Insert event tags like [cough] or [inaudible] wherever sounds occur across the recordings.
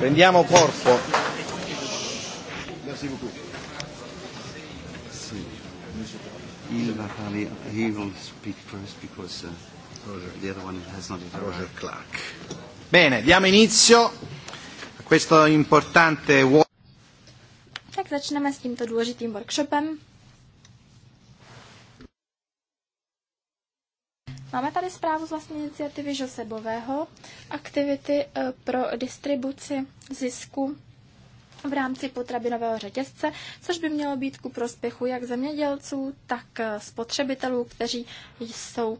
Prendiamo corpo. Uh, Bene, diamo inizio a questo importante... Tak začneme s tímto důležitým workshopem. Máme tady zprávu z vlastní iniciativy Josebového, aktivity eh, pro distribuci zisku v rámci potravinového řetězce, což by mělo být ku prospěchu jak zemědělců, tak eh, spotřebitelů, kteří jsou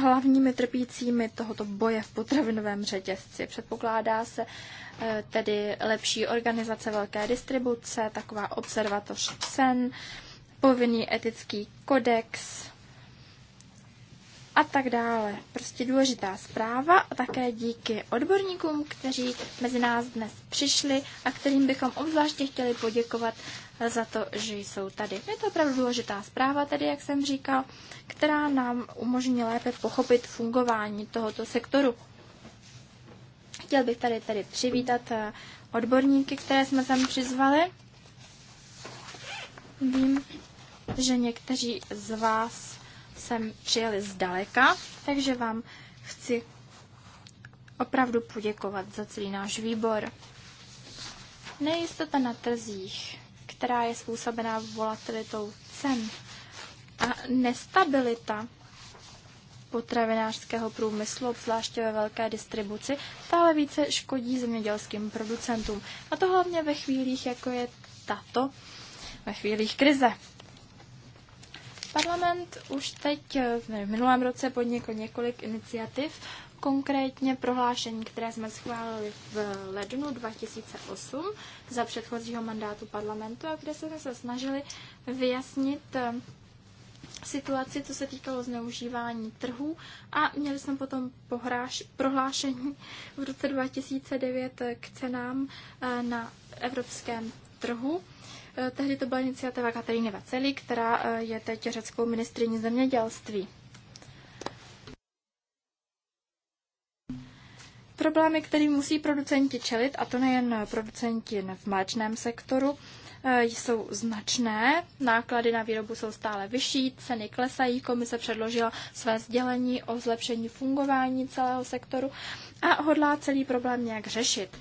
hlavními trpícími tohoto boje v potravinovém řetězci. Předpokládá se eh, tedy lepší organizace velké distribuce, taková observatoř cen, povinný etický kodex, a tak dále. Prostě důležitá zpráva a také díky odborníkům, kteří mezi nás dnes přišli a kterým bychom obzvláště chtěli poděkovat za to, že jsou tady. Je to opravdu důležitá zpráva, tedy jak jsem říkal, která nám umožní lépe pochopit fungování tohoto sektoru. Chtěl bych tady, tady přivítat eh, odborníky, které jsme tam přizvali. Vím, že někteří z vás sem přijeli zdaleka, takže vám chci opravdu poděkovat za celý náš výbor. Nejistota na trzích, která je způsobená volatilitou cen a nestabilita potravinářského průmyslu, obzvláště ve velké distribuci, stále více škodí zemědělským producentům. A to hlavně ve chvílích, jako je tato, ve chvílích krize. Parlament už teď eh, v minulém roce podnikl několik iniciativ, konkrétně prohlášení, které jsme schválili v lednu 2008 za předchozího mandátu parlamentu, a kde jsme se snažili vyjasnit eh, situaci, co se týkalo zneužívání trhů a měli jsme potom pohráš, prohlášení v roce 2009 k cenám eh, na evropském trhu Eh, tehdy to byla iniciativa Kateríny Vacely, která eh, je teď řeckou ministriní zemědělství. Problémy, kterým musí producenti čelit, a to nejen eh, producenti v mléčném sektoru, jsou značné, náklady na výrobu jsou stále vyšší, ceny klesají, komise předložila své sdělení o zlepšení fungování celého sektoru a hodlá celý problém nějak řešit.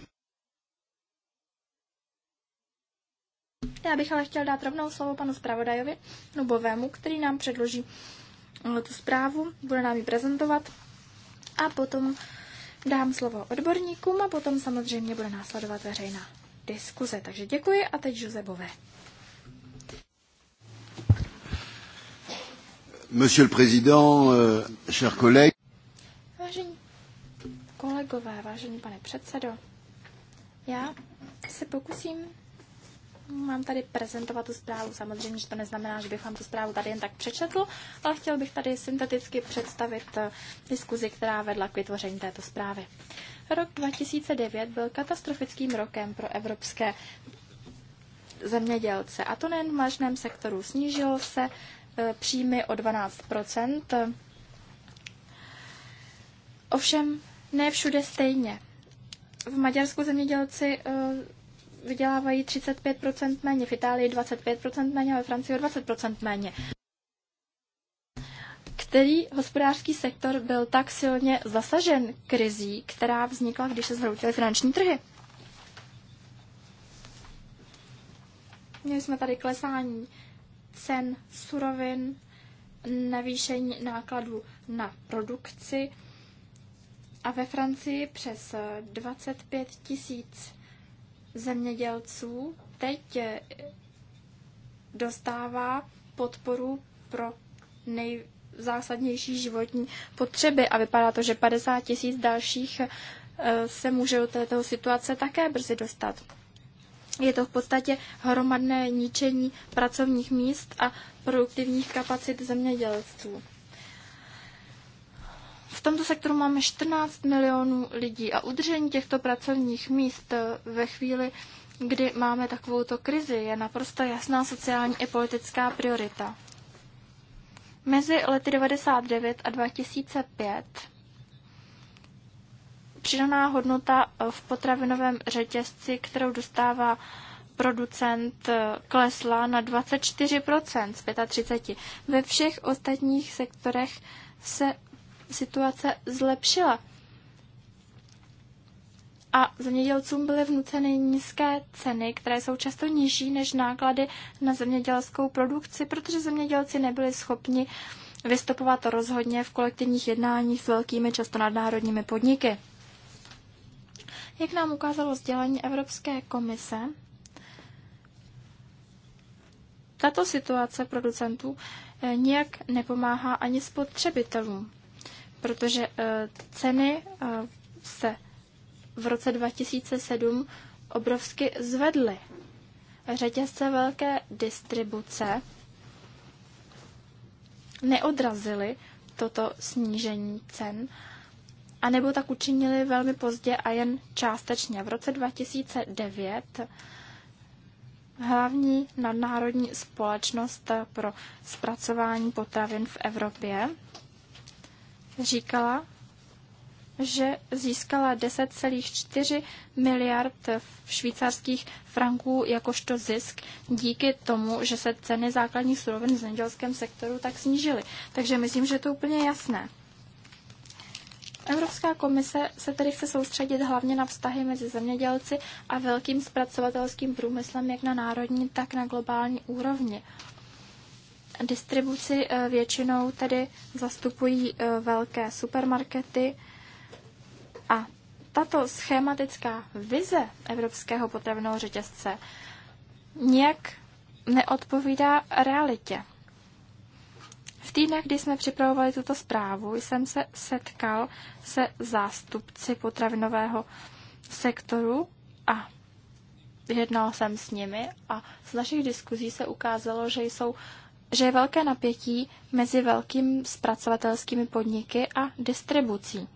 Já bych ale chtěl dát rovnou slovo panu zpravodajovi Nubovému, který nám předloží eh, tu zprávu, bude nám ji prezentovat a potom dám slovo odborníkům a potom samozřejmě bude následovat veřejná diskuze. Takže děkuji a teď Josebové. Monsieur le Président, euh, chers collègues. Vážení kolegové, vážený pane předsedo, já se pokusím Mám tady prezentovat tu zprávu. Samozřejmě, že to neznamená, že bych vám tu zprávu tady jen tak přečetl, ale chtěl bych tady synteticky představit eh, diskuzi, která vedla k vytvoření této zprávy. Rok 2009 byl katastrofickým rokem pro evropské zemědělce, a to nejen v mažném sektoru. Snížil se eh, příjmy o 12 Ovšem, ne všude stejně. V Maďarsku zemědělci eh, vydělávají 35% méně, v Itálii 25% méně a ve Francii 20% méně. Který hospodářský sektor byl tak silně zasažen krizí, která vznikla, když se zhroutily finanční trhy? Měli jsme tady klesání cen surovin, navýšení nákladů na produkci a ve Francii přes 25 tisíc zemědělců teď dostává podporu pro nejzásadnější životní potřeby a vypadá to, že 50 tisíc dalších eh, se může do této situace také brzy dostat. Je to v podstatě hromadné ničení pracovních míst a produktivních kapacit zemědělců. V tomto sektoru máme 14 milionů lidí a udržení těchto pracovních míst ve chvíli, kdy máme takovouto krizi, je naprosto jasná sociální i politická priorita. Mezi lety 99 a 2005 přidaná hodnota v potravinovém řetězci, kterou dostává producent, klesla na 24% z 35%. Ve všech ostatních sektorech se situace zlepšila. A zemědělcům byly vnuceny nízké ceny, které jsou často nižší než náklady na zemědělskou produkci, protože zemědělci nebyli schopni vystupovat rozhodně v kolektivních jednáních s velkými, často nadnárodními podniky. Jak nám ukázalo sdělení Evropské komise, tato situace producentů eh, nijak nepomáhá ani spotřebitelům protože eh, ceny eh, se v roce 2007 obrovsky zvedly. Řetězce velké distribuce neodrazily toto snížení cen, anebo tak učinili velmi pozdě a jen částečně. V roce 2009 hlavní nadnárodní společnost pro zpracování potravin v Evropě říkala, že získala 10,4 miliard švýcarských franků jakožto zisk díky tomu, že se ceny základních surovin v zemědělském sektoru tak snížily. Takže myslím, že je to úplně jasné. Evropská komise se tedy chce soustředit hlavně na vztahy mezi zemědělci a velkým zpracovatelským průmyslem jak na národní, tak na globální úrovni. Distribuci eh, většinou tedy zastupují eh, velké supermarkety a tato schématická vize evropského potravinového řetězce nijak neodpovídá realitě. V týdnech, kdy jsme připravovali tuto zprávu, jsem se setkal se zástupci potravinového sektoru a jednal jsem s nimi a z našich diskuzí se ukázalo, že jsou že je velké napětí mezi velkým zpracovatelskými podniky a distribucí.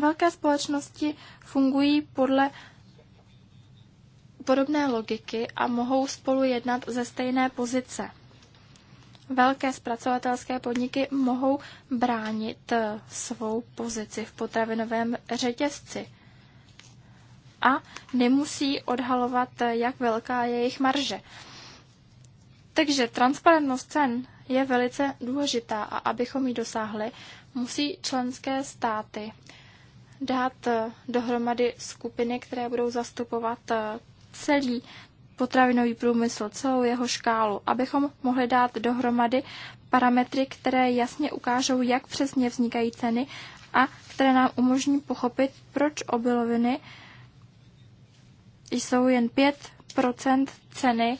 Velké společnosti fungují podle podobné logiky a mohou spolu jednat ze stejné pozice. Velké zpracovatelské podniky mohou bránit eh, svou pozici v potravinovém řetězci a nemusí odhalovat, jak velká je jejich marže. Takže transparentnost cen je velice důležitá a abychom ji dosáhli, musí členské státy dát eh, dohromady skupiny, které budou zastupovat eh, celý potravinový průmysl, celou jeho škálu, abychom mohli dát dohromady parametry, které jasně ukážou, jak přesně vznikají ceny a které nám umožní pochopit, proč obiloviny jsou jen 5 ceny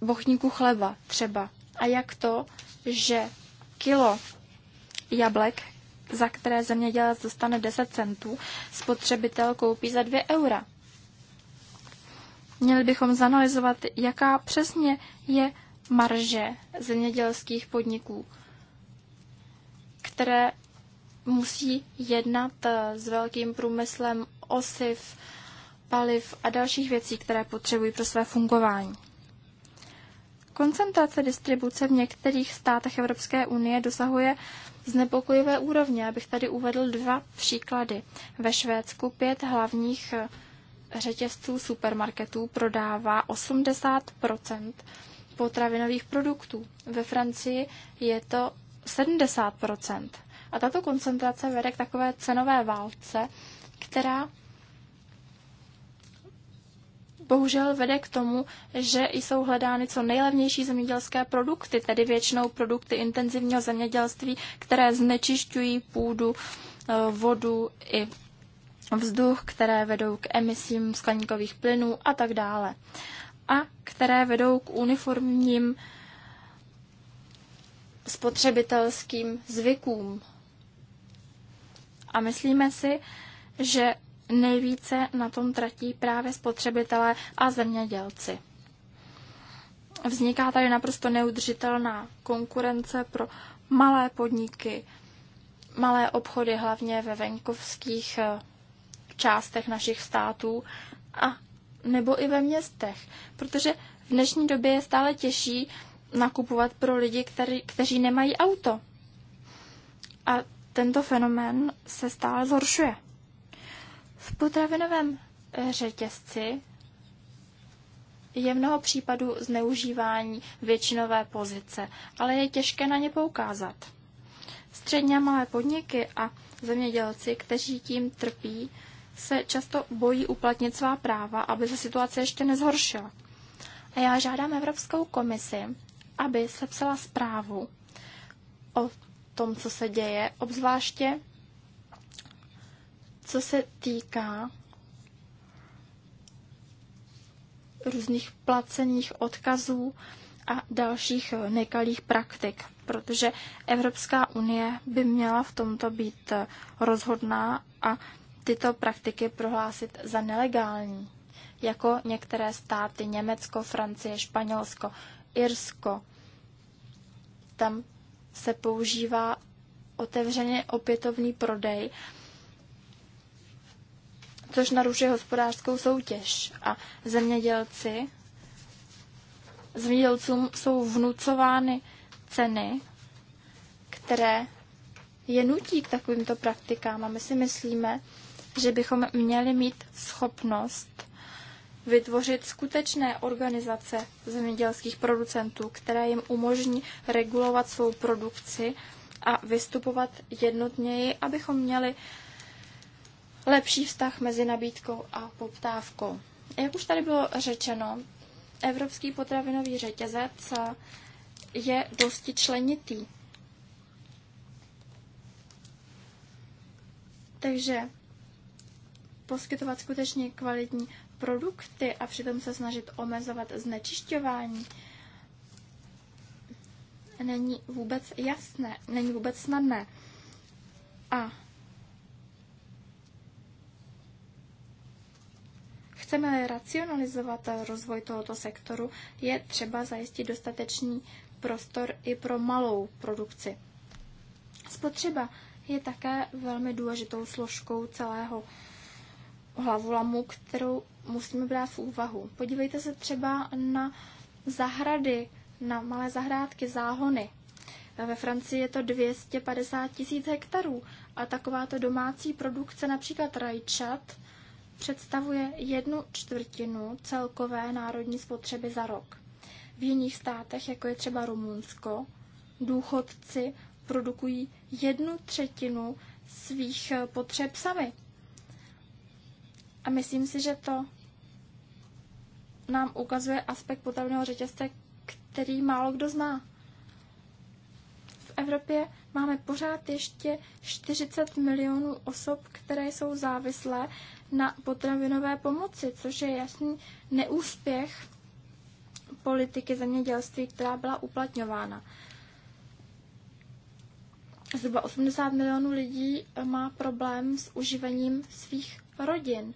bochníku chleba třeba. A jak to, že kilo jablek, za které zemědělec dostane 10 centů, spotřebitel koupí za 2 eura. Měli bychom zanalizovat, jaká přesně je marže zemědělských podniků, které musí jednat eh, s velkým průmyslem osiv, paliv a dalších věcí, které potřebují pro své fungování. Koncentrace distribuce v některých státech Evropské unie dosahuje znepokojivé úrovně. Abych tady uvedl dva příklady. Ve Švédsku pět hlavních eh, řetězců supermarketů prodává 80 potravinových produktů. Ve Francii je to 70 A tato koncentrace vede k takové cenové válce, která bohužel vede k tomu, že jsou hledány co nejlevnější zemědělské produkty, tedy většinou produkty intenzivního zemědělství, které znečišťují půdu, eh, vodu i vzduch, které vedou k emisím skleníkových plynů a tak dále. A které vedou k uniformním spotřebitelským zvykům. A myslíme si, že nejvíce na tom tratí právě spotřebitelé a zemědělci. Vzniká tady naprosto neudržitelná konkurence pro malé podniky, malé obchody, hlavně ve venkovských eh, částech našich států a nebo i ve městech, protože v dnešní době je stále těžší nakupovat pro lidi, který, kteří nemají auto. A tento fenomén se stále zhoršuje. V potravinovém eh, řetězci je mnoho případů zneužívání většinové pozice, ale je těžké na ně poukázat. Středně a malé podniky a zemědělci, kteří tím trpí, se často bojí uplatnit svá práva, aby se situace ještě nezhoršila. A já žádám Evropskou komisi, aby sepsala zprávu o tom, co se děje, obzvláště co se týká různých placených odkazů a dalších nekalých praktik, protože Evropská unie by měla v tomto být rozhodná a tyto praktiky prohlásit za nelegální, jako některé státy Německo, Francie, Španělsko, Irsko. Tam se používá otevřeně opětovný prodej což narušuje hospodářskou soutěž. A zemědělci, zemědělcům jsou vnucovány ceny, které je nutí k takovýmto praktikám. A my si myslíme, že bychom měli mít schopnost vytvořit skutečné organizace zemědělských producentů, které jim umožní regulovat svou produkci a vystupovat jednotněji, abychom měli lepší vztah mezi nabídkou a poptávkou. Jak už tady bylo řečeno, evropský potravinový řetězec je dosti členitý. Takže poskytovat skutečně kvalitní produkty a přitom se snažit omezovat znečišťování není vůbec jasné, není vůbec snadné. A Chceme racionalizovat rozvoj tohoto sektoru, je třeba zajistit dostatečný prostor i pro malou produkci. Spotřeba je také velmi důležitou složkou celého hlavolamu, kterou musíme brát v úvahu. Podívejte se třeba na zahrady, na malé zahrádky, záhony. Ve Francii je to 250 tisíc hektarů a takováto domácí produkce, například rajčat, představuje jednu čtvrtinu celkové národní spotřeby za rok. V jiných státech, jako je třeba Rumunsko, důchodci produkují jednu třetinu svých eh, potřeb sami. A myslím si, že to nám ukazuje aspekt potravinového řetězce, který málo kdo zná. V Evropě máme pořád ještě 40 milionů osob, které jsou závislé na potravinové pomoci, což je jasný neúspěch politiky zemědělství, která byla uplatňována. Zhruba 80 milionů lidí má problém s uživením svých rodin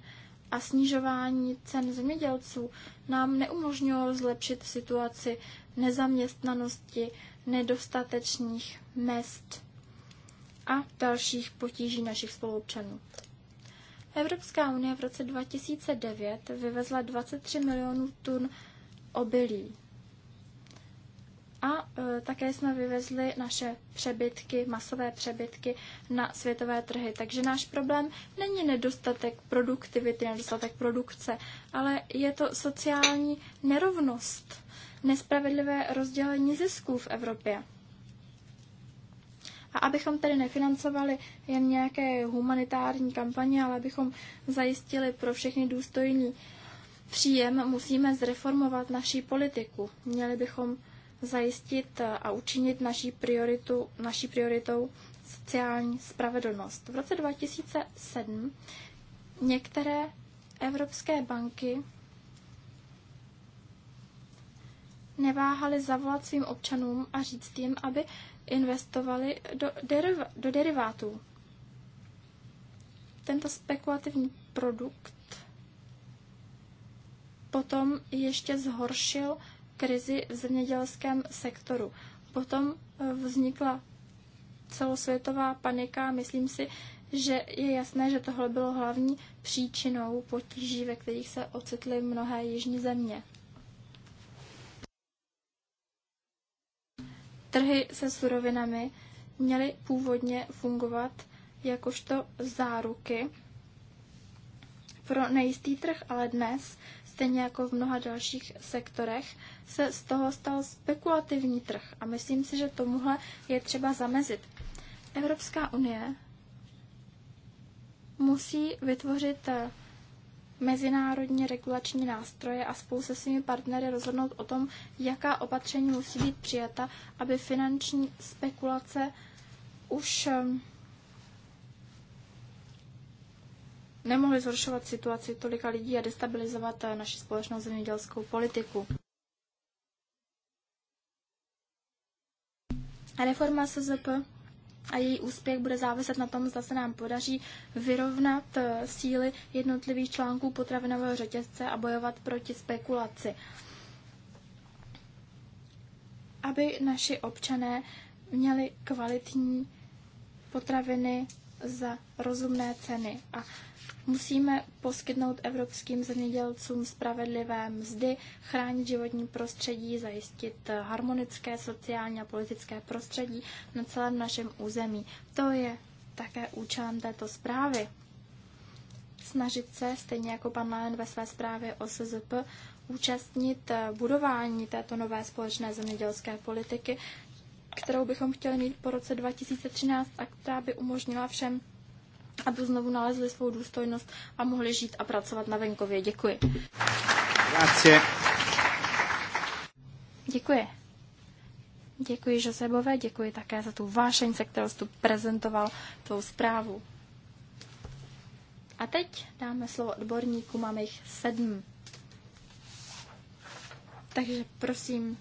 a snižování cen zemědělců nám neumožnilo zlepšit situaci nezaměstnanosti, nedostatečných mest a dalších potíží našich spoluobčanů. Evropská unie v roce 2009 vyvezla 23 milionů tun obilí. A e, také jsme vyvezli naše přebytky, masové přebytky na světové trhy. Takže náš problém není nedostatek produktivity, nedostatek produkce, ale je to sociální nerovnost nespravedlivé rozdělení zisků v Evropě. A abychom tedy nefinancovali jen nějaké humanitární kampaně, ale abychom zajistili pro všechny důstojný příjem, musíme zreformovat naší politiku. Měli bychom zajistit a učinit naší, prioritu, naší prioritou sociální spravedlnost. V roce 2007 některé evropské banky neváhali zavolat svým občanům a říct jim, aby investovali do, deriv- do derivátů. Tento spekulativní produkt potom ještě zhoršil krizi v zemědělském sektoru. Potom eh, vznikla celosvětová panika. Myslím si, že je jasné, že tohle bylo hlavní příčinou potíží, ve kterých se ocitly mnohé jižní země. Trhy se surovinami měly původně fungovat jakožto záruky pro nejistý trh, ale dnes, stejně jako v mnoha dalších sektorech, se z toho stal spekulativní trh a myslím si, že tomuhle je třeba zamezit. Evropská unie musí vytvořit eh, mezinárodní regulační nástroje a spolu se svými partnery rozhodnout o tom, jaká opatření musí být přijata, aby finanční spekulace už ehm, nemohly zhoršovat situaci tolika lidí a destabilizovat eh, naši společnou zemědělskou politiku. Reforma SZP a její úspěch bude záviset na tom, zda se nám podaří vyrovnat eh, síly jednotlivých článků potravinového řetězce a bojovat proti spekulaci. Aby naši občané měli kvalitní potraviny za rozumné ceny a musíme poskytnout evropským zemědělcům spravedlivé mzdy, chránit životní prostředí, zajistit harmonické sociální a politické prostředí na celém našem území. To je také účelem této zprávy. Snažit se, stejně jako pan Lánen ve své zprávě o SZP, účastnit eh, budování této nové společné zemědělské politiky kterou bychom chtěli mít po roce 2013 a která by umožnila všem, aby znovu nalezli svou důstojnost a mohli žít a pracovat na venkově. Děkuji. Grazie. Děkuji. Děkuji Josebové, děkuji také za tu vášeň, se kterou jste prezentoval tou zprávu. A teď dáme slovo odborníku, máme jich sedm. Takže prosím,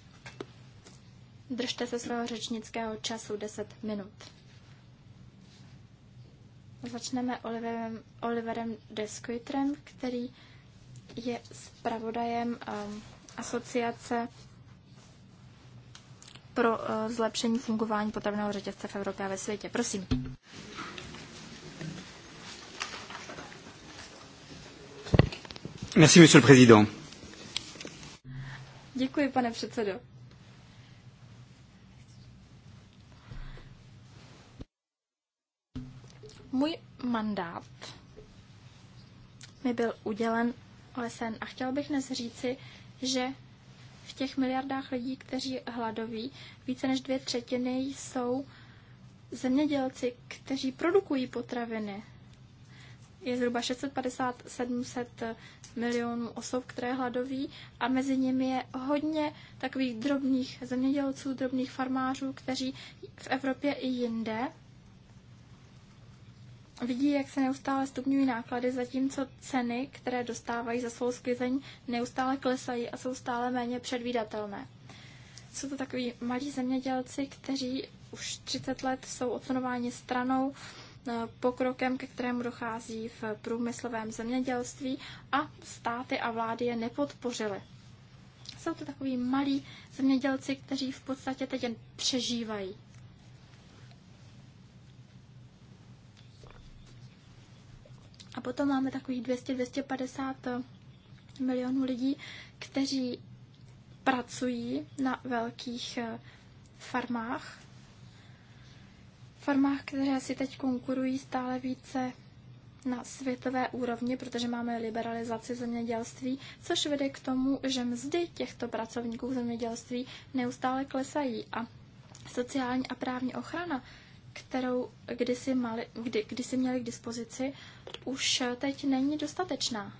Držte se svého řečnického času 10 minut. Začneme Oliverem, Oliverem Deskuitrem, který je zpravodajem um, asociace pro uh, zlepšení fungování potravného řetězce v Evropě a ve světě. Prosím. Merci, monsieur le président. Děkuji, pane předsedo. Můj mandát mi byl udělen lesen a chtěl bych dnes říci, že v těch miliardách lidí, kteří hladoví, více než dvě třetiny jsou zemědělci, kteří produkují potraviny. Je zhruba 650-700 milionů osob, které hladoví a mezi nimi je hodně takových drobných zemědělců, drobných farmářů, kteří v Evropě i jinde vidí, jak se neustále stupňují náklady, zatímco ceny, které dostávají za svou sklizeň, neustále klesají a jsou stále méně předvídatelné. Jsou to takový malí zemědělci, kteří už 30 let jsou odsunováni stranou, eh, pokrokem, ke kterému dochází v průmyslovém zemědělství a státy a vlády je nepodpořily. Jsou to takový malí zemědělci, kteří v podstatě teď jen přežívají. A potom máme takových 200-250 milionů lidí, kteří pracují na velkých eh, farmách. Farmách, které si teď konkurují stále více na světové úrovni, protože máme liberalizaci zemědělství, což vede k tomu, že mzdy těchto pracovníků v zemědělství neustále klesají a sociální a právní ochrana kterou kdysi, mali, kdy, kdysi měli k dispozici, už teď není dostatečná.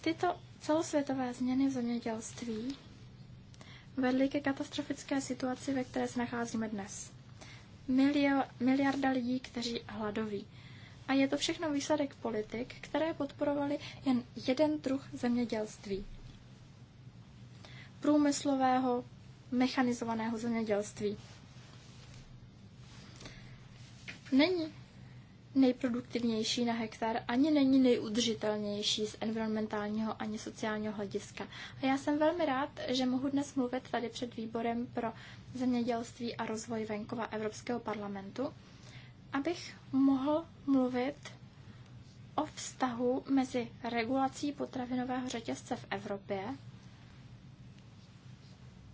Tyto celosvětové změny v zemědělství vedly ke katastrofické situaci, ve které se nacházíme dnes. Milio, miliarda lidí, kteří hladoví. A je to všechno výsledek politik, které podporovaly jen jeden druh zemědělství. Průmyslového, mechanizovaného zemědělství není nejproduktivnější na hektar, ani není nejudržitelnější z environmentálního ani sociálního hlediska. A já jsem velmi rád, že mohu dnes mluvit tady před výborem pro zemědělství a rozvoj venkova Evropského parlamentu, abych mohl mluvit o vztahu mezi regulací potravinového řetězce v Evropě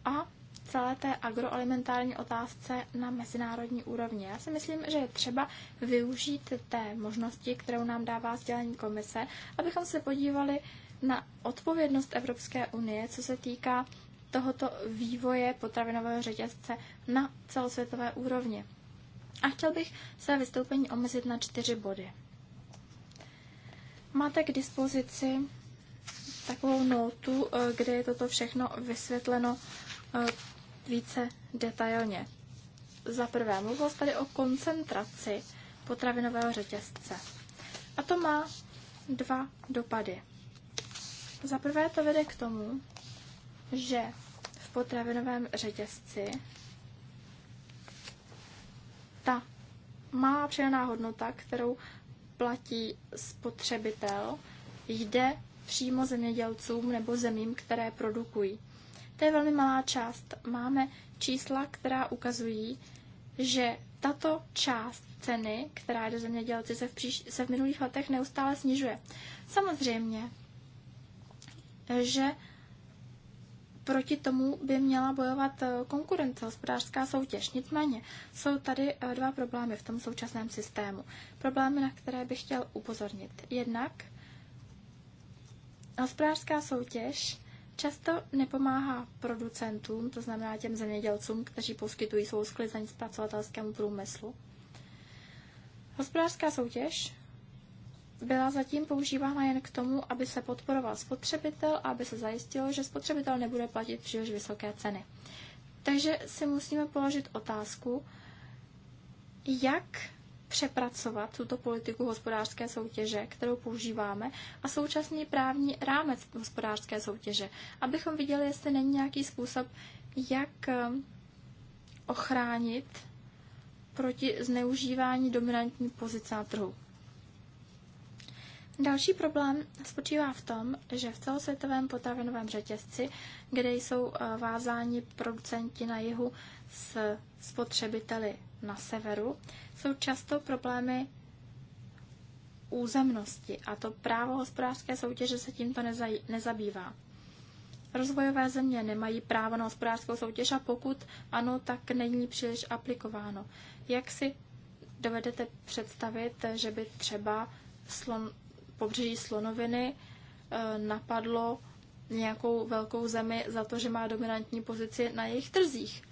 a celé té agroalimentární otázce na mezinárodní úrovni. Já si myslím, že je třeba využít té možnosti, kterou nám dává sdělení komise, abychom se podívali na odpovědnost Evropské unie, co se týká tohoto vývoje potravinového řetězce na celosvětové úrovni. A chtěl bych své vystoupení omezit na čtyři body. Máte k dispozici takovou notu, eh, kde je toto všechno vysvětleno eh, více detailně. Za prvé, mluvil tady o koncentraci potravinového řetězce. A to má dva dopady. Za prvé to vede k tomu, že v potravinovém řetězci ta má přidaná hodnota, kterou platí spotřebitel, jde přímo zemědělcům nebo zemím, které produkují. To je velmi malá část. Máme čísla, která ukazují, že tato část ceny, která do zemědělci, se v, příš- se v minulých letech neustále snižuje. Samozřejmě, že proti tomu by měla bojovat eh, konkurence, hospodářská soutěž. Nicméně jsou tady eh, dva problémy v tom současném systému. Problémy, na které bych chtěl upozornit. Jednak hospodářská soutěž často nepomáhá producentům, to znamená těm zemědělcům, kteří poskytují svou sklizeň zpracovatelskému průmyslu. Hospodářská soutěž byla zatím používána jen k tomu, aby se podporoval spotřebitel a aby se zajistilo, že spotřebitel nebude platit příliš vysoké ceny. Takže si musíme položit otázku, jak přepracovat tuto politiku hospodářské soutěže, kterou používáme, a současný právní rámec hospodářské soutěže, abychom viděli, jestli není nějaký způsob, jak eh, ochránit proti zneužívání dominantní pozice na trhu. Další problém spočívá v tom, že v celosvětovém potravinovém řetězci, kde jsou eh, vázáni producenti na jihu s spotřebiteli na severu, jsou často problémy územnosti a to právo hospodářské soutěže se tímto nezaj- nezabývá. Rozvojové země nemají právo na hospodářskou soutěž a pokud ano, tak není příliš aplikováno. Jak si dovedete představit, že by třeba slon, pobřeží slonoviny e, napadlo nějakou velkou zemi za to, že má dominantní pozici na jejich trzích?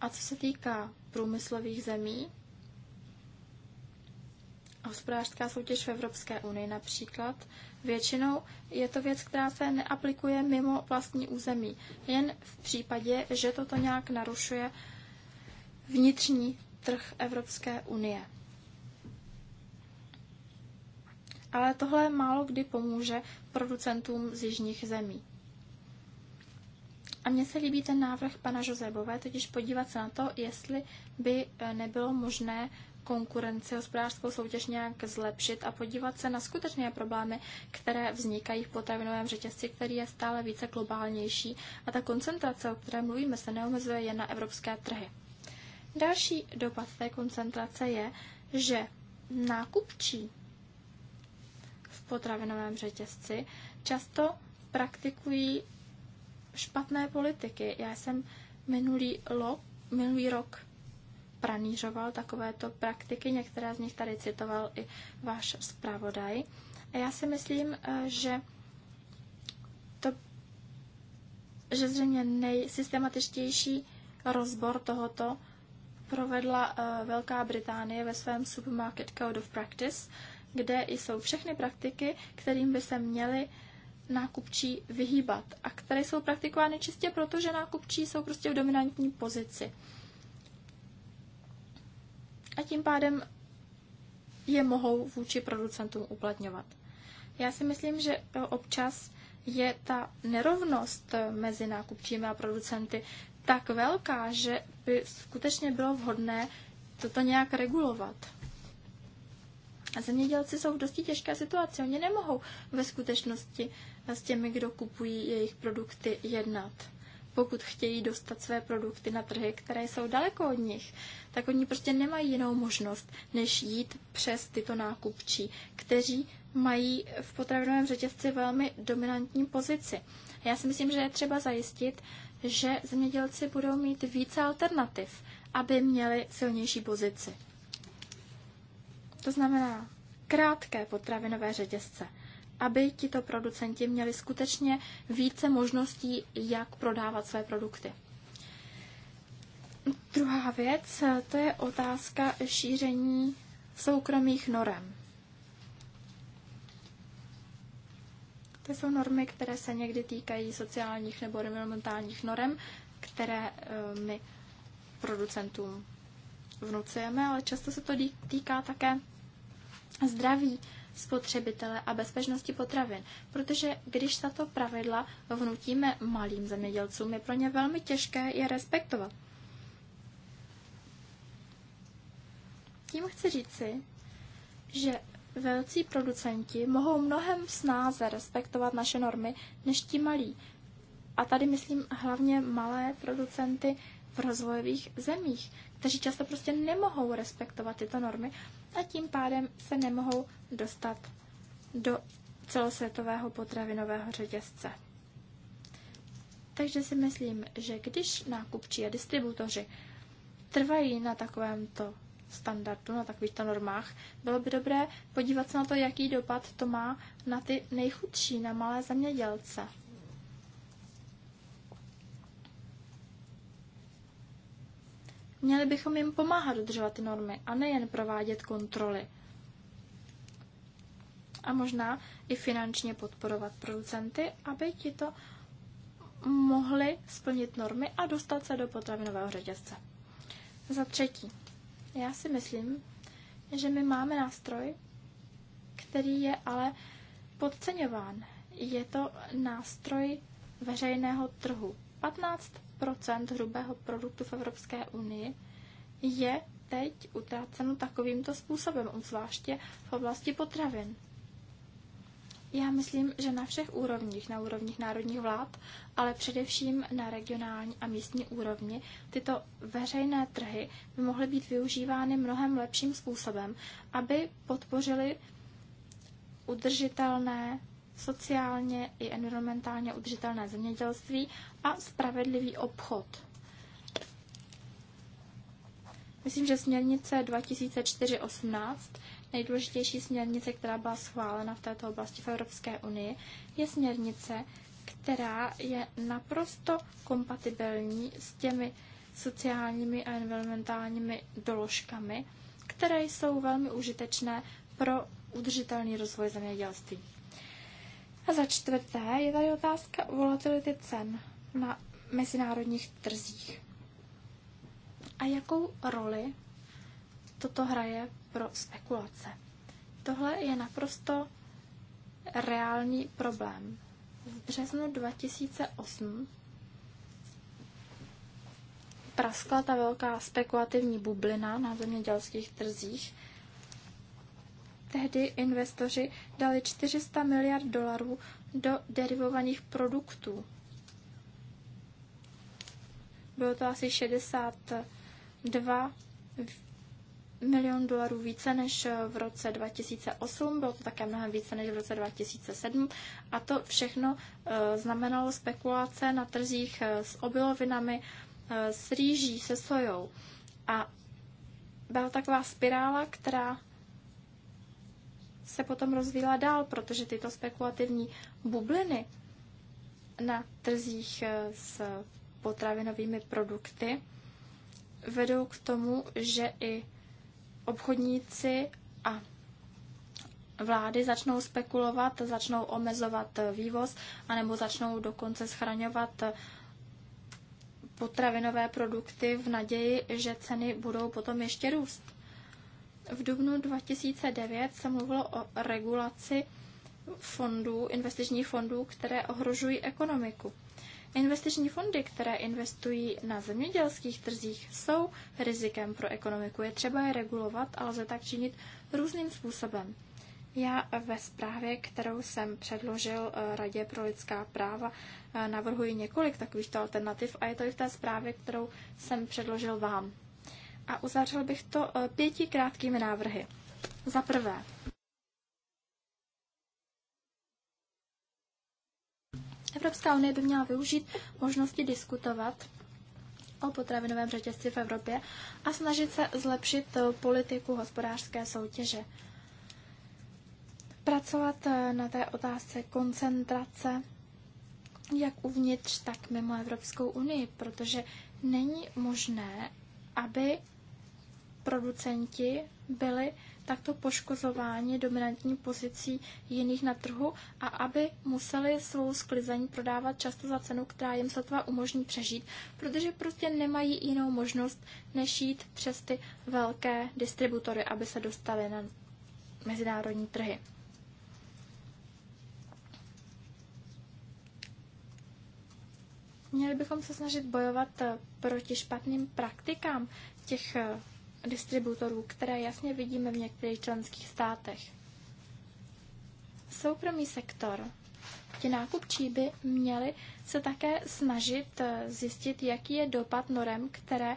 A co se týká průmyslových zemí, hospodářská soutěž v Evropské unii například, většinou je to věc, která se neaplikuje mimo vlastní území, jen v případě, že toto nějak narušuje vnitřní trh Evropské unie. Ale tohle málo kdy pomůže producentům z jižních zemí. A mně se líbí ten návrh pana Josebové, totiž podívat se na to, jestli by eh, nebylo možné konkurenci, hospodářskou soutěž nějak zlepšit a podívat se na skutečné problémy, které vznikají v potravinovém řetězci, který je stále více globálnější a ta koncentrace, o které mluvíme, se neomezuje jen na evropské trhy. Další dopad té koncentrace je, že nákupčí v potravinovém řetězci často praktikují špatné politiky. Já jsem minulý, lo, minulý rok pranířoval takovéto praktiky, některé z nich tady citoval i váš zpravodaj. A já si myslím, eh, že to, že zřejmě nejsystematičtější rozbor tohoto provedla eh, Velká Británie ve svém Supermarket Code of Practice, kde jsou všechny praktiky, kterým by se měly nákupčí vyhýbat a které jsou praktikovány čistě proto, že nákupčí jsou prostě v dominantní pozici. A tím pádem je mohou vůči producentům uplatňovat. Já si myslím, že eh, občas je ta nerovnost eh, mezi nákupčími a producenty tak velká, že by skutečně bylo vhodné toto nějak regulovat. A Zemědělci jsou v dosti těžké situaci. Oni nemohou ve skutečnosti s těmi, kdo kupují jejich produkty, jednat. Pokud chtějí dostat své produkty na trhy, které jsou daleko od nich, tak oni prostě nemají jinou možnost, než jít přes tyto nákupčí, kteří mají v potravinovém řetězci velmi dominantní pozici. Já si myslím, že je třeba zajistit, že zemědělci budou mít více alternativ, aby měli silnější pozici. To znamená krátké potravinové řetězce, aby tito producenti měli skutečně více možností, jak prodávat své produkty. Druhá věc, to je otázka šíření soukromých norem. To jsou normy, které se někdy týkají sociálních nebo environmentálních norem, které eh, my producentům vnucujeme, ale často se to týká také zdraví spotřebitele a bezpečnosti potravin, protože když tato pravidla vnutíme malým zemědělcům, je pro ně velmi těžké je respektovat. Tím chci říci, že velcí producenti mohou mnohem snáze respektovat naše normy než ti malí. A tady myslím hlavně malé producenty v rozvojových zemích, kteří často prostě nemohou respektovat tyto normy a tím pádem se nemohou dostat do celosvětového potravinového řetězce. Takže si myslím, že když nákupčí a distributoři trvají na takovémto standardu, na takovýchto normách, bylo by dobré podívat se na to, jaký dopad to má na ty nejchudší, na malé zemědělce. Měli bychom jim pomáhat dodržovat normy a nejen provádět kontroly. A možná i finančně podporovat producenty, aby ti to mohli splnit normy a dostat se do potravinového řetězce. Za třetí, já si myslím, že my máme nástroj, který je ale podceňován. Je to nástroj veřejného trhu. 15 hrubého produktu v Evropské unii je teď utráceno takovýmto způsobem, zvláště v oblasti potravin. Já myslím, že na všech úrovních, na úrovních národních vlád, ale především na regionální a místní úrovni, tyto veřejné trhy by mohly být využívány mnohem lepším způsobem, aby podpořily udržitelné sociálně i environmentálně udržitelné zemědělství a spravedlivý obchod. Myslím, že směrnice 2004-18, nejdůležitější směrnice, která byla schválena v této oblasti v Evropské unii, je směrnice, která je naprosto kompatibilní s těmi sociálními a environmentálními doložkami, které jsou velmi užitečné pro udržitelný rozvoj zemědělství. A za čtvrté je tady otázka volatility cen na mezinárodních trzích. A jakou roli toto hraje pro spekulace? Tohle je naprosto reálný problém. V březnu 2008 praskla ta velká spekulativní bublina na zemědělských trzích Tehdy investoři dali 400 miliard dolarů do derivovaných produktů. Bylo to asi 62 milion dolarů více než v roce 2008, bylo to také mnohem více než v roce 2007 a to všechno eh, znamenalo spekulace na trzích eh, s obilovinami, eh, s rýží, se sojou. A byla taková spirála, která se potom rozvíjela dál, protože tyto spekulativní bubliny na trzích eh, s potravinovými produkty vedou k tomu, že i obchodníci a vlády začnou spekulovat, začnou omezovat eh, vývoz, anebo začnou dokonce schraňovat eh, potravinové produkty v naději, že ceny budou potom ještě růst. V dubnu 2009 se mluvilo o regulaci fondů, investičních fondů, které ohrožují ekonomiku. Investiční fondy, které investují na zemědělských trzích, jsou rizikem pro ekonomiku. Je třeba je regulovat ale lze tak činit různým způsobem. Já ve zprávě, kterou jsem předložil eh, Radě pro lidská práva, eh, navrhuji několik takovýchto alternativ a je to i v té zprávě, kterou jsem předložil vám a uzavřel bych to eh, pěti krátkými návrhy. Za prvé, Evropská unie by měla využít možnosti diskutovat o potravinovém řetězci v Evropě a snažit se zlepšit eh, politiku hospodářské soutěže. Pracovat eh, na té otázce koncentrace jak uvnitř, tak mimo Evropskou unii, protože není možné, aby producenti byli takto poškozováni dominantní pozicí jiných na trhu a aby museli svou sklizení prodávat často za cenu, která jim sotva umožní přežít, protože prostě nemají jinou možnost, než jít přes ty velké distributory, aby se dostali na mezinárodní trhy. Měli bychom se snažit bojovat proti špatným praktikám těch eh, distributorů, které jasně vidíme v některých členských státech. Soukromý sektor, ti nákupčí by měli se také snažit eh, zjistit, jaký je dopad norem, které eh,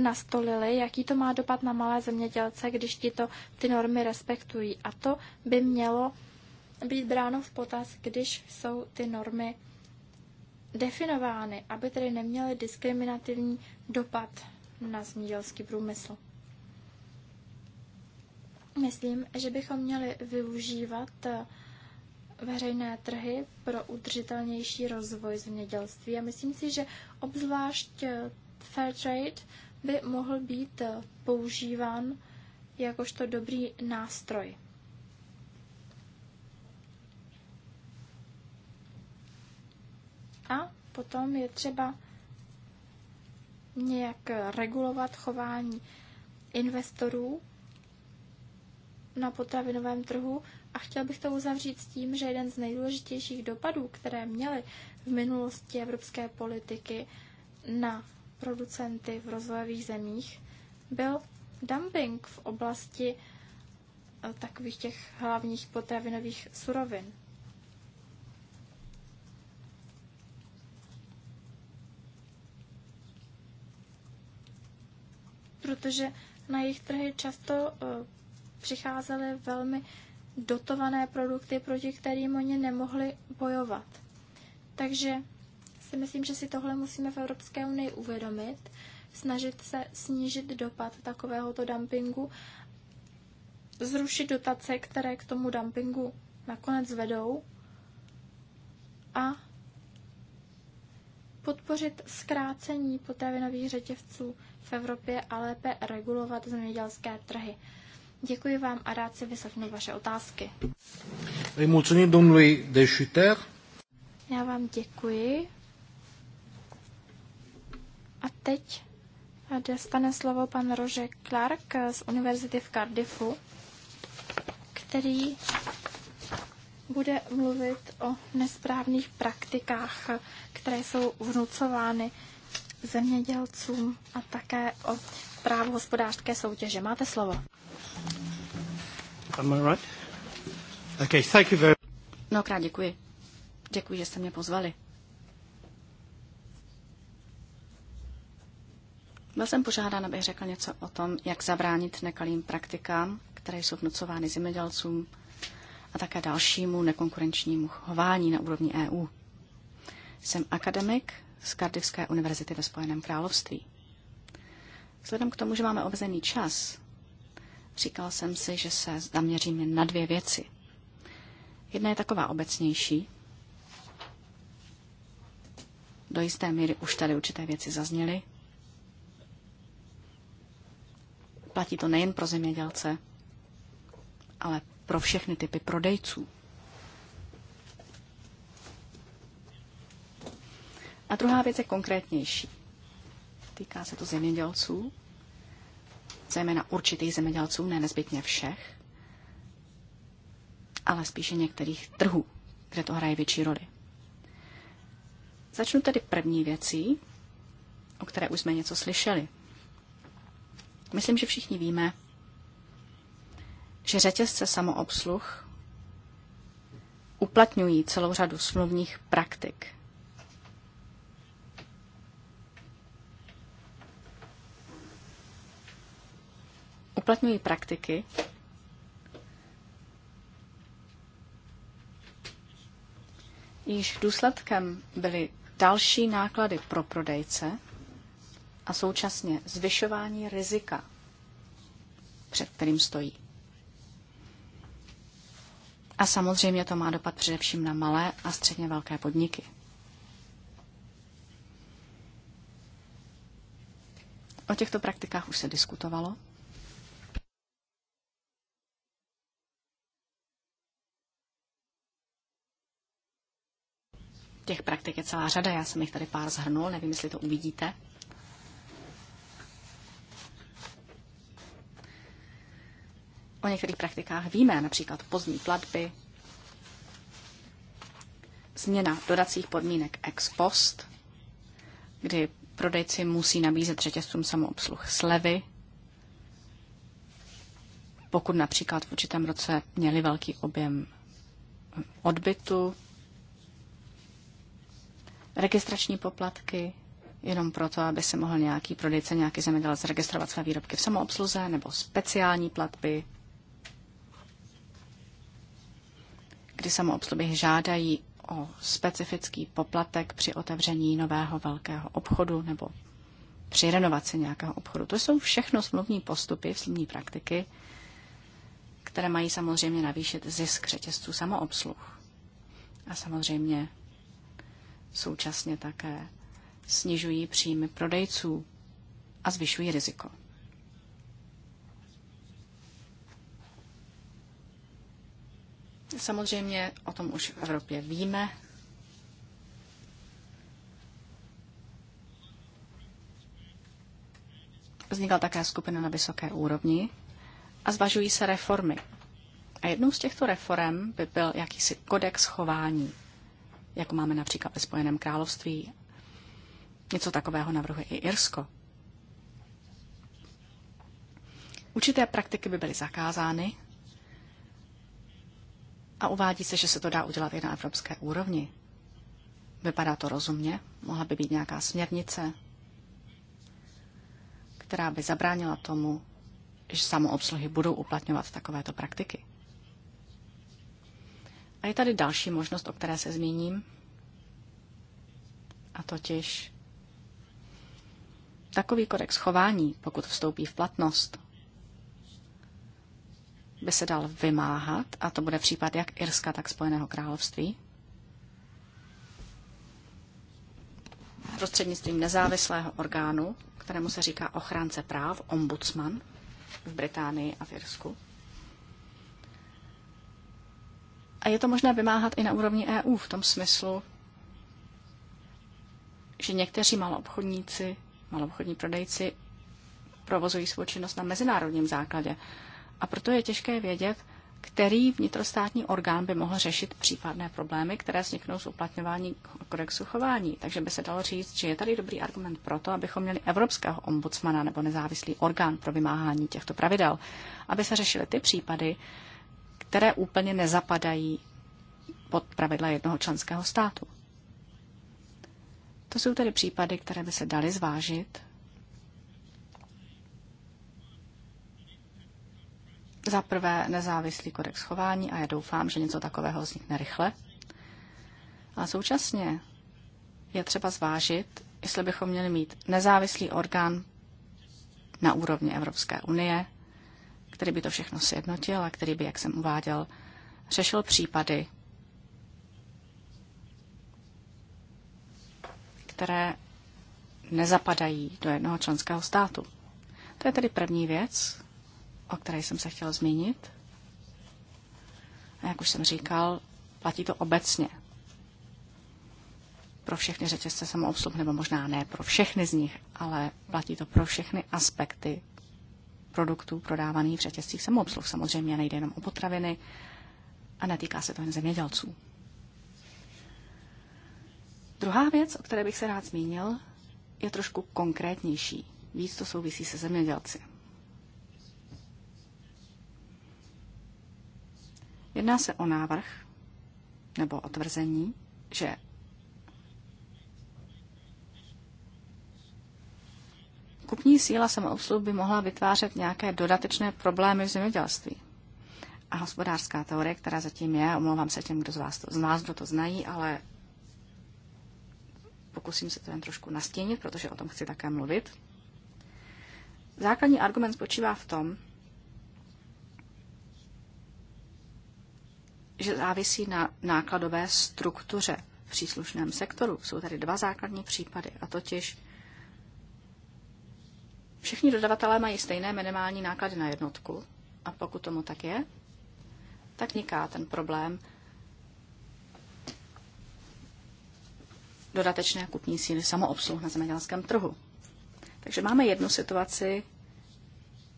nastolili, jaký to má dopad na malé zemědělce, když ti to ty normy respektují. A to by mělo být bráno v potaz, když jsou ty normy definovány, aby tedy neměly diskriminativní dopad na zemědělský průmysl. Myslím, že bychom měli využívat eh, veřejné trhy pro udržitelnější rozvoj zemědělství a myslím si, že obzvlášť eh, fair trade by mohl být eh, používán jakožto dobrý nástroj. A potom je třeba nějak regulovat chování investorů na potravinovém trhu. A chtěl bych to uzavřít s tím, že jeden z nejdůležitějších dopadů, které měly v minulosti evropské politiky na producenty v rozvojových zemích, byl dumping v oblasti eh, takových těch hlavních potravinových surovin. protože na jejich trhy často eh, přicházely velmi dotované produkty, proti kterým oni nemohli bojovat. Takže si myslím, že si tohle musíme v Evropské unii uvědomit, snažit se snížit dopad takovéhoto dumpingu, zrušit dotace, které k tomu dumpingu nakonec vedou a podpořit zkrácení potravinových řetězců v Evropě a lépe regulovat zemědělské trhy. Děkuji vám a rád si vyslechnu vaše otázky. Já vám děkuji. A teď dostane slovo pan Rože Clark z Univerzity v Cardiffu, který bude mluvit o nesprávných praktikách, které jsou vnucovány zemědělcům a také o právu hospodářské soutěže. Máte slovo. Am I right? okay, thank you very... Mnohokrát děkuji. Děkuji, že jste mě pozvali. Byl jsem požádán, abych řekl něco o tom, jak zabránit nekalým praktikám, které jsou vnucovány zemědělcům a také dalšímu nekonkurenčnímu chování na úrovni EU. Jsem akademik z Cardiffské univerzity ve Spojeném království. Vzhledem k tomu, že máme omezený čas, říkal jsem si, že se zaměříme na dvě věci. Jedna je taková obecnější. Do jisté míry už tady určité věci zazněly. Platí to nejen pro zemědělce, ale pro všechny typy prodejců. A druhá věc je konkrétnější. Týká se to zemědělců, zejména určitých zemědělců, ne nezbytně všech, ale spíše některých trhů, kde to hraje větší roli. Začnu tedy první věcí, o které už jsme něco slyšeli. Myslím, že všichni víme, že řetězce samoobsluh uplatňují celou řadu smluvních praktik, uplatňují praktiky, již důsledkem byly další náklady pro prodejce a současně zvyšování rizika, před kterým stojí. A samozřejmě to má dopad především na malé a středně velké podniky. O těchto praktikách už se diskutovalo. Těch praktik je celá řada, já jsem jich tady pár zhrnul, nevím, jestli to uvidíte. O některých praktikách víme, například pozdní platby, změna dodacích podmínek ex post, kdy prodejci musí nabízet řetězcům samoobsluh slevy, pokud například v určitém roce měli velký objem odbytu, registrační poplatky jenom proto, aby se mohl nějaký prodejce, nějaký zemědělec zaregistrovat své výrobky v samoobsluze nebo speciální platby, kdy samoobsluhy žádají o specifický poplatek při otevření nového velkého obchodu nebo při renovaci nějakého obchodu. To jsou všechno smluvní postupy, smluvní praktiky, které mají samozřejmě navýšit zisk řetězců samoobsluh. A samozřejmě Současně také snižují příjmy prodejců a zvyšují riziko. Samozřejmě o tom už v Evropě víme. Vznikla také skupina na vysoké úrovni a zvažují se reformy. A jednou z těchto reform by byl jakýsi kodex chování jako máme například ve Spojeném království. Něco takového navrhuje i Irsko. Určité praktiky by byly zakázány a uvádí se, že se to dá udělat i na evropské úrovni. Vypadá to rozumně, mohla by být nějaká směrnice, která by zabránila tomu, že samoobsluhy budou uplatňovat takovéto praktiky. A je tady další možnost, o které se zmíním, a totiž takový kodex chování, pokud vstoupí v platnost, by se dal vymáhat, a to bude případ jak Irska, tak Spojeného království, prostřednictvím nezávislého orgánu, kterému se říká ochránce práv, ombudsman v Británii a v Irsku. A je to možné vymáhat i na úrovni EU v tom smyslu, že někteří maloobchodníci, maloobchodní prodejci provozují svou činnost na mezinárodním základě. A proto je těžké vědět, který vnitrostátní orgán by mohl řešit případné problémy, které vzniknou z uplatňování kodexu chování. Takže by se dalo říct, že je tady dobrý argument pro to, abychom měli evropského ombudsmana nebo nezávislý orgán pro vymáhání těchto pravidel, aby se řešily ty případy, které úplně nezapadají pod pravidla jednoho členského státu. To jsou tedy případy, které by se daly zvážit. Za prvé nezávislý kodex chování a já doufám, že něco takového vznikne rychle. A současně je třeba zvážit, jestli bychom měli mít nezávislý orgán na úrovni Evropské unie, který by to všechno sjednotil a který by, jak jsem uváděl, řešil případy, které nezapadají do jednoho členského státu. To je tedy první věc, o které jsem se chtěl zmínit. A jak už jsem říkal, platí to obecně. Pro všechny řetězce samoobsluh, nebo možná ne pro všechny z nich, ale platí to pro všechny aspekty produktů prodávaných v řetězcích samoobsluh. Samozřejmě nejde jenom o potraviny a netýká se to jen zemědělců. Druhá věc, o které bych se rád zmínil, je trošku konkrétnější. Víc to souvisí se zemědělci. Jedná se o návrh nebo o tvrzení, že Kupní síla samoobsluh by mohla vytvářet nějaké dodatečné problémy v zemědělství. A hospodářská teorie, která zatím je, omlouvám se těm, kdo z vás to, z nás, kdo to znají, ale pokusím se to jen trošku nastínit, protože o tom chci také mluvit. Základní argument spočívá v tom, že závisí na nákladové struktuře v příslušném sektoru. Jsou tady dva základní případy, a totiž Všichni dodavatelé mají stejné minimální náklady na jednotku a pokud tomu tak je, tak niká ten problém dodatečné kupní síly samoobsluh na zemědělském trhu. Takže máme jednu situaci,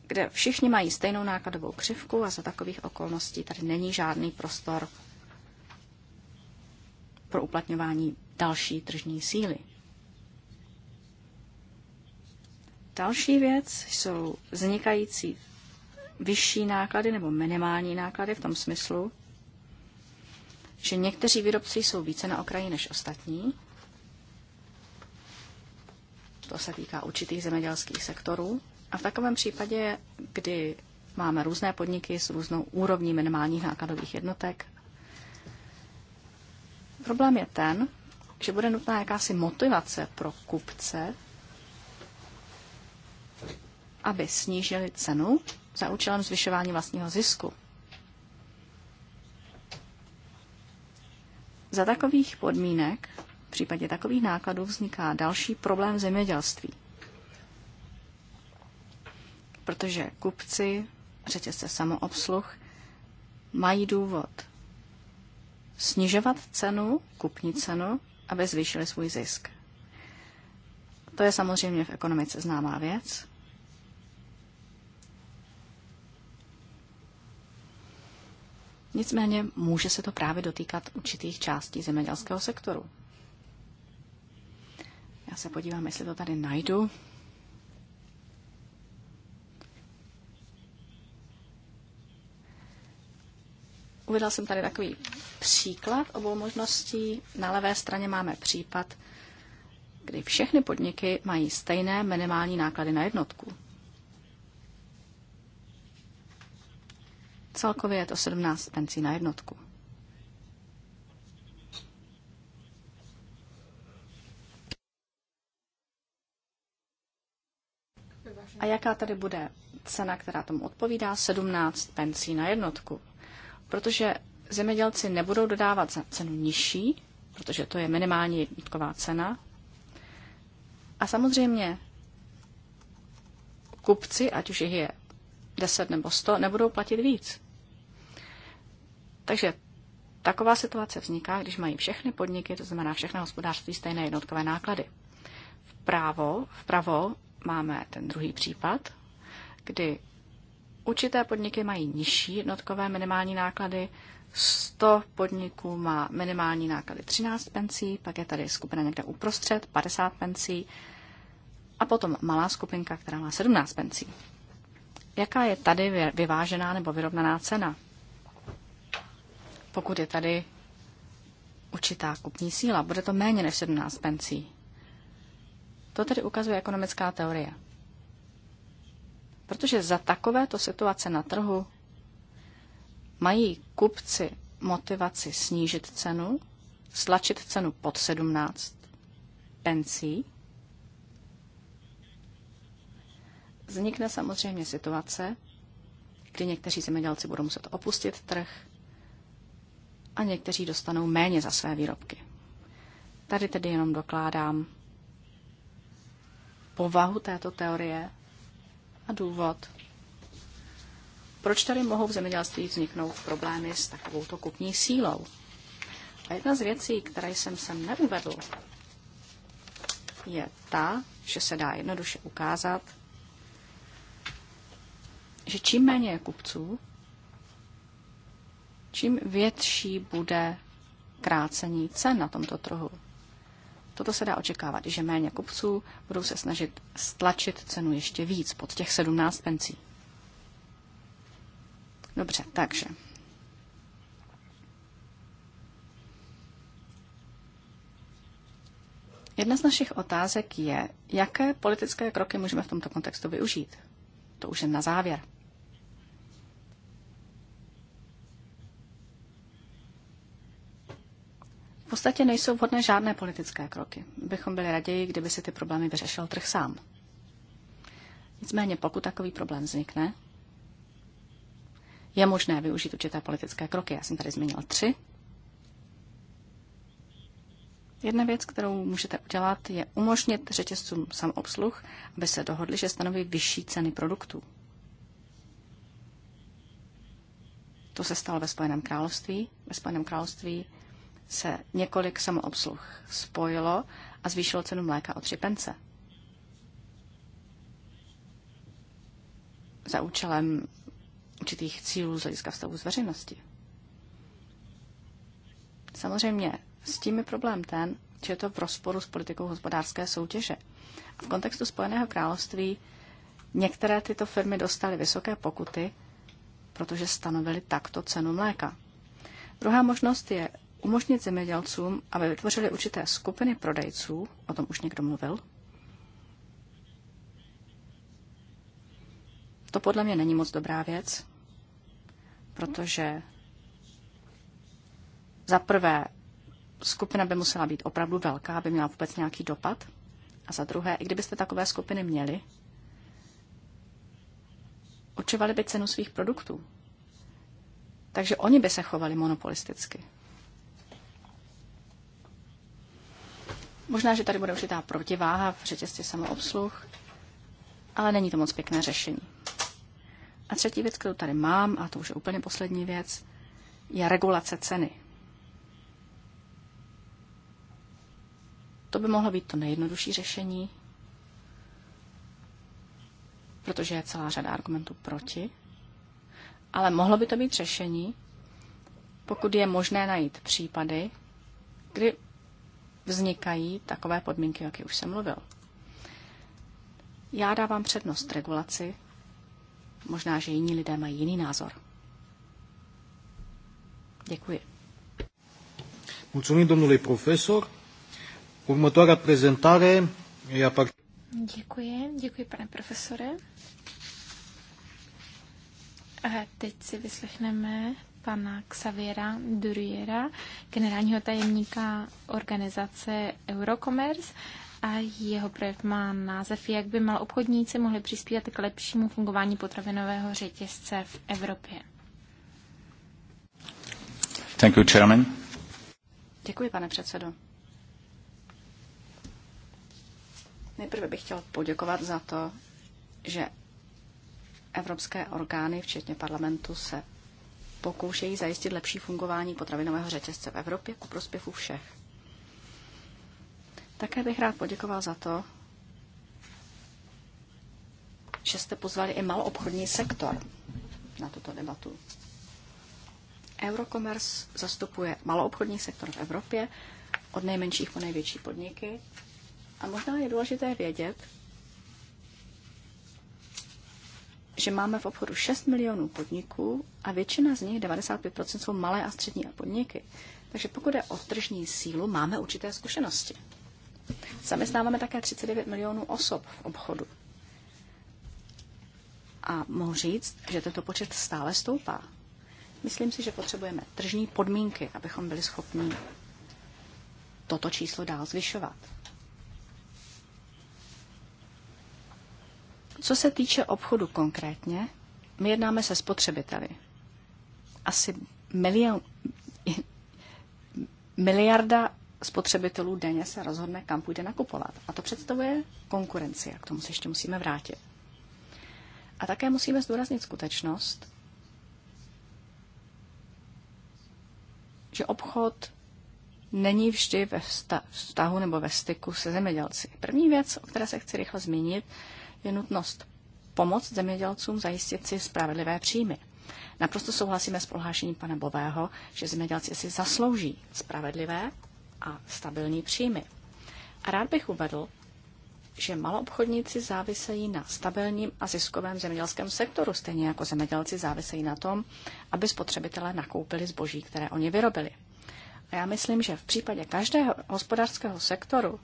kde všichni mají stejnou nákladovou křivku a za takových okolností tady není žádný prostor pro uplatňování další tržní síly. Další věc jsou vznikající vyšší náklady nebo minimální náklady v tom smyslu, že někteří výrobci jsou více na okraji než ostatní. To se týká určitých zemědělských sektorů. A v takovém případě, kdy máme různé podniky s různou úrovní minimálních nákladových jednotek, problém je ten, že bude nutná jakási motivace pro kupce aby snížili cenu za účelem zvyšování vlastního zisku. Za takových podmínek, v případě takových nákladů, vzniká další problém zemědělství. Protože kupci, řetězce samoobsluh, mají důvod snižovat cenu, kupní cenu, aby zvýšili svůj zisk. To je samozřejmě v ekonomice známá věc. Nicméně může se to právě dotýkat určitých částí zemědělského sektoru. Já se podívám, jestli to tady najdu. Uvedla jsem tady takový příklad obou možností. Na levé straně máme případ, kdy všechny podniky mají stejné minimální náklady na jednotku. Celkově je to 17 pencí na jednotku. A jaká tady bude cena, která tomu odpovídá? 17 pencí na jednotku. Protože zemědělci nebudou dodávat za cenu nižší, protože to je minimální jednotková cena. A samozřejmě kupci, ať už jich je 10 nebo 100, nebudou platit víc. Takže taková situace vzniká, když mají všechny podniky, to znamená všechna hospodářství, stejné jednotkové náklady. Vpravo, vpravo máme ten druhý případ, kdy určité podniky mají nižší jednotkové minimální náklady, 100 podniků má minimální náklady 13 pencí, pak je tady skupina někde uprostřed 50 pencí a potom malá skupinka, která má 17 pencí. Jaká je tady vyvážená nebo vyrovnaná cena? pokud je tady určitá kupní síla, bude to méně než 17 pencí. To tedy ukazuje ekonomická teorie. Protože za takovéto situace na trhu mají kupci motivaci snížit cenu, slačit cenu pod 17 pencí. Vznikne samozřejmě situace, kdy někteří zemědělci budou muset opustit trh, a někteří dostanou méně za své výrobky. Tady tedy jenom dokládám povahu této teorie a důvod, proč tady mohou v zemědělství vzniknout problémy s takovouto kupní sílou. A jedna z věcí, které jsem sem neuvedl, je ta, že se dá jednoduše ukázat, že čím méně je kupců, čím větší bude krácení cen na tomto trhu. Toto se dá očekávat, že méně kupců budou se snažit stlačit cenu ještě víc pod těch 17 pencí. Dobře, takže. Jedna z našich otázek je, jaké politické kroky můžeme v tomto kontextu využít. To už je na závěr. V podstatě nejsou vhodné žádné politické kroky. Bychom byli raději, kdyby si ty problémy vyřešil trh sám. Nicméně, pokud takový problém vznikne, je možné využít určité politické kroky. Já jsem tady zmínil tři. Jedna věc, kterou můžete udělat, je umožnit řetězcům samobsluh, aby se dohodli, že stanoví vyšší ceny produktů. To se stalo ve Spojeném království. Ve Spojeném království se několik samoobsluh spojilo a zvýšilo cenu mléka o 3 pence. Za účelem určitých cílů z hlediska vztahu s veřejností. Samozřejmě s tím je problém ten, že je to v rozporu s politikou hospodářské soutěže. A v kontextu Spojeného království některé tyto firmy dostaly vysoké pokuty, protože stanovily takto cenu mléka. Druhá možnost je umožnit zemědělcům, aby vytvořili určité skupiny prodejců, o tom už někdo mluvil. To podle mě není moc dobrá věc, protože za prvé skupina by musela být opravdu velká, aby měla vůbec nějaký dopad. A za druhé, i kdybyste takové skupiny měli, určovali by cenu svých produktů. Takže oni by se chovali monopolisticky. Možná, že tady bude určitá protiváha v řetězci samoobsluh, ale není to moc pěkné řešení. A třetí věc, kterou tady mám, a to už je úplně poslední věc, je regulace ceny. To by mohlo být to nejjednodušší řešení, protože je celá řada argumentů proti, ale mohlo by to být řešení, pokud je možné najít případy, kdy vznikají takové podmínky, jak už jsem mluvil. Já dávám přednost regulaci, možná, že jiní lidé mají jiný názor. Děkuji. Mulțumim domnule profesor. Următoarea prezentare e a part... Děkuji, děkuji pane profesore. A teď si vyslechneme pana Xaviera Duriera, generálního tajemníka organizace Eurocommerce a jeho projekt má název Jak by mal obchodníci mohli přispívat k lepšímu fungování potravinového řetězce v Evropě. Thank you, chairman. Děkuji, pane předsedo. Nejprve bych chtěl poděkovat za to, že evropské orgány, včetně parlamentu, se pokoušejí zajistit lepší fungování potravinového řetězce v Evropě ku prospěchu všech. Také bych rád poděkoval za to, že jste pozvali i maloobchodní sektor na tuto debatu. Eurocommerce zastupuje maloobchodní sektor v Evropě, od nejmenších po největší podniky. A možná je důležité vědět, že máme v obchodu 6 milionů podniků a většina z nich, 95%, jsou malé a střední podniky. Takže pokud je o tržní sílu, máme určité zkušenosti. Zaměstnáváme také 39 milionů osob v obchodu. A mohu říct, že tento počet stále stoupá. Myslím si, že potřebujeme tržní podmínky, abychom byli schopni toto číslo dál zvyšovat. Co se týče obchodu konkrétně, my jednáme se spotřebiteli. Asi milion, miliarda spotřebitelů denně se rozhodne, kam půjde nakupovat. A to představuje konkurenci, a k tomu se ještě musíme vrátit. A také musíme zdůraznit skutečnost, že obchod není vždy ve vztahu nebo ve styku se zemědělci. První věc, o které se chci rychle zmínit, je nutnost pomoc zemědělcům zajistit si spravedlivé příjmy. Naprosto souhlasíme s prohlášením pana Bového, že zemědělci si zaslouží spravedlivé a stabilní příjmy. A rád bych uvedl, že maloobchodníci závisejí na stabilním a ziskovém zemědělském sektoru, stejně jako zemědělci závisejí na tom, aby spotřebitelé nakoupili zboží, které oni vyrobili. A já myslím, že v případě každého hospodářského sektoru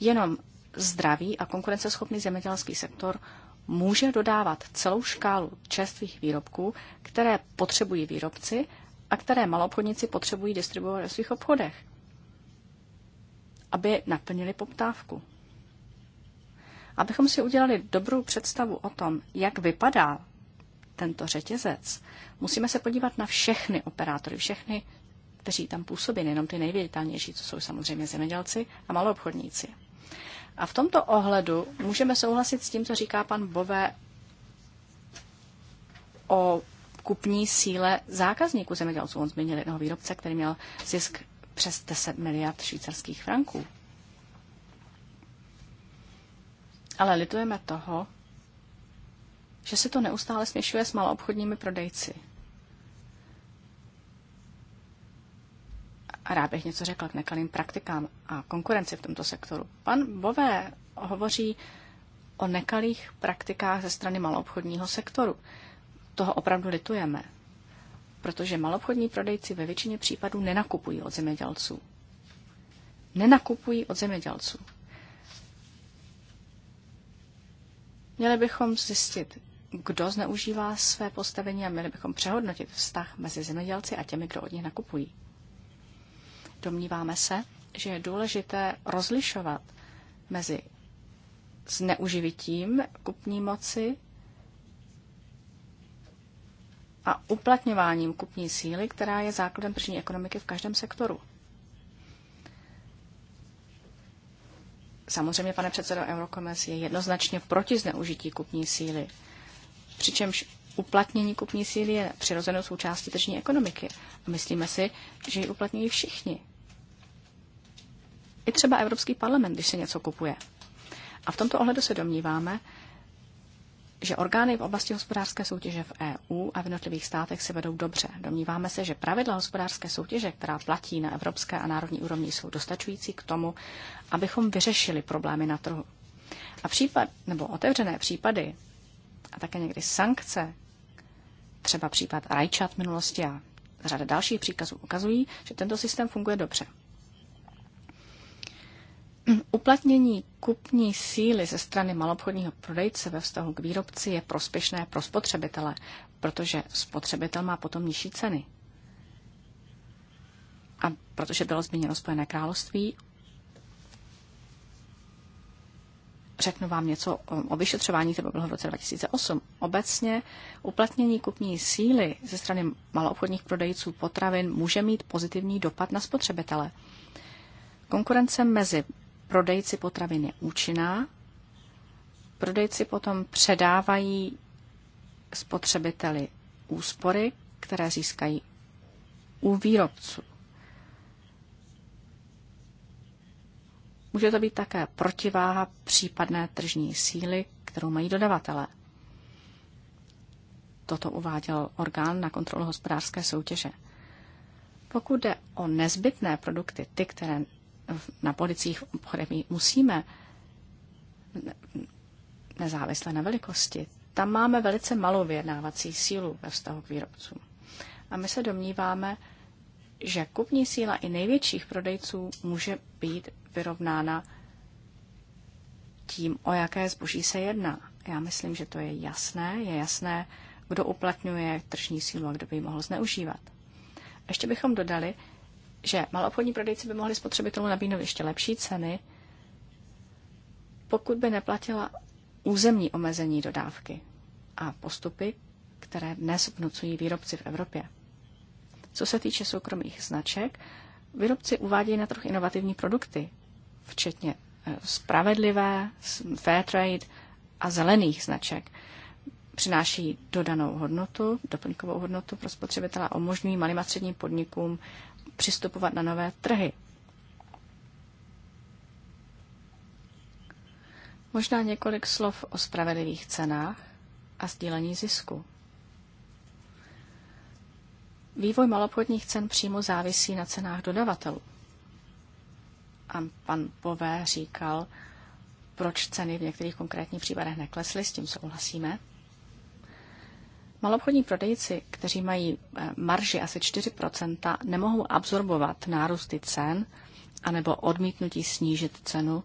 jenom zdravý a konkurenceschopný zemědělský sektor může dodávat celou škálu čerstvých výrobků, které potřebují výrobci a které malobchodníci potřebují distribuovat ve svých obchodech, aby naplnili poptávku. Abychom si udělali dobrou představu o tom, jak vypadá tento řetězec, musíme se podívat na všechny operátory, všechny, kteří tam působí, nejenom ty nejviditelnější, co jsou samozřejmě zemědělci a maloobchodníci. A v tomto ohledu můžeme souhlasit s tím, co říká pan Bové o kupní síle zákazníků zemědělců. On zmínil jednoho výrobce, který měl zisk přes 10 miliard švýcarských franků. Ale litujeme toho, že se to neustále směšuje s maloobchodními prodejci. A rád bych něco řekl k nekalým praktikám a konkurenci v tomto sektoru. Pan Bové hovoří o nekalých praktikách ze strany maloobchodního sektoru. Toho opravdu litujeme, protože maloobchodní prodejci ve většině případů nenakupují od zemědělců. Nenakupují od zemědělců. Měli bychom zjistit, kdo zneužívá své postavení a měli bychom přehodnotit vztah mezi zemědělci a těmi, kdo od nich nakupují. Domníváme se, že je důležité rozlišovat mezi zneuživitím kupní moci a uplatňováním kupní síly, která je základem tržní ekonomiky v každém sektoru. Samozřejmě, pane předsedo Eurokomes je jednoznačně proti zneužití kupní síly, přičemž uplatnění kupní síly je přirozenou součástí tržní ekonomiky. A myslíme si, že ji uplatňují všichni. I třeba Evropský parlament, když se něco kupuje. A v tomto ohledu se domníváme, že orgány v oblasti hospodářské soutěže v EU a v jednotlivých státech se vedou dobře. Domníváme se, že pravidla hospodářské soutěže, která platí na evropské a národní úrovni, jsou dostačující k tomu, abychom vyřešili problémy na trhu. A případ, nebo otevřené případy a také někdy sankce, Třeba případ Rajčat v minulosti a řada dalších příkazů ukazují, že tento systém funguje dobře. Uplatnění kupní síly ze strany malobchodního prodejce ve vztahu k výrobci je prospěšné pro spotřebitele, protože spotřebitel má potom nižší ceny. A protože bylo zmíněno Spojené království, Řeknu vám něco o vyšetřování, které bylo v roce 2008. Obecně uplatnění kupní síly ze strany maloobchodních prodejců potravin může mít pozitivní dopad na spotřebitele. Konkurence mezi prodejci potravin je účinná. Prodejci potom předávají spotřebiteli úspory, které získají u výrobců. Může to být také protiváha případné tržní síly, kterou mají dodavatelé. Toto uváděl orgán na kontrolu hospodářské soutěže. Pokud jde o nezbytné produkty, ty, které na policích obchodech musíme, nezávisle na velikosti, tam máme velice malou vyjednávací sílu ve vztahu k výrobcům. A my se domníváme, že kupní síla i největších prodejců může být vyrovnána tím, o jaké zboží se jedná. Já myslím, že to je jasné. Je jasné, kdo uplatňuje tržní sílu a kdo by ji mohl zneužívat. Ještě bychom dodali, že malobchodní prodejci by mohli spotřebitelům nabídnout ještě lepší ceny, pokud by neplatila územní omezení dodávky a postupy, které dnes vnucují výrobci v Evropě. Co se týče soukromých značek, výrobci uvádějí na trh inovativní produkty, včetně eh, spravedlivé, fair trade a zelených značek. Přináší dodanou hodnotu, doplňkovou hodnotu pro spotřebitele a umožňují malým a středním podnikům přistupovat na nové trhy. Možná několik slov o spravedlivých cenách a sdílení zisku. Vývoj malobchodních cen přímo závisí na cenách dodavatelů. A pan Bové říkal, proč ceny v některých konkrétních případech neklesly, s tím souhlasíme. Malobchodní prodejci, kteří mají eh, marži asi 4%, nemohou absorbovat nárůsty cen anebo odmítnutí snížit cenu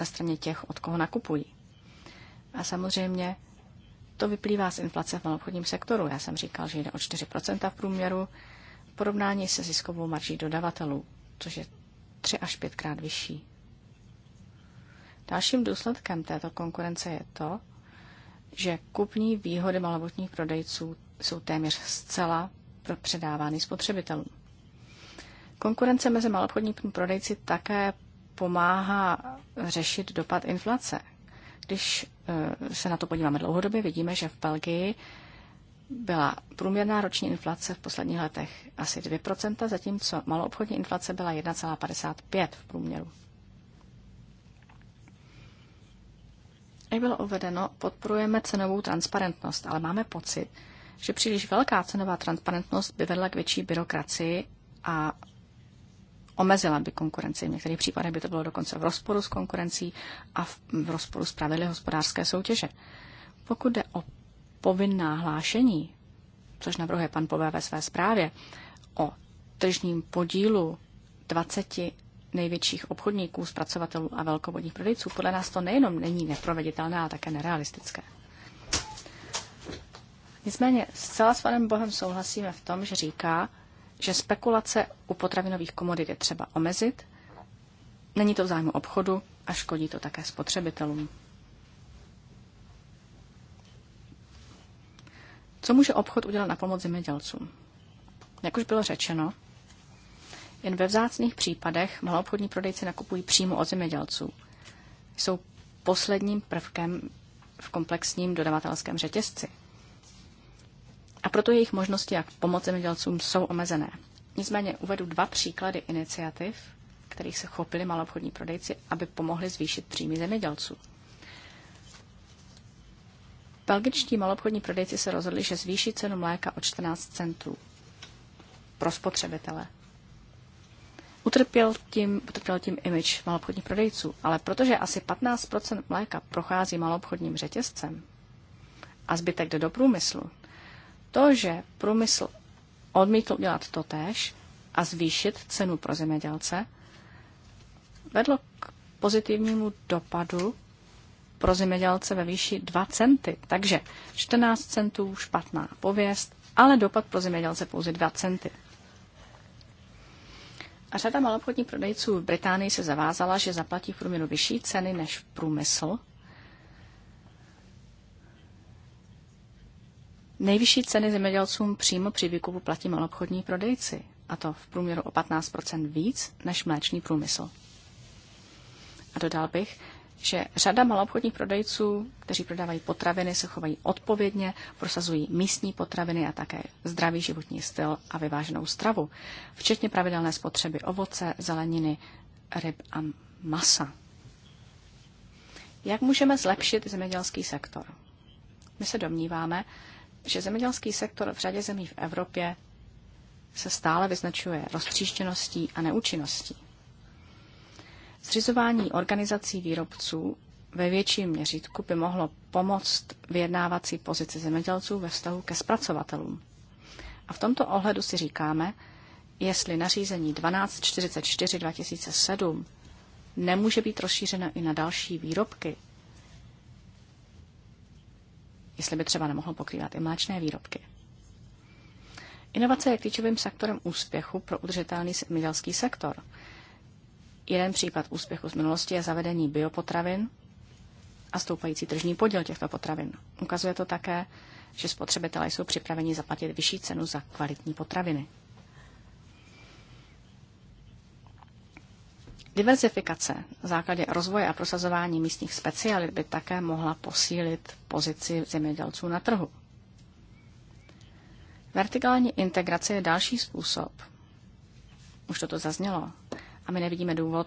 na straně těch, od koho nakupují. A samozřejmě to vyplývá z inflace v malobchodním sektoru. Já jsem říkal, že jde o 4% v průměru v porovnání se ziskovou marží dodavatelů, což je 3 až 5 krát vyšší. Dalším důsledkem této konkurence je to, že kupní výhody malobotních prodejců jsou téměř zcela předávány spotřebitelům. Konkurence mezi malobchodními prodejci také pomáhá řešit dopad inflace, když eh, se na to podíváme dlouhodobě, vidíme, že v Belgii byla průměrná roční inflace v posledních letech asi 2%, zatímco maloobchodní inflace byla 1,55 v průměru. Jak bylo uvedeno, podporujeme cenovou transparentnost, ale máme pocit, že příliš velká cenová transparentnost by vedla k větší byrokracii a omezila by konkurenci. V některých případech by to bylo dokonce v rozporu s konkurencí a v, v rozporu s pravidly hospodářské soutěže. Pokud jde o povinná hlášení, což navrhuje pan Pové ve své zprávě, o tržním podílu 20 největších obchodníků, zpracovatelů a velkovodních prodejců, podle nás to nejenom není neproveditelné, ale také nerealistické. Nicméně zcela s panem Bohem souhlasíme v tom, že říká, že spekulace u potravinových komodit je třeba omezit, není to v zájmu obchodu a škodí to také spotřebitelům. Co může obchod udělat na pomoc zemědělcům? Jak už bylo řečeno, jen ve vzácných případech maloobchodní prodejci nakupují přímo od zemědělců. Jsou posledním prvkem v komplexním dodavatelském řetězci. A proto jejich možnosti, jak pomoct zemědělcům, jsou omezené. Nicméně uvedu dva příklady iniciativ, kterých se chopili maloobchodní prodejci, aby pomohli zvýšit příjmy zemědělců. Belgičtí maloobchodní prodejci se rozhodli, že zvýší cenu mléka o 14 centů pro spotřebitele. Utrpěl tím, utrpěl tím image malobchodních prodejců, ale protože asi 15 mléka prochází malobchodním řetězcem a zbytek jde do průmyslu, to, že průmysl odmítl udělat to též a zvýšit cenu pro zemědělce, vedlo k pozitivnímu dopadu pro zemědělce ve výši 2 centy. Takže 14 centů špatná pověst, ale dopad pro zemědělce pouze 2 centy. A řada malobchodních prodejců v Británii se zavázala, že zaplatí v průměru vyšší ceny než průmysl Nejvyšší ceny zemědělcům přímo při výkupu platí malobchodní prodejci, a to v průměru o 15 víc než mléčný průmysl. A dodal bych, že řada maloobchodních prodejců, kteří prodávají potraviny, se chovají odpovědně, prosazují místní potraviny a také zdravý životní styl a vyváženou stravu, včetně pravidelné spotřeby ovoce, zeleniny, ryb a masa. Jak můžeme zlepšit zemědělský sektor? My se domníváme, že zemědělský sektor v řadě zemí v Evropě se stále vyznačuje roztříštěností a neúčinností. Zřizování organizací výrobců ve větším měřítku by mohlo pomoct vyjednávací pozici zemědělců ve vztahu ke zpracovatelům. A v tomto ohledu si říkáme, jestli nařízení 1244 2007 nemůže být rozšířeno i na další výrobky, jestli by třeba nemohl pokrývat i mléčné výrobky. Inovace je klíčovým sektorem úspěchu pro udržitelný zemědělský sektor. Jeden případ úspěchu z minulosti je zavedení biopotravin a stoupající tržní podíl těchto potravin. Ukazuje to také, že spotřebitelé jsou připraveni zaplatit vyšší cenu za kvalitní potraviny. Diverzifikace v základě rozvoje a prosazování místních specialit by také mohla posílit pozici zemědělců na trhu. Vertikální integrace je další způsob. Už toto zaznělo. A my nevidíme důvod,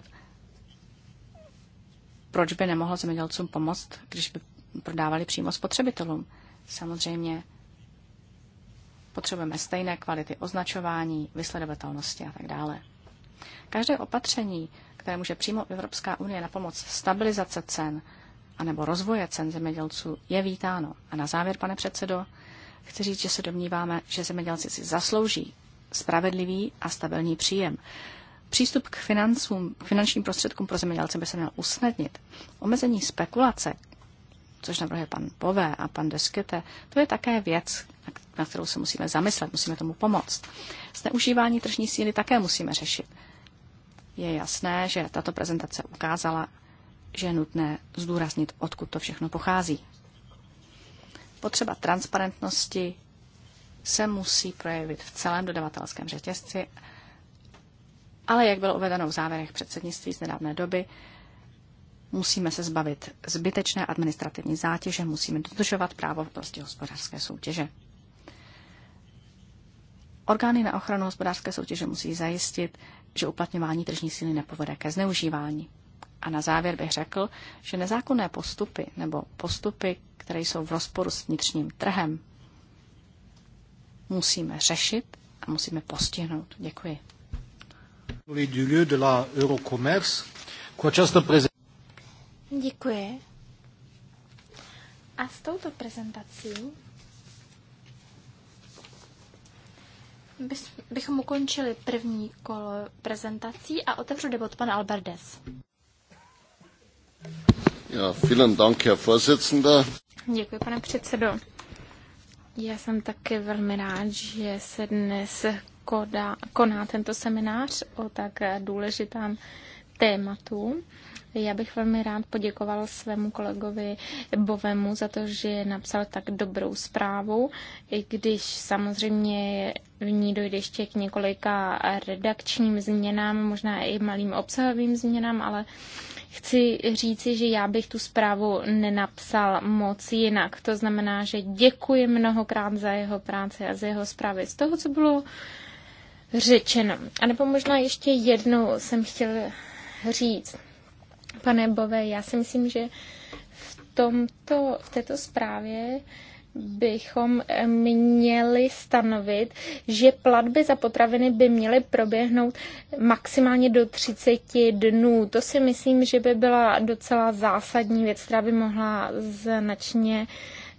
proč by nemohlo zemědělcům pomoct, když by prodávali přímo spotřebitelům. Samozřejmě potřebujeme stejné kvality označování, vysledovatelnosti a tak dále. Každé opatření které může přímo Evropská unie na pomoc stabilizace cen anebo rozvoje cen zemědělců, je vítáno. A na závěr, pane předsedo, chci říct, že se domníváme, že zemědělci si zaslouží spravedlivý a stabilní příjem. Přístup k, financům, k finančním prostředkům pro zemědělce by se měl usnadnit. Omezení spekulace, což navrhuje pan Bové a pan Deskete, to je také věc, na kterou se musíme zamyslet, musíme tomu pomoct. Zneužívání tržní síly také musíme řešit je jasné, že tato prezentace ukázala, že je nutné zdůraznit, odkud to všechno pochází. Potřeba transparentnosti se musí projevit v celém dodavatelském řetězci, ale jak bylo uvedeno v závěrech předsednictví z nedávné doby, musíme se zbavit zbytečné administrativní zátěže, musíme dodržovat právo v prostě hospodářské soutěže. Orgány na ochranu hospodářské soutěže musí zajistit, že uplatňování tržní síly nepovede ke zneužívání. A na závěr bych řekl, že nezákonné postupy nebo postupy, které jsou v rozporu s vnitřním trhem, musíme řešit a musíme postihnout. Děkuji. Děkuji. A s touto prezentací bychom ukončili první kolo prezentací a otevřu debat pan Alberdes. Ja, vielen Dank, Herr Vorsitzender. Děkuji, pane předsedo. Já jsem taky velmi rád, že se dnes koná, koná tento seminář o tak důležitém tématu. Já bych velmi rád poděkoval svému kolegovi Bovemu za to, že napsal tak dobrou zprávu, i když samozřejmě v ní dojde ještě k několika redakčním změnám, možná i malým obsahovým změnám, ale chci říci, že já bych tu zprávu nenapsal moc jinak. To znamená, že děkuji mnohokrát za jeho práci a za jeho zprávy. Z toho, co bylo řečeno. A nebo možná ještě jednou jsem chtěl říct. Pane Bové, já si myslím, že v, tomto, v této zprávě bychom měli stanovit, že platby za potraviny by měly proběhnout maximálně do 30 dnů. To si myslím, že by byla docela zásadní věc, která by mohla značně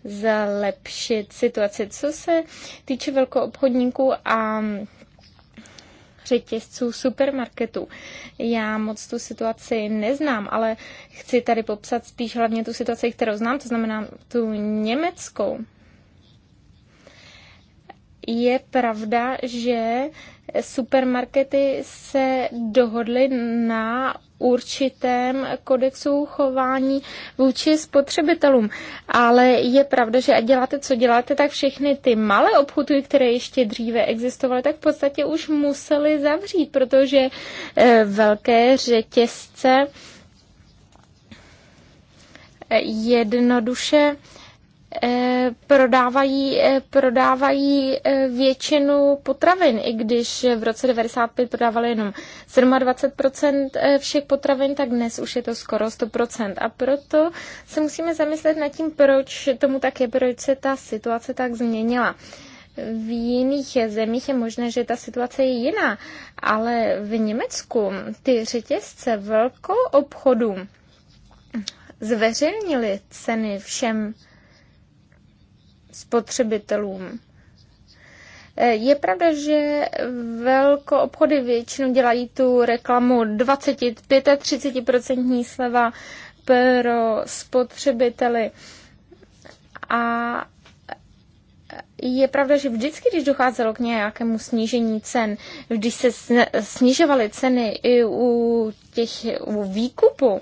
zlepšit situaci. Co se týče velkoobchodníků a řetězců supermarketů. Já moc tu situaci neznám, ale chci tady popsat spíš hlavně tu situaci, kterou znám, to znamená tu německou. Je pravda, že supermarkety se dohodly na určitém kodexu chování vůči spotřebitelům. Ale je pravda, že ať děláte, co děláte, tak všechny ty malé obchody, které ještě dříve existovaly, tak v podstatě už museli zavřít, protože eh, velké řetězce eh, jednoduše Eh, prodávají, eh, prodávají eh, většinu potravin, i když v roce 95 prodávali jenom 27% všech potravin, tak dnes už je to skoro 100%. A proto se musíme zamyslet nad tím, proč tomu tak je, proč se ta situace tak změnila. V jiných zemích je možné, že ta situace je jiná, ale v Německu ty řetězce velkou obchodu zveřejnili ceny všem spotřebitelům. Eh, je pravda, že velko obchody většinou dělají tu reklamu 20, 35% sleva pro spotřebiteli. A je pravda, že vždycky, když docházelo k nějakému snížení cen, když se snižovaly ceny i u těch u výkupu,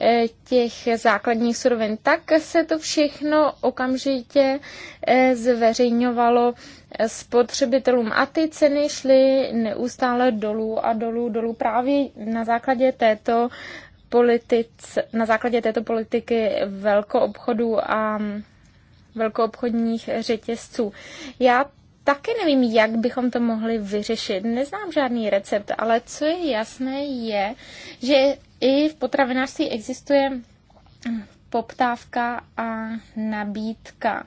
Eh, těch základních surovin, tak se to všechno okamžitě eh, zveřejňovalo eh, spotřebitelům a ty ceny šly neustále dolů a dolů, dolů právě na základě této politic, na základě této politiky velkoobchodu a mm, velkoobchodních řetězců. Já taky nevím, jak bychom to mohli vyřešit. Neznám žádný recept, ale co je jasné, je, že i v potravinářství existuje poptávka a nabídka.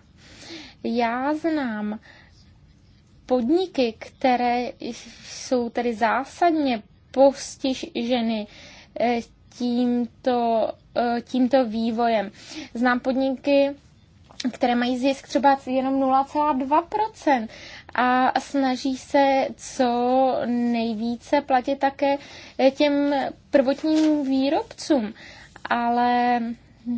Já znám podniky, které jsou tedy zásadně postiženy eh, tímto, eh, tímto vývojem. Znám podniky, které mají zisk třeba jenom 0,2% a snaží se co nejvíce platit také těm prvotním výrobcům. Ale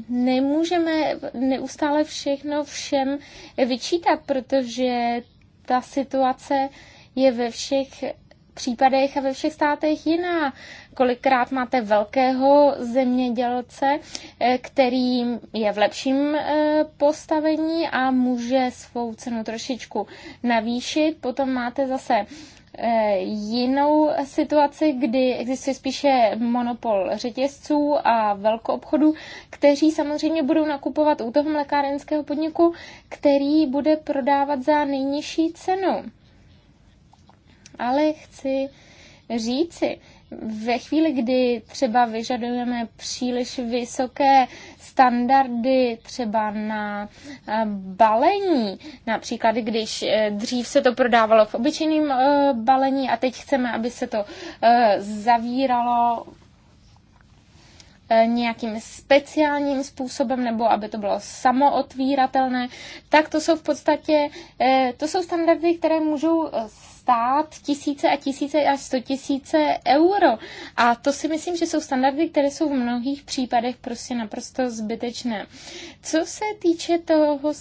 nemůžeme neustále všechno všem vyčítat, protože ta situace je ve všech případech a ve všech státech jiná. Kolikrát máte velkého zemědělce, eh, který je v lepším eh, postavení a může svou cenu trošičku navýšit. Potom máte zase eh, jinou situaci, kdy existuje spíše monopol řetězců a obchodu, kteří samozřejmě budou nakupovat u toho mlekárenského podniku, který bude prodávat za nejnižší cenu. Ale chci říci, ve chvíli, kdy třeba vyžadujeme příliš vysoké standardy třeba na eh, balení, například když eh, dřív se to prodávalo v obyčejném eh, balení a teď chceme, aby se to zavíralo nějakým speciálním způsobem nebo aby to bylo samootvíratelné, tak to jsou v podstatě, to jsou standardy, které můžou stát tisíce a tisíce až sto tisíce euro. A to si myslím, že jsou standardy, které jsou v mnohých případech prostě naprosto zbytečné. Co se týče toho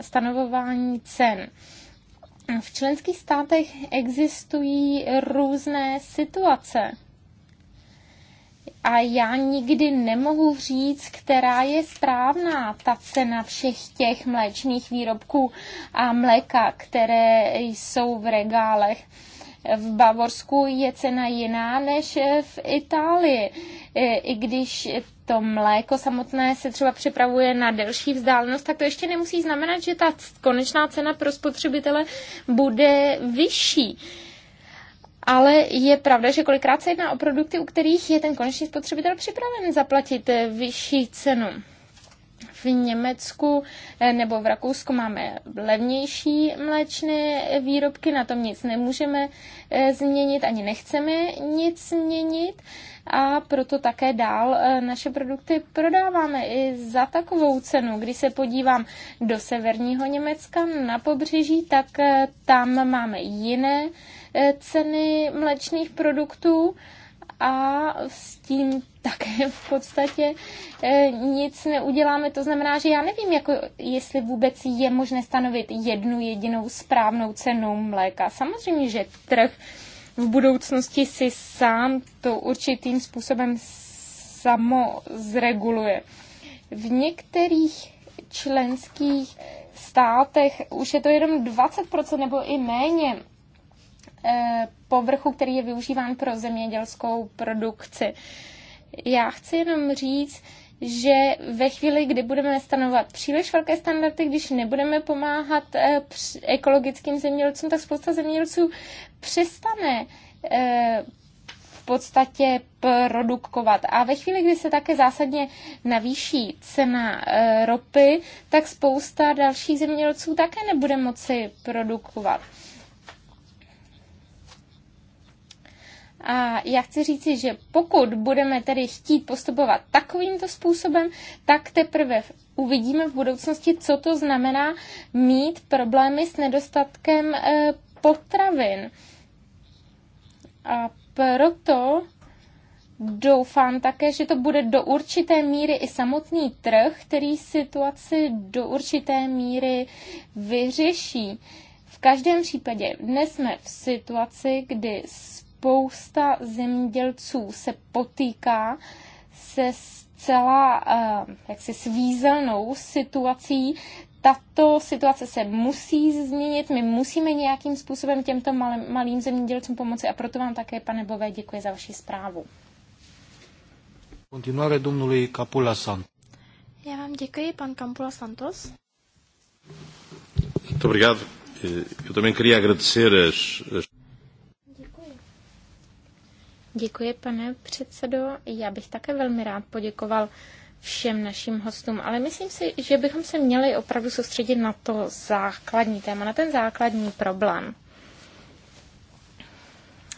stanovování cen, v členských státech existují různé situace a já nikdy nemohu říct, která je správná ta cena všech těch mléčných výrobků a mléka, které jsou v regálech. V Bavorsku je cena jiná než v Itálii, e, i když to mléko samotné se třeba připravuje na delší vzdálenost, tak to ještě nemusí znamenat, že ta konečná cena pro spotřebitele bude vyšší ale je pravda, že kolikrát se jedná o produkty, u kterých je ten konečný spotřebitel připraven zaplatit eh, vyšší cenu v Německu eh, nebo v Rakousku máme levnější mléčné výrobky, na tom nic nemůžeme eh, změnit, ani nechceme nic změnit a proto také dál naše produkty prodáváme i za takovou cenu. Když se podívám do severního Německa na pobřeží, tak tam máme jiné Eh, ceny mléčných produktů a s tím [laughs] také v podstatě eh, nic neuděláme. To znamená, že já nevím, jako jestli vůbec je možné stanovit jednu jedinou správnou cenu mléka. Samozřejmě, že trh v budoucnosti si sám to určitým způsobem samo zreguluje. V některých členských státech už je to jenom 20% nebo i méně Eh, povrchu, který je využíván pro zemědělskou produkci. Já chci jenom říct, že ve chvíli, kdy budeme stanovat příliš velké standardy, když nebudeme pomáhat eh, ekologickým zemědělcům, tak spousta zemědělců přestane eh, v podstatě produkovat. A ve chvíli, kdy se také zásadně navýší cena ropy, tak spousta dalších zemědělců také nebude moci produkovat. A já chci říci, že pokud budeme tedy chtít postupovat takovýmto způsobem, tak teprve uvidíme v budoucnosti, co to znamená mít problémy s nedostatkem e, potravin. A proto Doufám také, že to bude do určité míry i samotný trh, který situaci do určité míry vyřeší. V každém případě dnes jsme v situaci, kdy spousta zemědělců se potýká se zcela eh, jaksi svízelnou situací. Tato situace se musí změnit, my musíme nějakým způsobem těmto malým, malým zemědělcům pomoci a proto vám také, pane Bové, děkuji za vaši zprávu. Continuare domnului Capula Sant. Já vám děkuji, pan Capula Santos. Muito obrigado. Eh, eu também queria agradecer as, as... Děkuji, pane předsedo. Já bych také velmi rád poděkoval všem našim hostům, ale myslím si, že bychom se měli opravdu soustředit na to základní téma, na ten základní problém.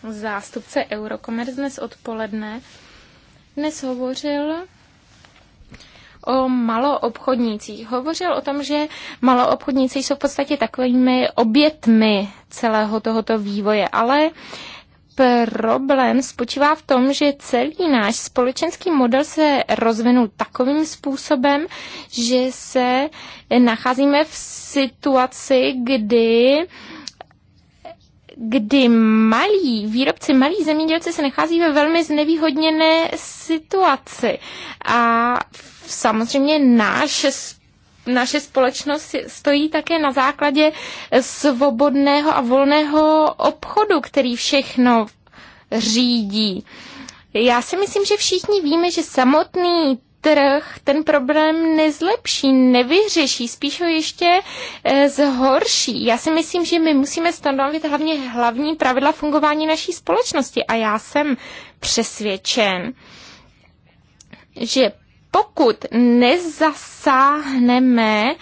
Zástupce Eurocommerce dnes odpoledne dnes hovořil o maloobchodnících. Hovořil o tom, že maloobchodníci jsou v podstatě takovými obětmi celého tohoto vývoje, ale problém spočívá v tom, že celý náš společenský model se rozvinul takovým způsobem, že se nacházíme v situaci, kdy kdy malí výrobci, malí zemědělci se nachází ve velmi znevýhodněné situaci. A samozřejmě náš naše společnost stojí také na základě svobodného a volného obchodu, který všechno řídí. Já si myslím, že všichni víme, že samotný trh ten problém nezlepší, nevyřeší, spíš ho ještě eh, zhorší. Já si myslím, že my musíme stanovit hlavně hlavní pravidla fungování naší společnosti a já jsem přesvědčen, že pokud nezasáhneme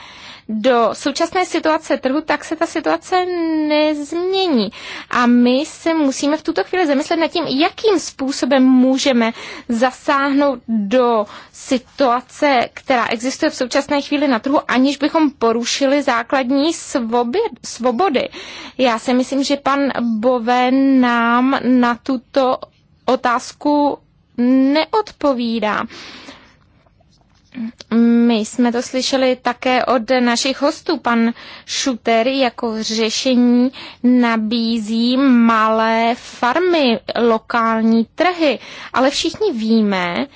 do současné situace trhu, tak se ta situace nezmění. A my se musíme v tuto chvíli zamyslet nad tím, jakým způsobem můžeme zasáhnout do situace, která existuje v současné chvíli na trhu, aniž bychom porušili základní svobody. Já si myslím, že pan Bove nám na tuto otázku neodpovídá. My jsme to slyšeli také od našich hostů. Pan Šuter jako řešení nabízí malé farmy, lokální trhy. Ale všichni víme,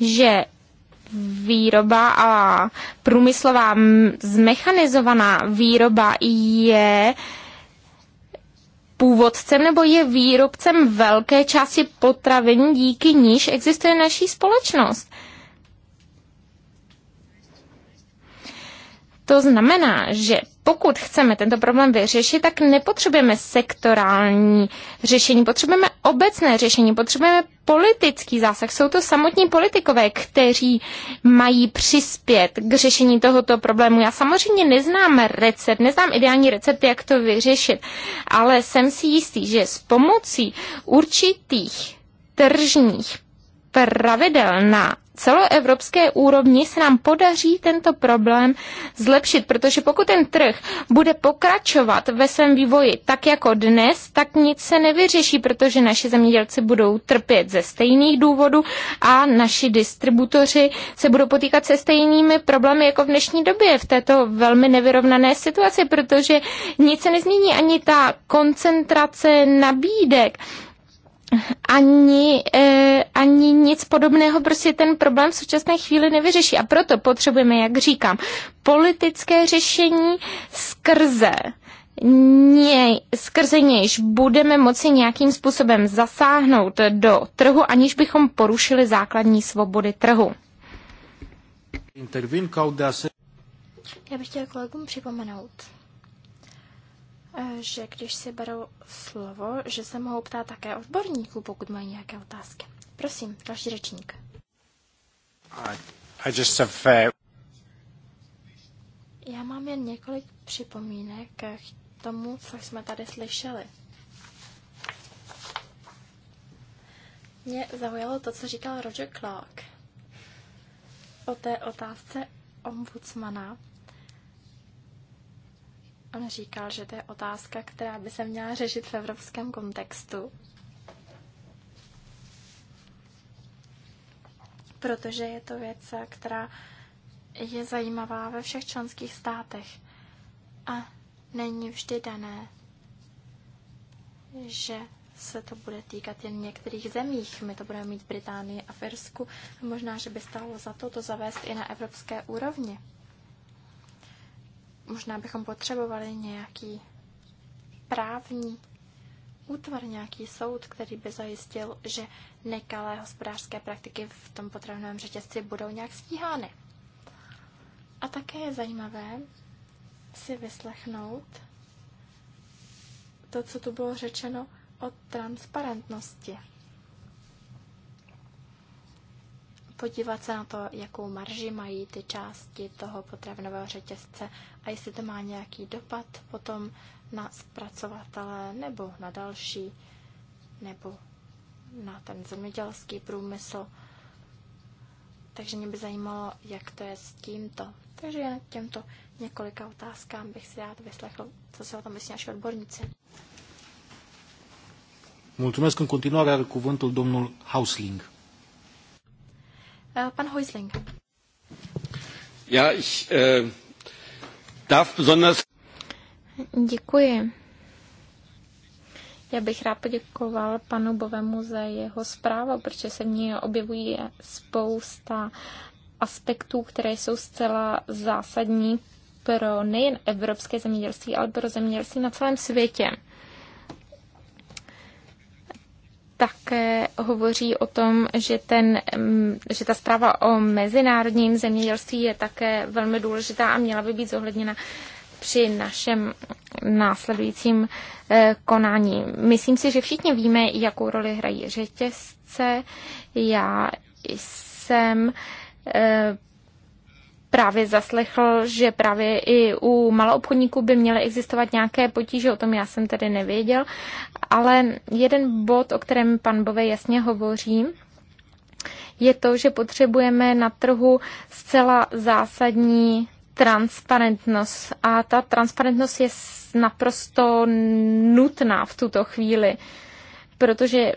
že výroba a průmyslová zmechanizovaná výroba je původcem nebo je výrobcem velké části potravin, díky níž existuje naší společnost. To znamená, že pokud chceme tento problém vyřešit, tak nepotřebujeme sektorální řešení, potřebujeme obecné řešení, potřebujeme politický zásah. Jsou to samotní politikové, kteří mají přispět k řešení tohoto problému. Já samozřejmě neznám recept, neznám ideální recept, jak to vyřešit, ale jsem si jistý, že s pomocí určitých tržních pravidel na celoevropské úrovni se nám podaří tento problém zlepšit, protože pokud ten trh bude pokračovat ve svém vývoji tak jako dnes, tak nic se nevyřeší, protože naši zemědělci budou trpět ze stejných důvodů a naši distributoři se budou potýkat se stejnými problémy jako v dnešní době v této velmi nevyrovnané situaci, protože nic se nezmění ani ta koncentrace nabídek ani, eh, ani nic podobného prostě ten problém v současné chvíli nevyřeší. A proto potřebujeme, jak říkám, politické řešení skrze něj, skrze nějž budeme moci nějakým způsobem zasáhnout do trhu, aniž bychom porušili základní svobody trhu. Já bych chtěla kolegům připomenout, Eh, že když si berou slovo, že se mohou ptát také odborníků, pokud mají nějaké otázky. Prosím, další řečník. I just have, eh, Já mám jen několik připomínek k tomu, co jsme tady slyšeli. Mě zaujalo to, co říkal Roger Clark o té otázce ombudsmana říkal, že to je otázka, která by se měla řešit v evropském kontextu. Protože je to věc, která je zajímavá ve všech členských státech. A není vždy dané, že se to bude týkat jen některých zemích. My to budeme mít v Británii a v Irsku. Možná, že by stálo za to to zavést i na evropské úrovni. Možná bychom potřebovali nějaký právní útvar, nějaký soud, který by zajistil, že nekalé hospodářské praktiky v tom potravinovém řetězci budou nějak stíhány. A také je zajímavé si vyslechnout to, co tu bylo řečeno o transparentnosti. podívat se na to, jakou marži mají ty části toho potravinového řetězce a jestli to má nějaký dopad potom na zpracovatele nebo na další, nebo na ten zemědělský průmysl. Takže mě by zajímalo, jak to je s tímto. Takže těmto několika otázkám bych si rád vyslechl, co si o tom myslí naši odborníci. Mulțumesc în continuare, are cuvântul domnul Hausling. Eh, pan Já, ich äh, darf besonders... Děkuji. Já bych rád poděkoval panu Bovemu za jeho zprávu, protože se v ní objevují spousta aspektů, které jsou zcela zásadní pro nejen evropské zemědělství, ale pro zemědělství na celém světě. také hovoří o tom, že, ten, mm, že ta zpráva o mezinárodním zemědělství je také velmi důležitá a měla by být zohledněna při našem následujícím eh, konání. Myslím si, že všichni víme, jakou roli hrají řetězce. Já jsem eh, právě zaslechl, že právě i u maloobchodníků by měly existovat nějaké potíže, o tom já jsem tedy nevěděl, ale jeden bod, o kterém pan Bove jasně hovoří, je to, že potřebujeme na trhu zcela zásadní transparentnost. A ta transparentnost je naprosto nutná v tuto chvíli, protože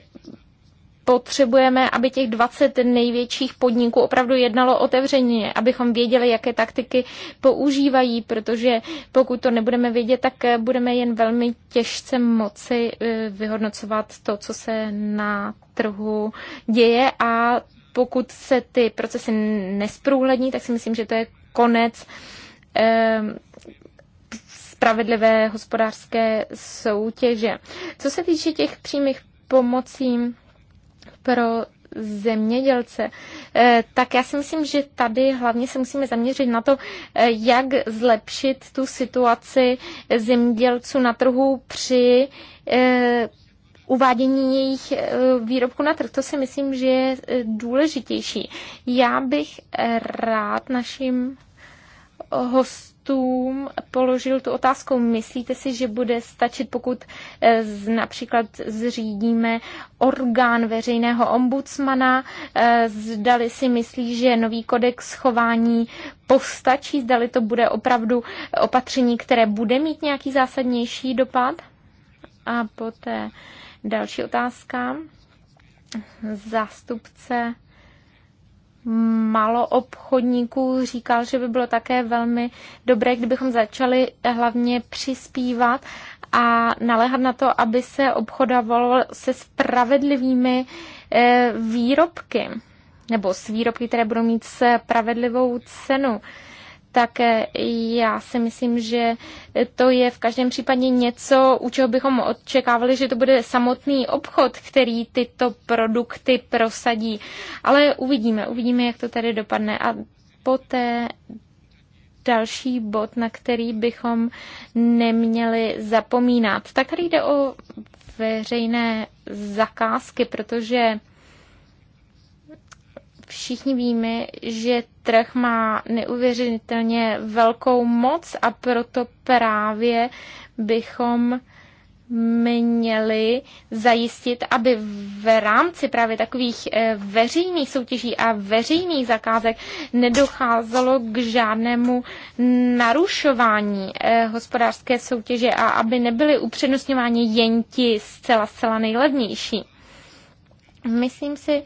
potřebujeme, aby těch 20 největších podniků opravdu jednalo otevřeně, abychom věděli, jaké taktiky používají, protože pokud to nebudeme vědět, tak eh, budeme jen velmi těžce moci eh, vyhodnocovat to, co se na trhu děje a pokud se ty procesy nesprůhlední, tak si myslím, že to je konec ehm, spravedlivé hospodářské soutěže. Co se týče těch přímých pomocí, pro zemědělce. Eh, tak já si myslím, že tady hlavně se musíme zaměřit na to, eh, jak zlepšit tu situaci zemědělců na trhu při eh, uvádění jejich výrobku na trh. To si myslím, že je důležitější. Já bych rád našim hostům položil tu otázku. Myslíte si, že bude stačit, pokud eh, například zřídíme orgán veřejného ombudsmana? Eh, zdali si myslí, že nový kodex chování postačí? Zdali to bude opravdu opatření, které bude mít nějaký zásadnější dopad? A poté další otázka. Zástupce Malo obchodníků říkal, že by bylo také velmi dobré, kdybychom začali hlavně přispívat a naléhat na to, aby se obchodovalo se spravedlivými eh, výrobky nebo s výrobky, které budou mít spravedlivou cenu tak já si myslím, že to je v každém případě něco, u čeho bychom očekávali, že to bude samotný obchod, který tyto produkty prosadí. Ale uvidíme, uvidíme, jak to tady dopadne. A poté další bod, na který bychom neměli zapomínat. Tak tady jde o veřejné zakázky, protože Všichni víme, že trh má neuvěřitelně velkou moc a proto právě bychom měli zajistit, aby v rámci právě takových eh, veřejných soutěží a veřejných zakázek nedocházelo k žádnému narušování eh, hospodářské soutěže a aby nebyly upřednostňováni jen ti zcela, zcela nejlevnější. Myslím si,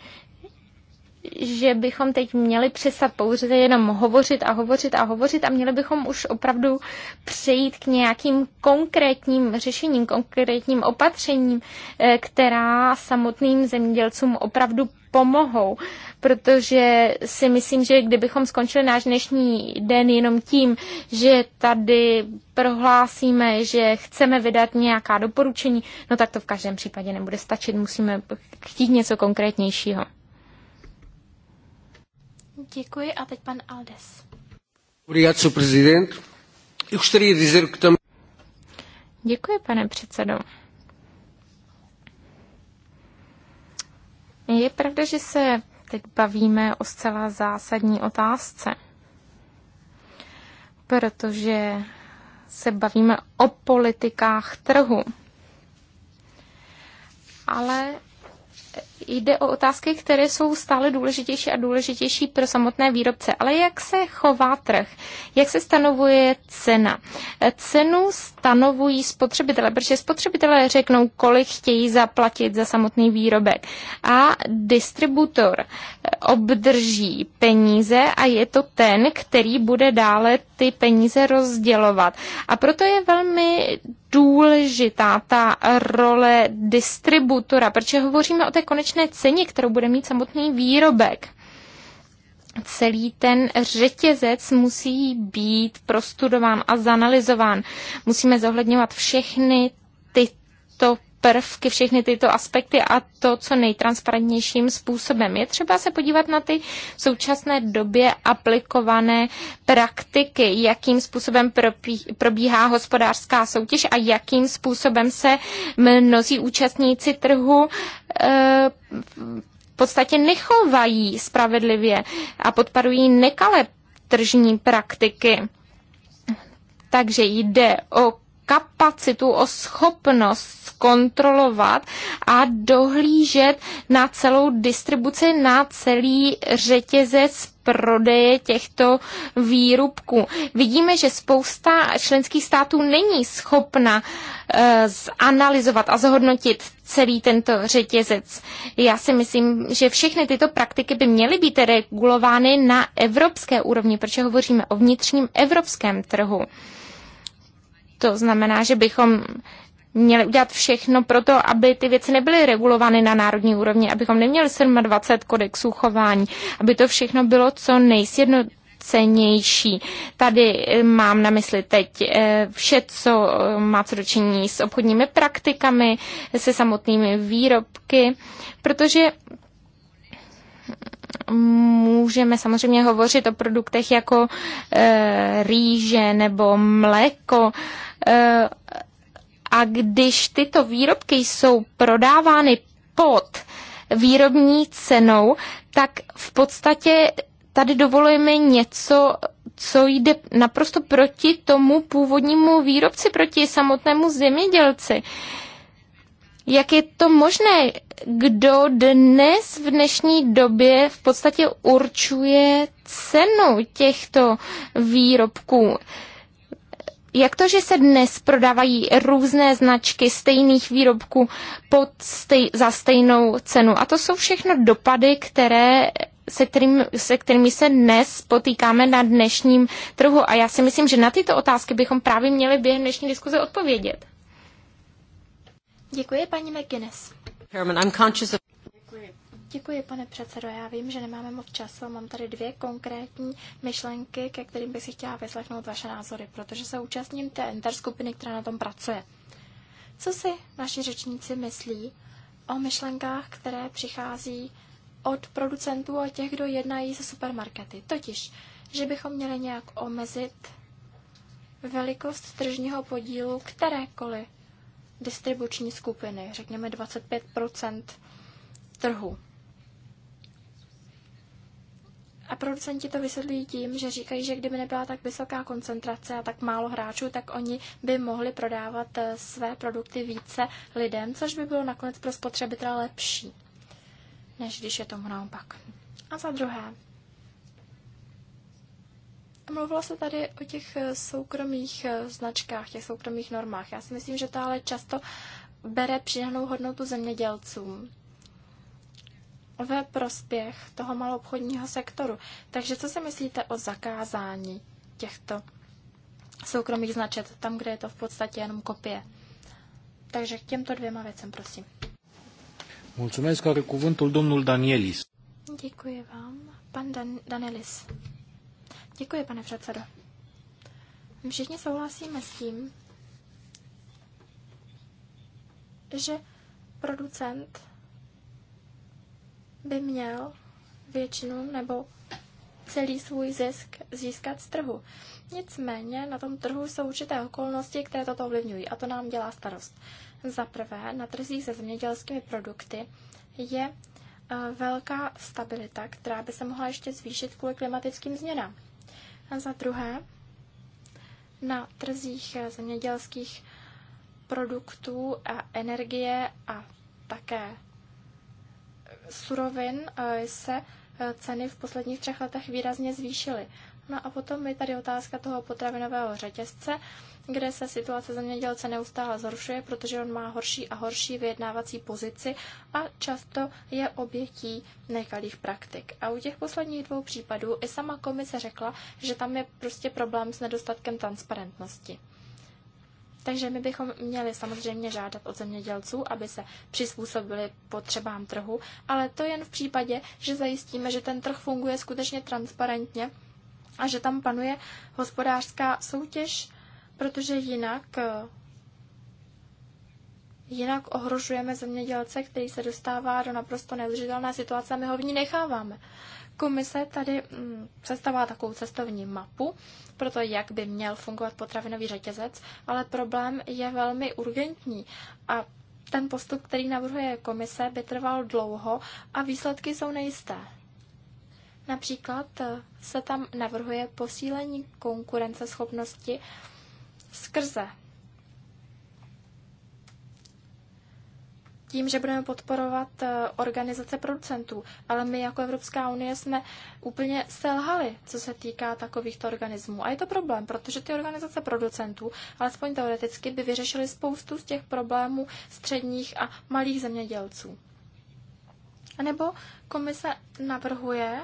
že bychom teď měli přestat pouze jenom hovořit a hovořit a hovořit a měli bychom už opravdu přejít k nějakým konkrétním řešením, konkrétním opatřením, eh, která samotným zemědělcům opravdu pomohou, protože si myslím, že kdybychom skončili náš dnešní den jenom tím, že tady prohlásíme, že chceme vydat nějaká doporučení, no tak to v každém případě nebude stačit, musíme chtít něco konkrétnějšího. Děkuji a teď pan Aldes. Děkuji, pane předsedo. Je pravda, že se teď bavíme o zcela zásadní otázce, protože se bavíme o politikách trhu. Ale jde o otázky, které jsou stále důležitější a důležitější pro samotné výrobce. Ale jak se chová trh? Jak se stanovuje cena? Cenu stanovují spotřebitele, protože spotřebitelé řeknou, kolik chtějí zaplatit za samotný výrobek. A distributor eh, obdrží peníze a je to ten, který bude dále ty peníze rozdělovat. A proto je velmi důležitá ta role distributora, protože hovoříme o té konečné ceně, kterou bude mít samotný výrobek. Celý ten řetězec musí být prostudován a zanalizován. Musíme zohledňovat všechny tyto prvky, všechny tyto aspekty a to, co nejtransparentnějším způsobem. Je třeba se podívat na ty v současné době aplikované praktiky, jakým způsobem probíhá hospodářská soutěž a jakým způsobem se mnozí účastníci trhu e, v podstatě nechovají spravedlivě a podparují nekalé tržní praktiky. Takže jde o kapacitu, o schopnost kontrolovat a dohlížet na celou distribuci, na celý řetězec prodeje těchto výrobků. Vidíme, že spousta členských států není schopna e, zanalizovat a zhodnotit celý tento řetězec. Já si myslím, že všechny tyto praktiky by měly být regulovány na evropské úrovni, protože hovoříme o vnitřním evropském trhu. To znamená, že bychom měli udělat všechno pro to, aby ty věci nebyly regulovány na národní úrovni, abychom neměli 27 kodexů chování, aby to všechno bylo co nejsjedno, cenější. Tady eh, mám na mysli teď eh, vše, co eh, má co dočinění s obchodními praktikami, se samotnými výrobky, protože můžeme samozřejmě hovořit o produktech jako e, rýže nebo mléko. E, a když tyto výrobky jsou prodávány pod výrobní cenou, tak v podstatě tady dovolujeme něco, co jde naprosto proti tomu původnímu výrobci, proti samotnému zemědělci. E, jak je to možné, kdo dnes v dnešní době v podstatě určuje cenu těchto výrobků? Jak to, že se dnes prodávají různé značky stejných výrobků pod stej, za stejnou cenu? A to jsou všechno dopady, které se, kterým, se kterými se dnes potýkáme na dnešním trhu. A já si myslím, že na tyto otázky bychom právě měli během dnešní diskuze odpovědět. Děkuji, paní McGuinness. Děkuji. pane předsedo. Já vím, že nemáme moc času. Mám tady dvě konkrétní myšlenky, ke kterým bych si chtěla vyslechnout vaše názory, protože se účastním té interskupiny, která na tom pracuje. Co si naši řečníci myslí o myšlenkách, které přichází od producentů a těch, kdo jednají se supermarkety? Totiž, že bychom měli nějak omezit velikost tržního podílu kterékoliv distribuční skupiny, řekněme 25 trhu. A producenti to vysvětlují tím, že říkají, že kdyby nebyla tak vysoká koncentrace a tak málo hráčů, tak oni by mohli prodávat eh, své produkty více lidem, což by bylo nakonec pro spotřebitele lepší, než když je tomu naopak. A za druhé, Mluvilo se tady o těch eh, soukromých eh, značkách, těch soukromých normách. Já si myslím, že to ale často bere přidanou hodnotu zemědělcům ve prospěch toho maloobchodního sektoru. Takže co si myslíte o zakázání těchto soukromých značek, tam, kde je to v podstatě jenom kopie? Takže k těmto dvěma věcem, prosím. Mulțumesc, are cuvântul domnul Danielis. Děkuji vám. Pan Dan- Danielis. Děkuji, pane předsedo. Všichni souhlasíme s tím, že producent by měl většinu nebo celý svůj zisk získat z trhu. Nicméně na tom trhu jsou určité okolnosti, které toto ovlivňují a to nám dělá starost. Za prvé, na trzích se zemědělskými produkty je eh, velká stabilita, která by se mohla ještě zvýšit kvůli klimatickým změnám. A za druhé, na trzích zemědělských produktů a energie a také surovin eh, se eh, ceny v posledních třech letech výrazně zvýšily. No a potom je tady otázka toho potravinového řetězce kde se situace zemědělce neustále zhoršuje, protože on má horší a horší vyjednávací pozici a často je obětí nekalých praktik. A u těch posledních dvou případů i sama komise řekla, že tam je prostě problém s nedostatkem transparentnosti. Takže my bychom měli samozřejmě žádat od zemědělců, aby se přizpůsobili potřebám trhu, ale to jen v případě, že zajistíme, že ten trh funguje skutečně transparentně a že tam panuje hospodářská soutěž protože jinak eh, jinak ohrožujeme zemědělce, který se dostává do naprosto neudržitelné situace a my ho v ní necháváme. Komise tady mm, takovou cestovní mapu pro to, jak by měl fungovat potravinový řetězec, ale problém je velmi urgentní a ten postup, který navrhuje komise, by trval dlouho a výsledky jsou nejisté. Například eh, se tam navrhuje posílení konkurenceschopnosti schopnosti skrze. Tím, že budeme podporovat eh, organizace producentů, ale my jako Evropská unie jsme úplně selhali, co se týká takovýchto organismů. A je to problém, protože ty organizace producentů, alespoň teoreticky, by vyřešily spoustu z těch problémů středních a malých zemědělců. A nebo komise navrhuje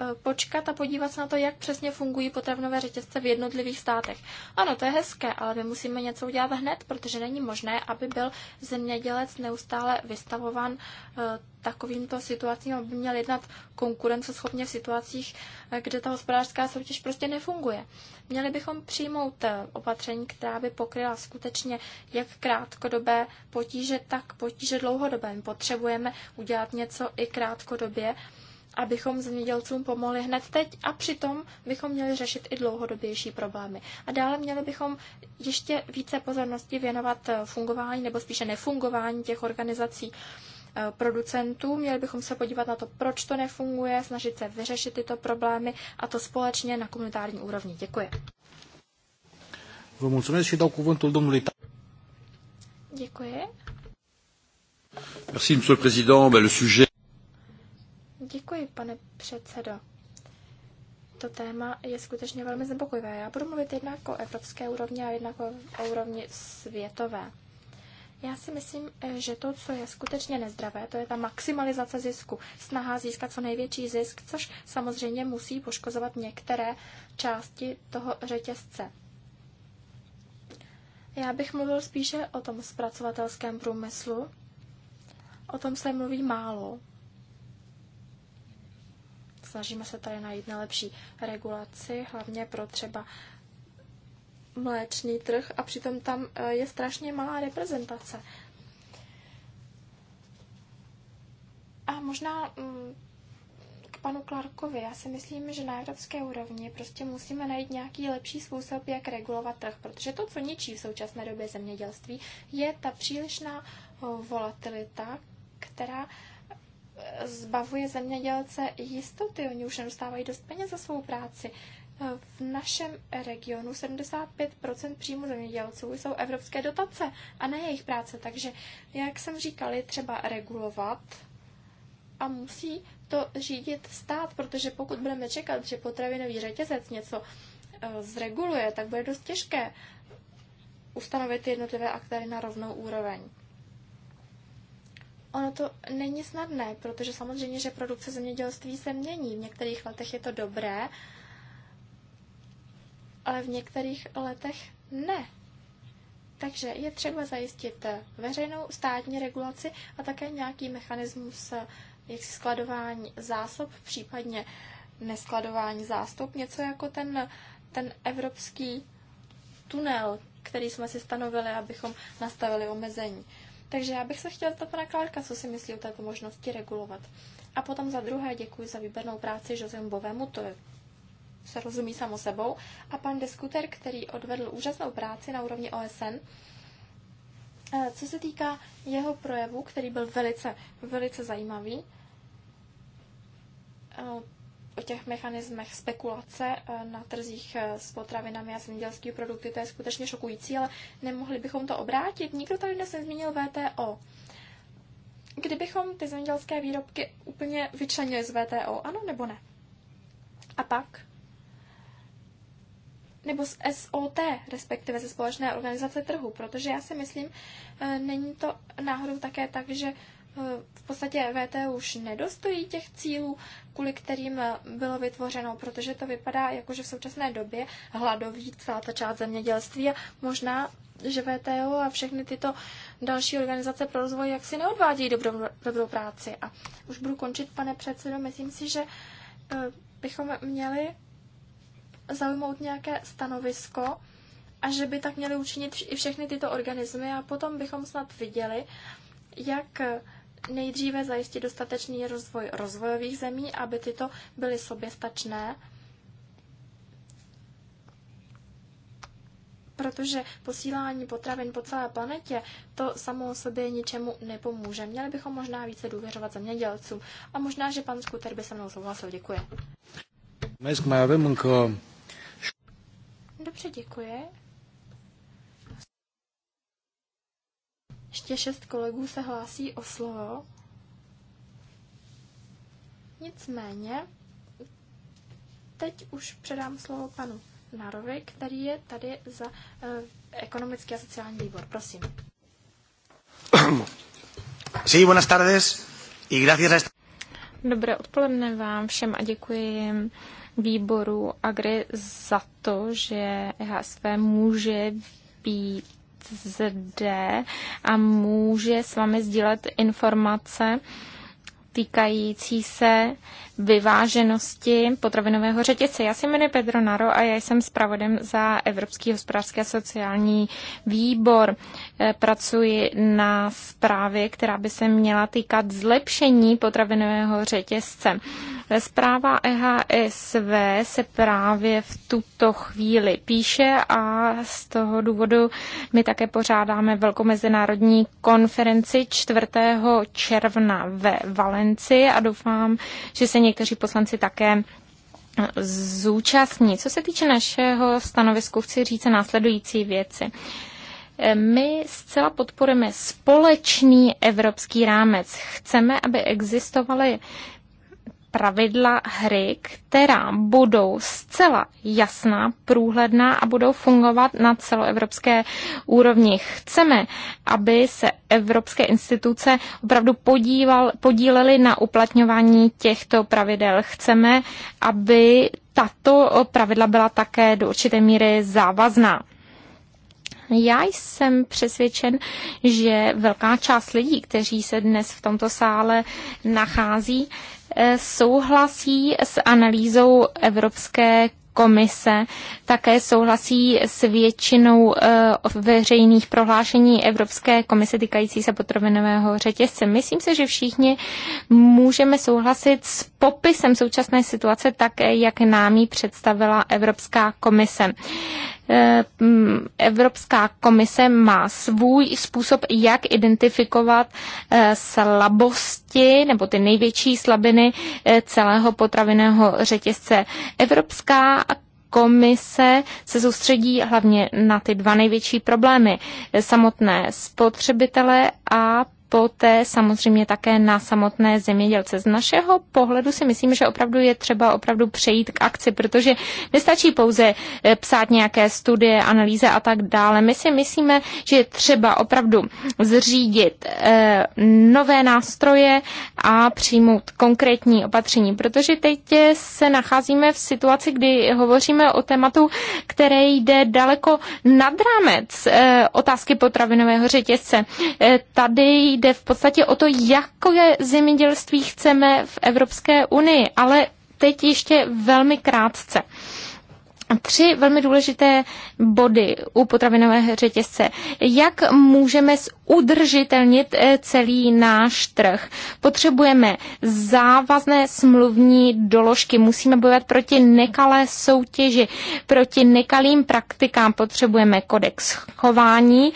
Eh, počkat a podívat se na to, jak přesně fungují potravinové řetězce v jednotlivých státech. Ano, to je hezké, ale my musíme něco udělat hned, protože není možné, aby byl zemědělec neustále vystavovan eh, takovýmto situacím, aby měl jednat konkurenceschopně v situacích, eh, kde ta hospodářská soutěž prostě nefunguje. Měli bychom přijmout opatření, která by pokryla skutečně jak krátkodobé potíže, tak potíže dlouhodobé. My potřebujeme udělat něco i krátkodobě, abychom zemědělcům pomohli hned teď a přitom bychom měli řešit i dlouhodobější problémy. A dále měli bychom ještě více pozornosti věnovat eh, fungování nebo spíše nefungování těch organizací eh, producentů. Měli bychom se podívat na to, proč to nefunguje, snažit se vyřešit tyto problémy a to společně na komunitární úrovni. Děkuji. Vă mulțumesc și dau cuvântul domnului Děkuji. Merci, monsieur le président. Ben, le sujet... Děkuji, pane předsedo. To téma je skutečně velmi znepokojivé. Já budu mluvit jednak o evropské úrovni a jednak o úrovni světové. Já si myslím, eh, že to, co je skutečně nezdravé, to je ta maximalizace zisku, snaha získat co největší zisk, což samozřejmě musí poškozovat některé části toho řetězce. Já bych mluvil spíše o tom zpracovatelském průmyslu. O tom se mluví málo snažíme se tady najít na lepší regulaci, hlavně pro třeba mléčný trh a přitom tam eh, je strašně malá reprezentace. A možná mm, k panu Clarkovi. Já si myslím, že na evropské úrovni prostě musíme najít nějaký lepší způsob, jak regulovat trh, protože to, co ničí v současné době zemědělství, je ta přílišná eh, volatilita, která zbavuje zemědělce jistoty. Oni už nedostávají dost peněz za svou práci. V našem regionu 75% příjmu zemědělců jsou evropské dotace a ne jejich práce. Takže, jak jsem říkal, je třeba regulovat a musí to řídit stát, protože pokud budeme čekat, že potravinový řetězec něco eh, zreguluje, tak bude dost těžké ustanovit jednotlivé aktéry na rovnou úroveň. Ono to není snadné, protože samozřejmě, že produkce zemědělství se mění. V některých letech je to dobré, ale v některých letech ne. Takže je třeba zajistit veřejnou státní regulaci a také nějaký mechanismus jak skladování zásob, případně neskladování zástup, něco jako ten, ten evropský tunel, který jsme si stanovili, abychom nastavili omezení. Takže já bych se chtěla zeptat pana Klárka, co si myslí o této možnosti regulovat. A potom za druhé děkuji za výbornou práci Josem Bovému, to je, se rozumí samo sebou. A pan Diskuter, který odvedl úžasnou práci na úrovni OSN, eh, co se týká jeho projevu, který byl velice, velice zajímavý, eh, o těch mechanismech spekulace eh, na trzích eh, s potravinami a zemědělskými produkty, to je skutečně šokující, ale nemohli bychom to obrátit. Nikdo tady dnes nezmínil VTO. Kdybychom ty zemědělské výrobky úplně vyčlenili z VTO, ano nebo ne? A pak? Nebo z SOT, respektive ze Společné organizace trhu, protože já si myslím, eh, není to náhodou také tak, že v podstatě VT už nedostojí těch cílů, kvůli kterým bylo vytvořeno, protože to vypadá jako, že v současné době hladoví celá ta část zemědělství a možná, že VTO a všechny tyto další organizace pro rozvoj jaksi neodvádějí dobrou, dobrou práci. A už budu končit, pane předsedo, myslím si, že eh, bychom měli zaujmout nějaké stanovisko a že by tak měly učinit i všechny tyto organismy a potom bychom snad viděli, jak nejdříve zajistit dostatečný rozvoj rozvojových zemí, aby tyto byly soběstačné, protože posílání potravin po celé planetě to samo o sobě ničemu nepomůže. Měli bychom možná více důvěřovat zemědělcům a možná, že pan Skuter by se mnou souhlasil. Děkuji. Dobře, děkuji. Ještě šest kolegů se hlásí o slovo. Nicméně, teď už předám slovo panu Narovi, který je tady za uh, ekonomický a sociální výbor. Prosím. [clears throat] Sí, buenas tardes y gracias a esta... Dobré odpoledne vám všem a děkuji výboru Agri za to, že e HSV může být zde a může s vámi sdílet informace týkající se vyváženosti potravinového řetězce. Já jsem jmenuji Pedro Naro a já jsem zpravodem za Evropský hospodářský a sociální výbor. Eh, pracuji na zprávě, která by se měla týkat zlepšení potravinového řetězce. Eh, zpráva EHSV se právě v tuto chvíli píše a z toho důvodu my také pořádáme velkou mezinárodní konferenci 4. června ve Valenci a doufám, že se někteří poslanci také eh, zúčastní. Co se týče našeho stanovisku, chci říct následující věci. Eh, my zcela podporujeme společný evropský rámec. Chceme, aby existovaly pravidla hry, která budou zcela jasná, průhledná a budou fungovat na celoevropské úrovni. Chceme, aby se evropské instituce opravdu podíval, podílely na uplatňování těchto pravidel. Chceme, aby tato pravidla byla také do určité míry závazná. Já jsem přesvědčen, že velká část lidí, kteří se dnes v tomto sále nachází, souhlasí s analýzou Evropské komise také souhlasí s většinou eh, veřejných prohlášení Evropské komise týkající se potravinového řetězce. Myslím se, že všichni můžeme souhlasit s popisem současné situace tak, jak nám ji představila Evropská komise. Eh, mm, Evropská komise má svůj způsob, jak identifikovat eh, slabosti nebo ty největší slabiny eh, celého potravinného řetězce. Evropská komise se soustředí hlavně na ty dva největší problémy. Samotné spotřebitele a poté samozřejmě také na samotné zemědělce. Z našeho pohledu si myslím, že opravdu je třeba opravdu přejít k akci, protože nestačí pouze eh, psát nějaké studie, analýze a tak dále. My si myslíme, že je třeba opravdu zřídit eh, nové nástroje a přijmout konkrétní opatření, protože teď eh, se nacházíme v situaci, kdy hovoříme o tématu, které jde daleko nad rámec otázky potravinového řetězce. Tady jde jde v podstatě o to, jaké zemědělství chceme v Evropské unii, ale teď ještě velmi krátce tři velmi důležité body u potravinové řetězce. Jak můžeme udržitelnit eh, celý náš trh? Potřebujeme závazné smluvní doložky, musíme bojovat proti nekalé soutěži, proti nekalým praktikám, potřebujeme kodex chování,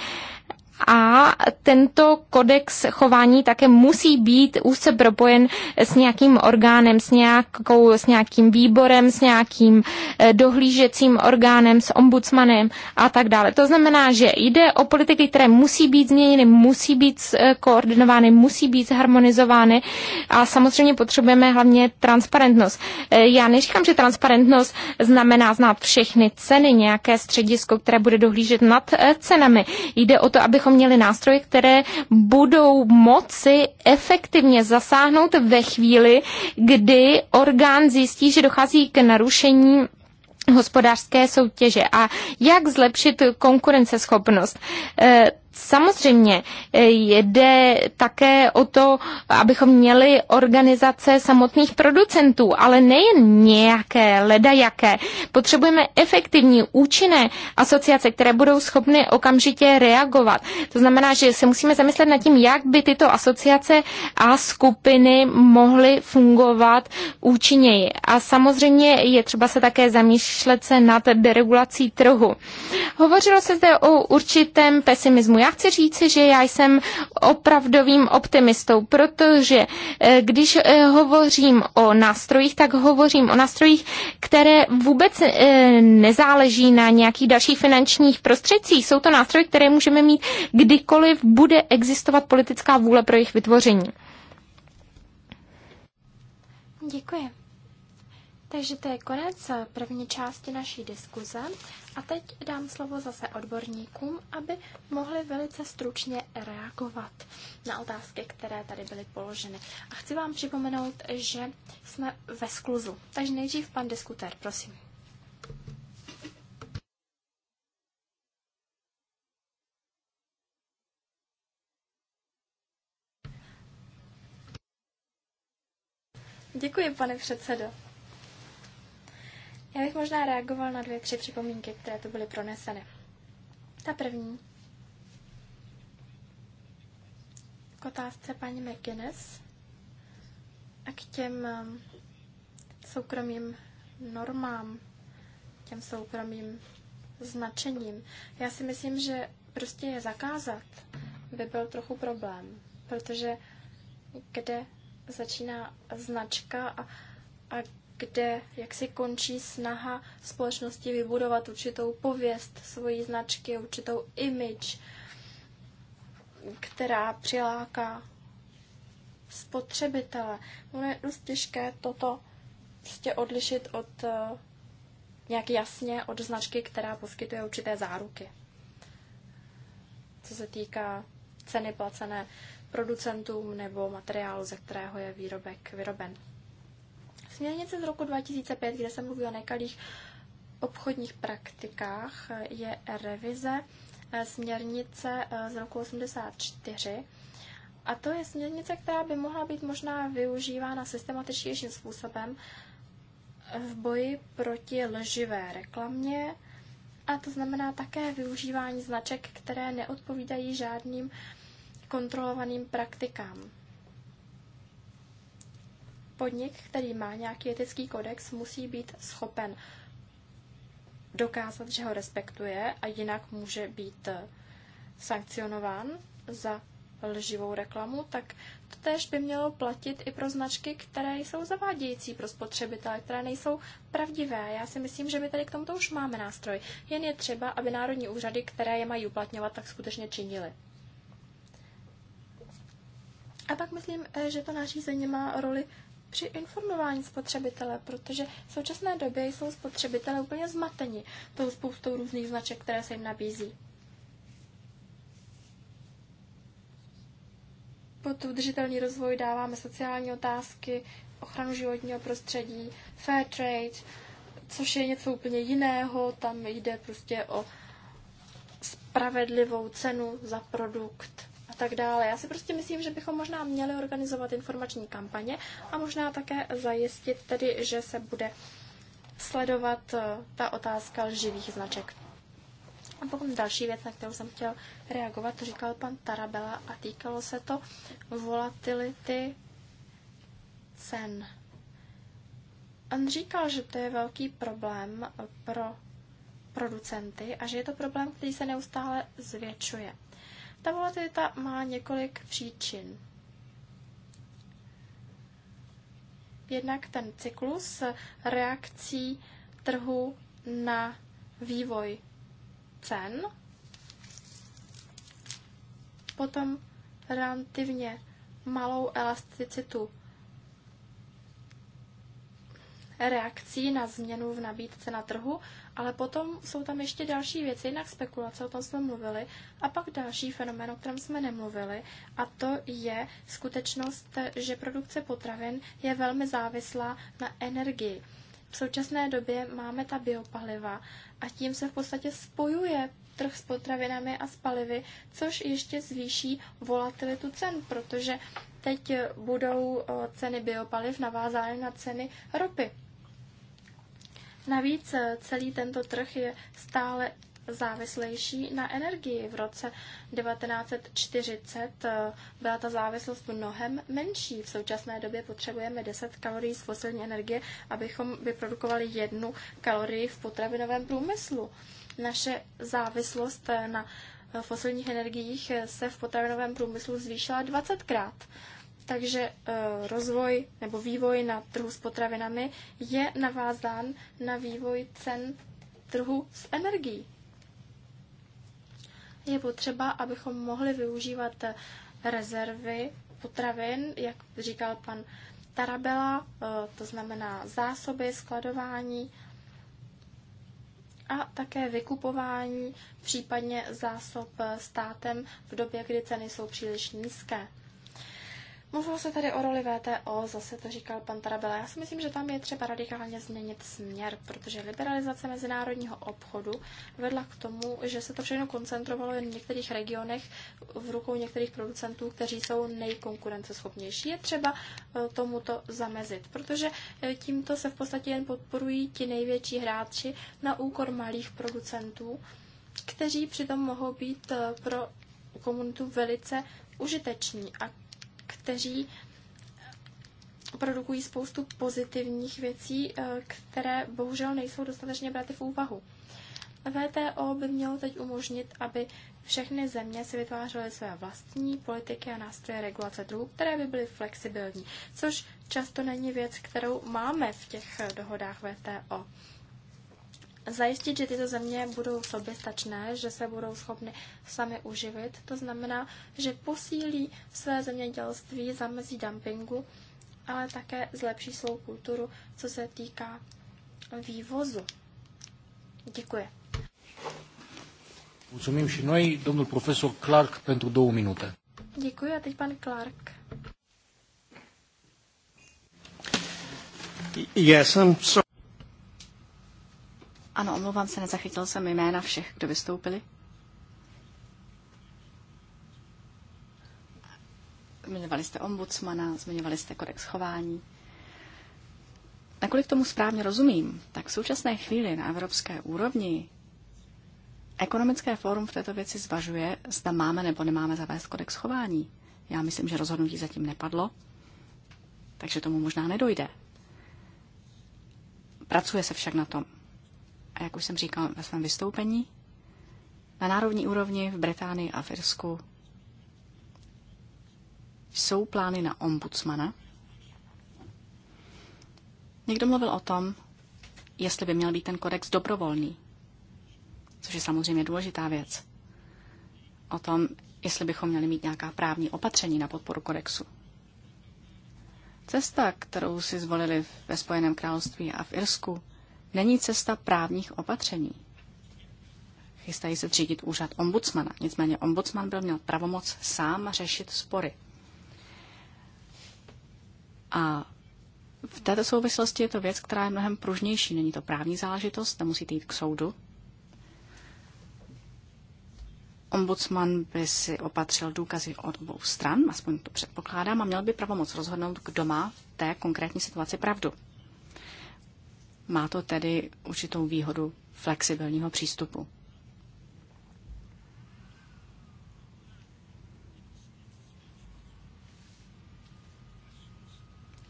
a tento kodex chování také musí být úzce propojen s nějakým orgánem, s, nějakou, s nějakým výborem, s nějakým eh, dohlížecím orgánem, s ombudsmanem a tak dále. To znamená, že jde o politiky, které musí být změněny, musí být eh, koordinovány, musí být harmonizovány a samozřejmě potřebujeme hlavně transparentnost. Eh, já neříkám, že transparentnost znamená znát všechny ceny, nějaké středisko, které bude dohlížet nad cenami. Jde o to, abychom měli nástroje, které budou moci efektivně zasáhnout ve chvíli, kdy orgán zjistí, že dochází k narušení hospodářské soutěže a jak zlepšit konkurenceschopnost. Eh, Samozřejmě eh, jde také o to, abychom měli organizace samotných producentů, ale nejen nějaké, ledajaké. Potřebujeme efektivní, účinné asociace, které budou schopny okamžitě reagovat. To znamená, že se musíme zamyslet nad tím, jak by tyto asociace a skupiny mohly fungovat účinněji. A samozřejmě je třeba se také zamýšlet se nad deregulací trhu. Hovořilo se zde o určitém pesimismu. Já chci říci, že já jsem opravdovým optimistou, protože eh, když eh, hovořím o nástrojích, tak hovořím o nástrojích, které vůbec eh, nezáleží na nějakých dalších finančních prostředcích. Jsou to nástroje, které můžeme mít kdykoliv bude existovat politická vůle pro jejich vytvoření. Děkuji. Takže to je konec první části naší diskuze a teď dám slovo zase odborníkům, aby mohli velice stručně reagovat na otázky, které tady byly položeny. A chci vám připomenout, že jsme ve skluzu. Takže nejdřív pan diskutér, prosím. Děkuji, pane předsedo. Já bych možná reagoval na dvě, tři připomínky, které tu byly proneseny. Ta první. K otázce paní McGuinness a k těm um, soukromým normám, těm soukromým značením. Já si myslím, že prostě je zakázat by byl trochu problém, protože kde začíná značka a, a kde jak si končí snaha společnosti vybudovat určitou pověst svojí značky, určitou image, která přiláká spotřebitele. No je dost těžké toto prostě odlišit od eh, nějak jasně od značky, která poskytuje určité záruky. Co se týká ceny placené producentům nebo materiálu, ze kterého je výrobek vyroben. Směrnice z roku 2005, kde se mluví o nekalých obchodních praktikách, je revize eh, směrnice eh, z roku 84. A to je směrnice, která by mohla být možná využívána systematičtějším způsobem v boji proti lživé reklamě. A to znamená také využívání značek, které neodpovídají žádným kontrolovaným praktikám. Podnik, který má nějaký etický kodex, musí být schopen dokázat, že ho respektuje a jinak může být eh, sankcionován za lživou reklamu, tak to též by mělo platit i pro značky, které jsou zavádějící pro spotřebitele, které nejsou pravdivé. Já si myslím, že my tady k tomuto už máme nástroj. Jen je třeba, aby národní úřady, které je mají uplatňovat, tak skutečně činily. A pak myslím, eh, že to nařízení má roli při informování spotřebitele, protože v současné době jsou spotřebitele úplně zmateni tou spoustou různých značek, které se jim nabízí. Pod udržitelný rozvoj dáváme sociální otázky, ochranu životního prostředí, fair trade, což je něco úplně jiného, tam jde prostě o spravedlivou cenu za produkt tak dále. Já si prostě myslím, že bychom možná měli organizovat informační kampaně a možná také zajistit tedy, že se bude sledovat eh, ta otázka lživých značek. A potom další věc, na kterou jsem chtěl reagovat, to říkal pan Tarabela a týkalo se to volatility cen. On říkal, že to je velký problém eh, pro producenty a že je to problém, který se neustále zvětšuje. Ta volatilita má několik příčin. Jednak ten cyklus reakcí trhu na vývoj cen, potom relativně malou elasticitu reakcí na změnu v nabídce na trhu ale potom jsou tam ještě další věci, jinak spekulace, o tom jsme mluvili, a pak další fenomén, o kterém jsme nemluvili, a to je skutečnost, že produkce potravin je velmi závislá na energii. V současné době máme ta biopaliva a tím se v podstatě spojuje trh s potravinami a s palivy, což ještě zvýší volatilitu cen, protože teď budou eh, ceny biopaliv navázány na ceny ropy. Navíc eh, celý tento trh je stále závislejší na energii. V roce 1940 eh, byla ta závislost mnohem menší. V současné době potřebujeme 10 kalorií z fosilní energie, abychom vyprodukovali jednu kalorii v potravinovém průmyslu. Naše závislost eh, na fosilních energiích se v potravinovém průmyslu zvýšila 20krát. Takže eh, rozvoj nebo vývoj na trhu s potravinami je navázán na vývoj cen trhu s energií. Je potřeba, abychom mohli využívat eh, rezervy potravin, jak říkal pan Tarabela, eh, to znamená zásoby, skladování a také vykupování, případně zásob státem v době, kdy ceny jsou příliš nízké. Mluvilo se tady o roli VTO, zase to říkal pan Tarabela. Já si myslím, že tam je třeba radikálně změnit směr, protože liberalizace mezinárodního obchodu vedla k tomu, že se to všechno koncentrovalo jen v některých regionech v rukou některých producentů, kteří jsou nejkonkurenceschopnější. Je třeba eh, tomuto zamezit, protože eh, tímto se v podstatě jen podporují ti největší hráči na úkor malých producentů, kteří přitom mohou být eh, pro komunitu velice užiteční a kteří produkují spoustu pozitivních věcí, eh, které bohužel nejsou dostatečně braty v úvahu. VTO by mělo teď umožnit, aby všechny země si vytvářely své vlastní politiky a nástroje regulace trhu, které by byly flexibilní, což často není věc, kterou máme v těch eh, dohodách VTO zajistit, že tyto země budou soběstačné, že se budou schopny sami uživit. To znamená, že posílí své zemědělství, zamezí dumpingu, ale také zlepší svou kulturu, co se týká vývozu. Děkuji. Mulțumim și noi, domnul profesor Clark, pentru două minute. Děkuji a teď pan Clark. Yes, I'm sorry. Ano, omlouvám se, nezachytil jsem jména všech, kdo vystoupili. Zmiňovali jste ombudsmana, zmiňovali jste kodex chování. Nakolik tomu správně rozumím, tak v současné chvíli na evropské úrovni ekonomické fórum v této věci zvažuje, zda máme nebo nemáme zavést kodex chování. Já myslím, že rozhodnutí zatím nepadlo, takže tomu možná nedojde. Pracuje se však na tom. A jak už jsem říkal ve svém vystoupení, na národní úrovni v Británii a v Irsku jsou plány na ombudsmana. Někdo mluvil o tom, jestli by měl být ten kodex dobrovolný, což je samozřejmě důležitá věc. O tom, jestli bychom měli mít nějaká právní opatření na podporu kodexu. Cesta, kterou si zvolili ve Spojeném království a v Irsku, není cesta právních opatření. Chystají se třídit úřad ombudsmana. Nicméně ombudsman byl měl pravomoc sám řešit spory. A v této souvislosti je to věc, která je mnohem pružnější. Není to právní záležitost, nemusíte jít k soudu. Ombudsman by si opatřil důkazy od obou stran, aspoň to předpokládám, a měl by pravomoc rozhodnout, kdo má v té konkrétní situaci pravdu. Má to tedy určitou výhodu flexibilního přístupu.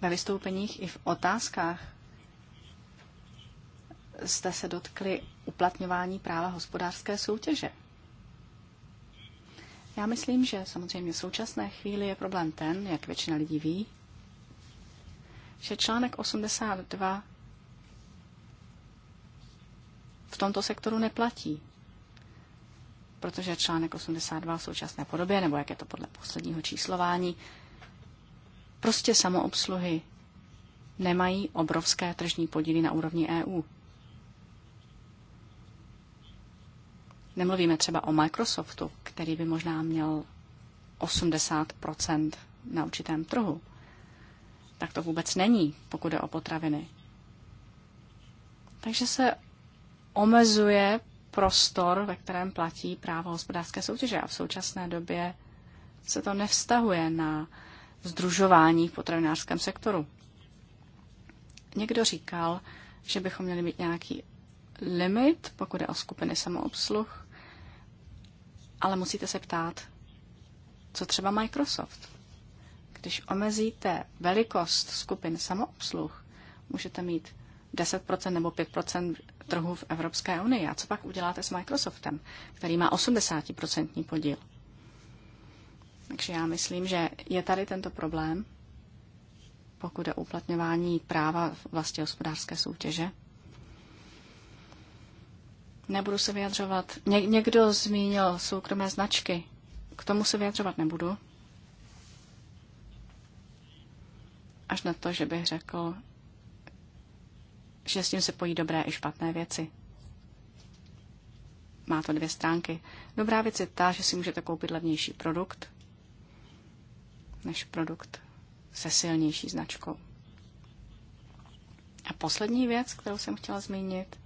Ve vystoupeních i v otázkách jste se dotkli uplatňování práva hospodářské soutěže. Já myslím, že samozřejmě v současné chvíli je problém ten, jak většina lidí ví, že článek 82 v tomto sektoru neplatí. Protože článek 82 v současné podobě, nebo jak je to podle posledního číslování, prostě samoobsluhy nemají obrovské tržní podíly na úrovni EU. Nemluvíme třeba o Microsoftu, který by možná měl 80 na určitém trhu. Tak to vůbec není, pokud je o potraviny. Takže se omezuje prostor, ve kterém platí právo hospodářské soutěže. A v současné době se to nevztahuje na združování v potravinářském sektoru. Někdo říkal, že bychom měli mít nějaký limit, pokud je o skupiny samoobsluh, ale musíte se ptát, co třeba Microsoft. Když omezíte velikost skupin samoobsluh, můžete mít 10% nebo trhu v Evropské unii. A co pak uděláte s Microsoftem, který má 80% podíl? Takže já myslím, že je tady tento problém, pokud je uplatňování práva vlastně hospodářské soutěže. Nebudu se vyjadřovat. Ně- někdo zmínil soukromé značky. K tomu se vyjadřovat nebudu. Až na to, že bych řekl, že s tím se pojí dobré i špatné věci. Má to dvě stránky. Dobrá věc je ta, že si můžete koupit levnější produkt než produkt se silnější značkou. A poslední věc, kterou jsem chtěla zmínit,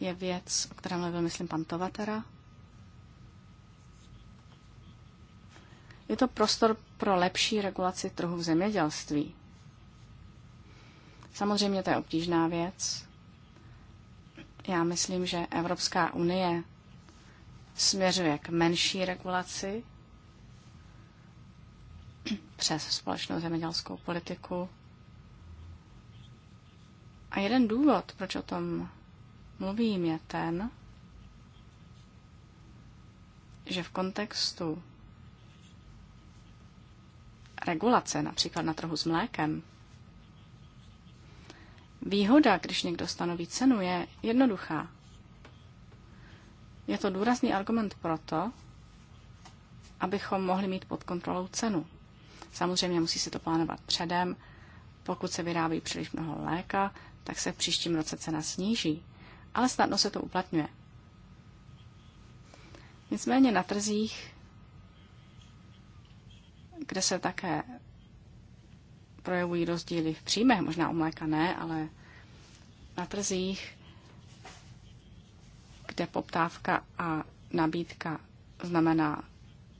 je věc, o které mluvil, myslím, pan Tovatera. Je to prostor pro lepší regulaci trhu v zemědělství. Samozřejmě to je obtížná věc. Já myslím, že Evropská unie směřuje k menší regulaci přes společnou zemědělskou politiku. A jeden důvod, proč o tom mluvím, je ten, že v kontextu regulace, například na trhu s mlékem, Výhoda, když někdo stanoví cenu, je jednoduchá. Je to důrazný argument proto, abychom mohli mít pod kontrolou cenu. Samozřejmě musí se to plánovat předem. Pokud se vyrábí příliš mnoho léka, tak se v příštím roce cena sníží. Ale snadno se to uplatňuje. Nicméně na trzích, kde se také projevují rozdíly v příjmech, možná u mléka ne, ale na trzích, kde poptávka a nabídka znamená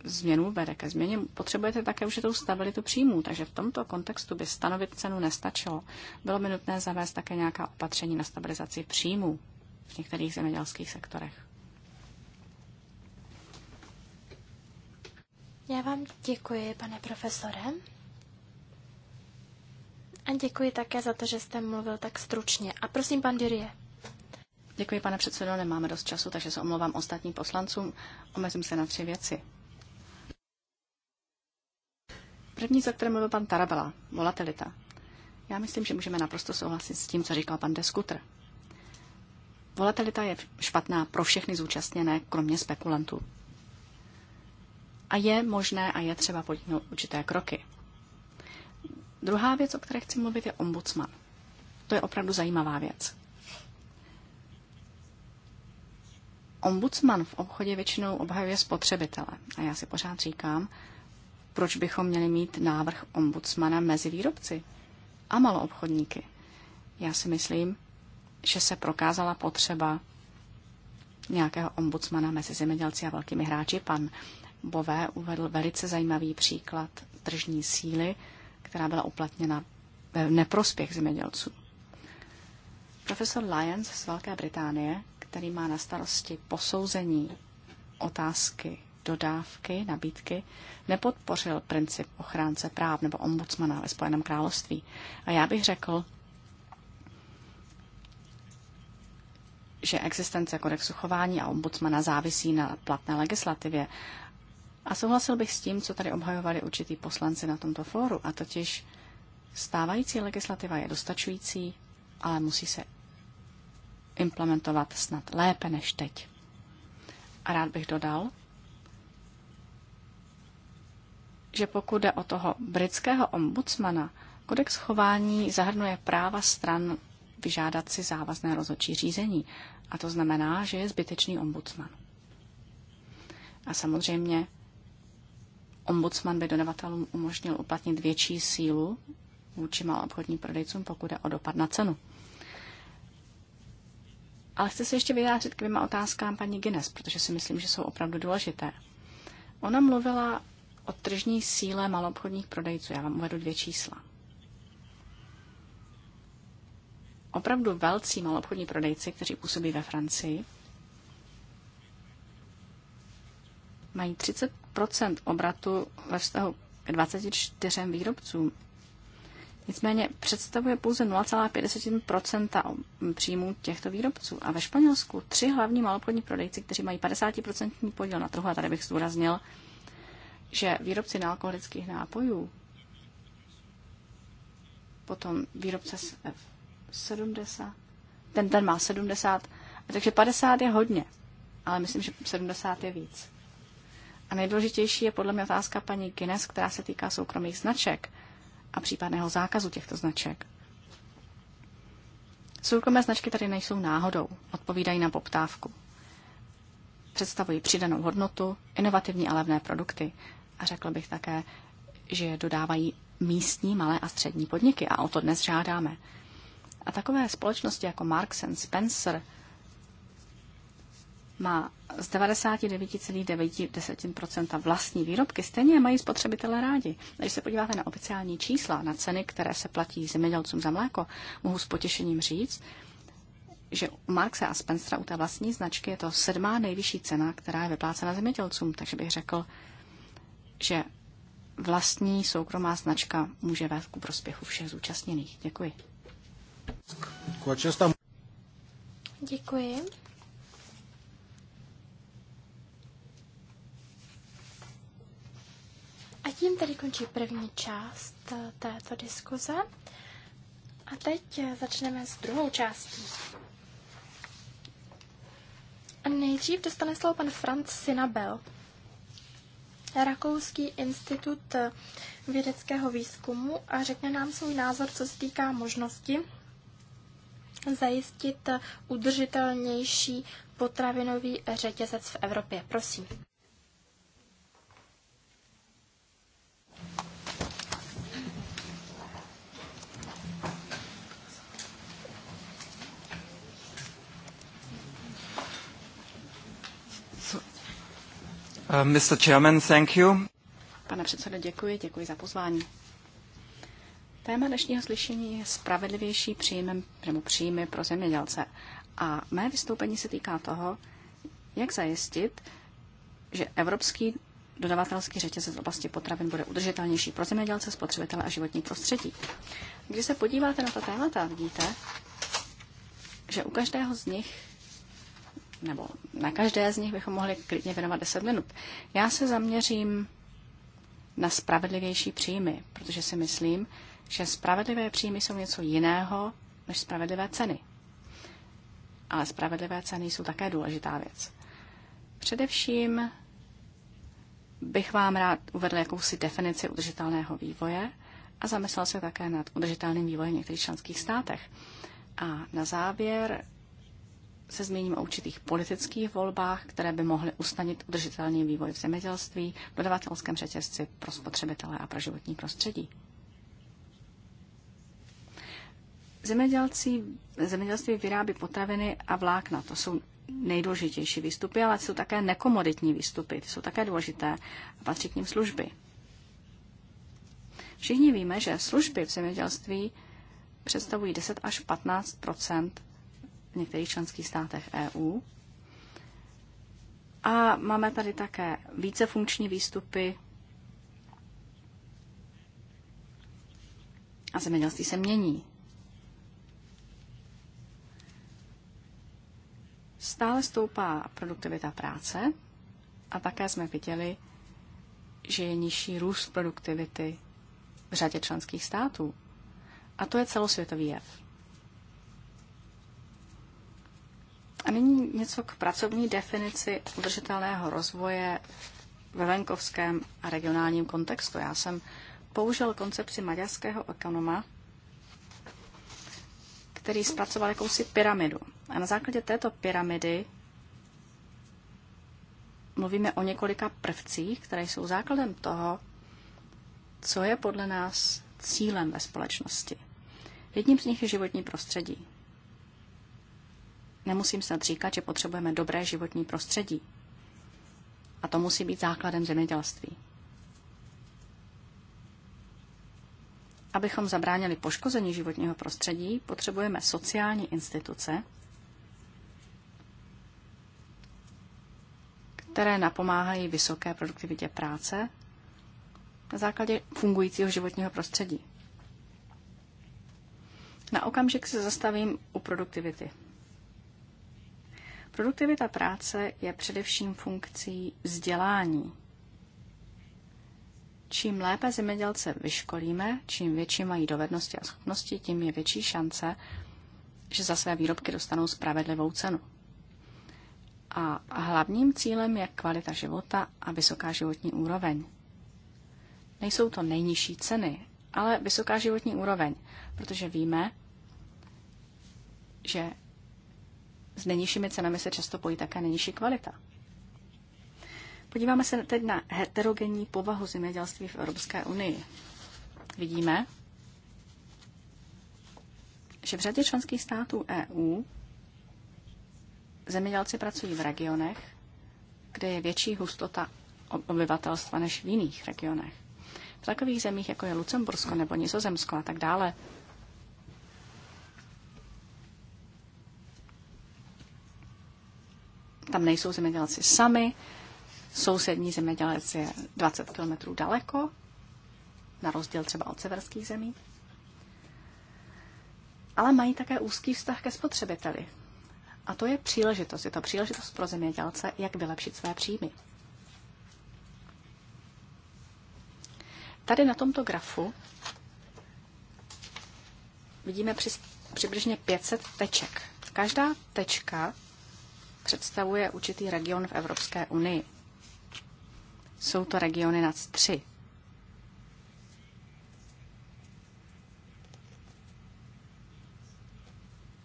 změnu, vede ke změně, potřebujete také tu stabilitu příjmů, takže v tomto kontextu by stanovit cenu nestačilo. Bylo by nutné zavést také nějaká opatření na stabilizaci příjmů v některých zemědělských sektorech. Já vám děkuji, pane profesore. A děkuji také za to, že jste mluvil tak stručně. A prosím, pan Dirie. Děkuji, pane předsedo, nemáme dost času, takže se omlouvám ostatním poslancům. Omezím se na tři věci. První, za které mluvil pan Tarabela, volatilita. Já myslím, že můžeme naprosto souhlasit s tím, co říkal pan Deskutr. Volatilita je špatná pro všechny zúčastněné, kromě spekulantů. A je možné a je třeba podniknout určité kroky. Druhá věc, o které chci mluvit, je ombudsman. To je opravdu zajímavá věc. Ombudsman v obchodě většinou obhajuje spotřebitele. A já si pořád říkám, proč bychom měli mít návrh ombudsmana mezi výrobci a maloobchodníky. Já si myslím, že se prokázala potřeba nějakého ombudsmana mezi zemědělci a velkými hráči. Pan Bové uvedl velice zajímavý příklad tržní síly která byla uplatněna ve neprospěch zemědělců. Profesor Lyons z Velké Británie, který má na starosti posouzení otázky dodávky, nabídky, nepodpořil princip ochránce práv nebo ombudsmana ve Spojeném království. A já bych řekl, že existence kodexu chování a ombudsmana závisí na platné legislativě a souhlasil bych s tím, co tady obhajovali určitý poslanci na tomto fóru, a totiž stávající legislativa je dostačující, ale musí se implementovat snad lépe než teď. A rád bych dodal, že pokud jde o toho britského ombudsmana, kodex chování zahrnuje práva stran vyžádat si závazné rozhodčí řízení. A to znamená, že je zbytečný ombudsman. A samozřejmě Ombudsman by dodavatelům umožnil uplatnit větší sílu vůči obchodním prodejcům, pokud je o dopad na cenu. Ale chci se ještě vyjádřit k dvěma otázkám paní Guinness, protože si myslím, že jsou opravdu důležité. Ona mluvila o tržní síle maloobchodních prodejců. Já vám uvedu dvě čísla. Opravdu velcí maloobchodní prodejci, kteří působí ve Francii, mají 30 obratu ve vztahu k 24 výrobcům. Nicméně představuje pouze 0,5 příjmů těchto výrobců. A ve Španělsku tři hlavní malobchodní prodejci, kteří mají 50 podíl na trhu, a tady bych zdůraznil, že výrobci nealkoholických nápojů, potom výrobce 70, ten, ten má 70, takže 50 je hodně, ale myslím, že 70 je víc. A nejdůležitější je podle mě otázka paní Guinness, která se týká soukromých značek a případného zákazu těchto značek. Soukromé značky tady nejsou náhodou, odpovídají na poptávku. Představují přidanou hodnotu, inovativní a levné produkty. A řekl bych také, že je dodávají místní malé a střední podniky a o to dnes žádáme. A takové společnosti jako Marks and Spencer – má z 99,9% vlastní výrobky, stejně mají spotřebitelé rádi. Když se podíváte na oficiální čísla, na ceny, které se platí zemědělcům za mléko, mohu s potěšením říct, že u Markse a Spencera, u té vlastní značky, je to sedmá nejvyšší cena, která je vyplácena zemědělcům. Takže bych řekl, že vlastní soukromá značka může vést ku prospěchu všech zúčastněných. Děkuji. Děkuji. A tím tedy končí první část eh, této diskuze. A teď eh, začneme s druhou částí. A nejdřív dostane slovo pan Franz Sinabel, Rakouský institut eh, vědeckého výzkumu a řekne nám svůj názor, co se týká možnosti zajistit udržitelnější potravinový řetězec v Evropě. Prosím. Uh, Mr. Chairman, thank you. Pane předsedo, děkuji, děkuji za pozvání. Téma dnešního slyšení je spravedlivější příjmy, příjmy pro zemědělce. A mé vystoupení se týká toho, jak zajistit, že evropský dodavatelský řetězec z oblasti potravin bude udržitelnější pro zemědělce, spotřebitele a životní prostředí. Když se podíváte na ta témata, vidíte, že u každého z nich nebo na každé z nich bychom mohli klidně věnovat 10 minut. Já se zaměřím na spravedlivější příjmy, protože si myslím, že spravedlivé příjmy jsou něco jiného než spravedlivé ceny. Ale spravedlivé ceny jsou také důležitá věc. Především bych vám rád uvedl jakousi definici udržitelného vývoje a zamyslel se také nad udržitelným vývojem v některých členských státech. A na závěr se zmíním o určitých politických volbách, které by mohly usnadnit udržitelný vývoj v zemědělství, v dodavatelském řetězci pro spotřebitele a pro životní prostředí. Zemědělci, zemědělství vyrábí potraviny a vlákna. To jsou nejdůležitější výstupy, ale jsou také nekomoditní výstupy. Ty jsou také důležité a patří k ním služby. Všichni víme, že služby v zemědělství představují 10 až 15 v některých členských státech EU. A máme tady také vícefunkční výstupy a zemědělství se mění. Stále stoupá produktivita práce a také jsme viděli, že je nižší růst produktivity v řadě členských států. A to je celosvětový jev. A nyní něco k pracovní definici udržitelného rozvoje ve venkovském a regionálním kontextu. Já jsem použil koncepci maďarského ekonoma, který zpracoval jakousi pyramidu. A na základě této pyramidy mluvíme o několika prvcích, které jsou základem toho, co je podle nás cílem ve společnosti. Jedním z nich je životní prostředí. Nemusím snad říkat, že potřebujeme dobré životní prostředí. A to musí být základem zemědělství. Abychom zabránili poškození životního prostředí, potřebujeme sociální instituce, které napomáhají vysoké produktivitě práce na základě fungujícího životního prostředí. Na okamžik se zastavím u produktivity. Produktivita práce je především funkcí vzdělání. Čím lépe zemědělce vyškolíme, čím větší mají dovednosti a schopnosti, tím je větší šance, že za své výrobky dostanou spravedlivou cenu. A hlavním cílem je kvalita života a vysoká životní úroveň. Nejsou to nejnižší ceny, ale vysoká životní úroveň, protože víme, že s nejnižšími cenami se často pojí také nejnižší kvalita. Podíváme se teď na heterogenní povahu zemědělství v Evropské unii. Vidíme, že v řadě členských států EU zemědělci pracují v regionech, kde je větší hustota obyvatelstva než v jiných regionech. V takových zemích, jako je Lucembursko nebo Nizozemsko a tak dále, tam nejsou zemědělci sami, sousední zemědělec je 20 kilometrů daleko, na rozdíl třeba od severských zemí. Ale mají také úzký vztah ke spotřebiteli. A to je příležitost. Je to příležitost pro zemědělce, jak vylepšit své příjmy. Tady na tomto grafu vidíme přibližně 500 teček. Každá tečka představuje určitý region v Evropské unii. Jsou to regiony nad tři.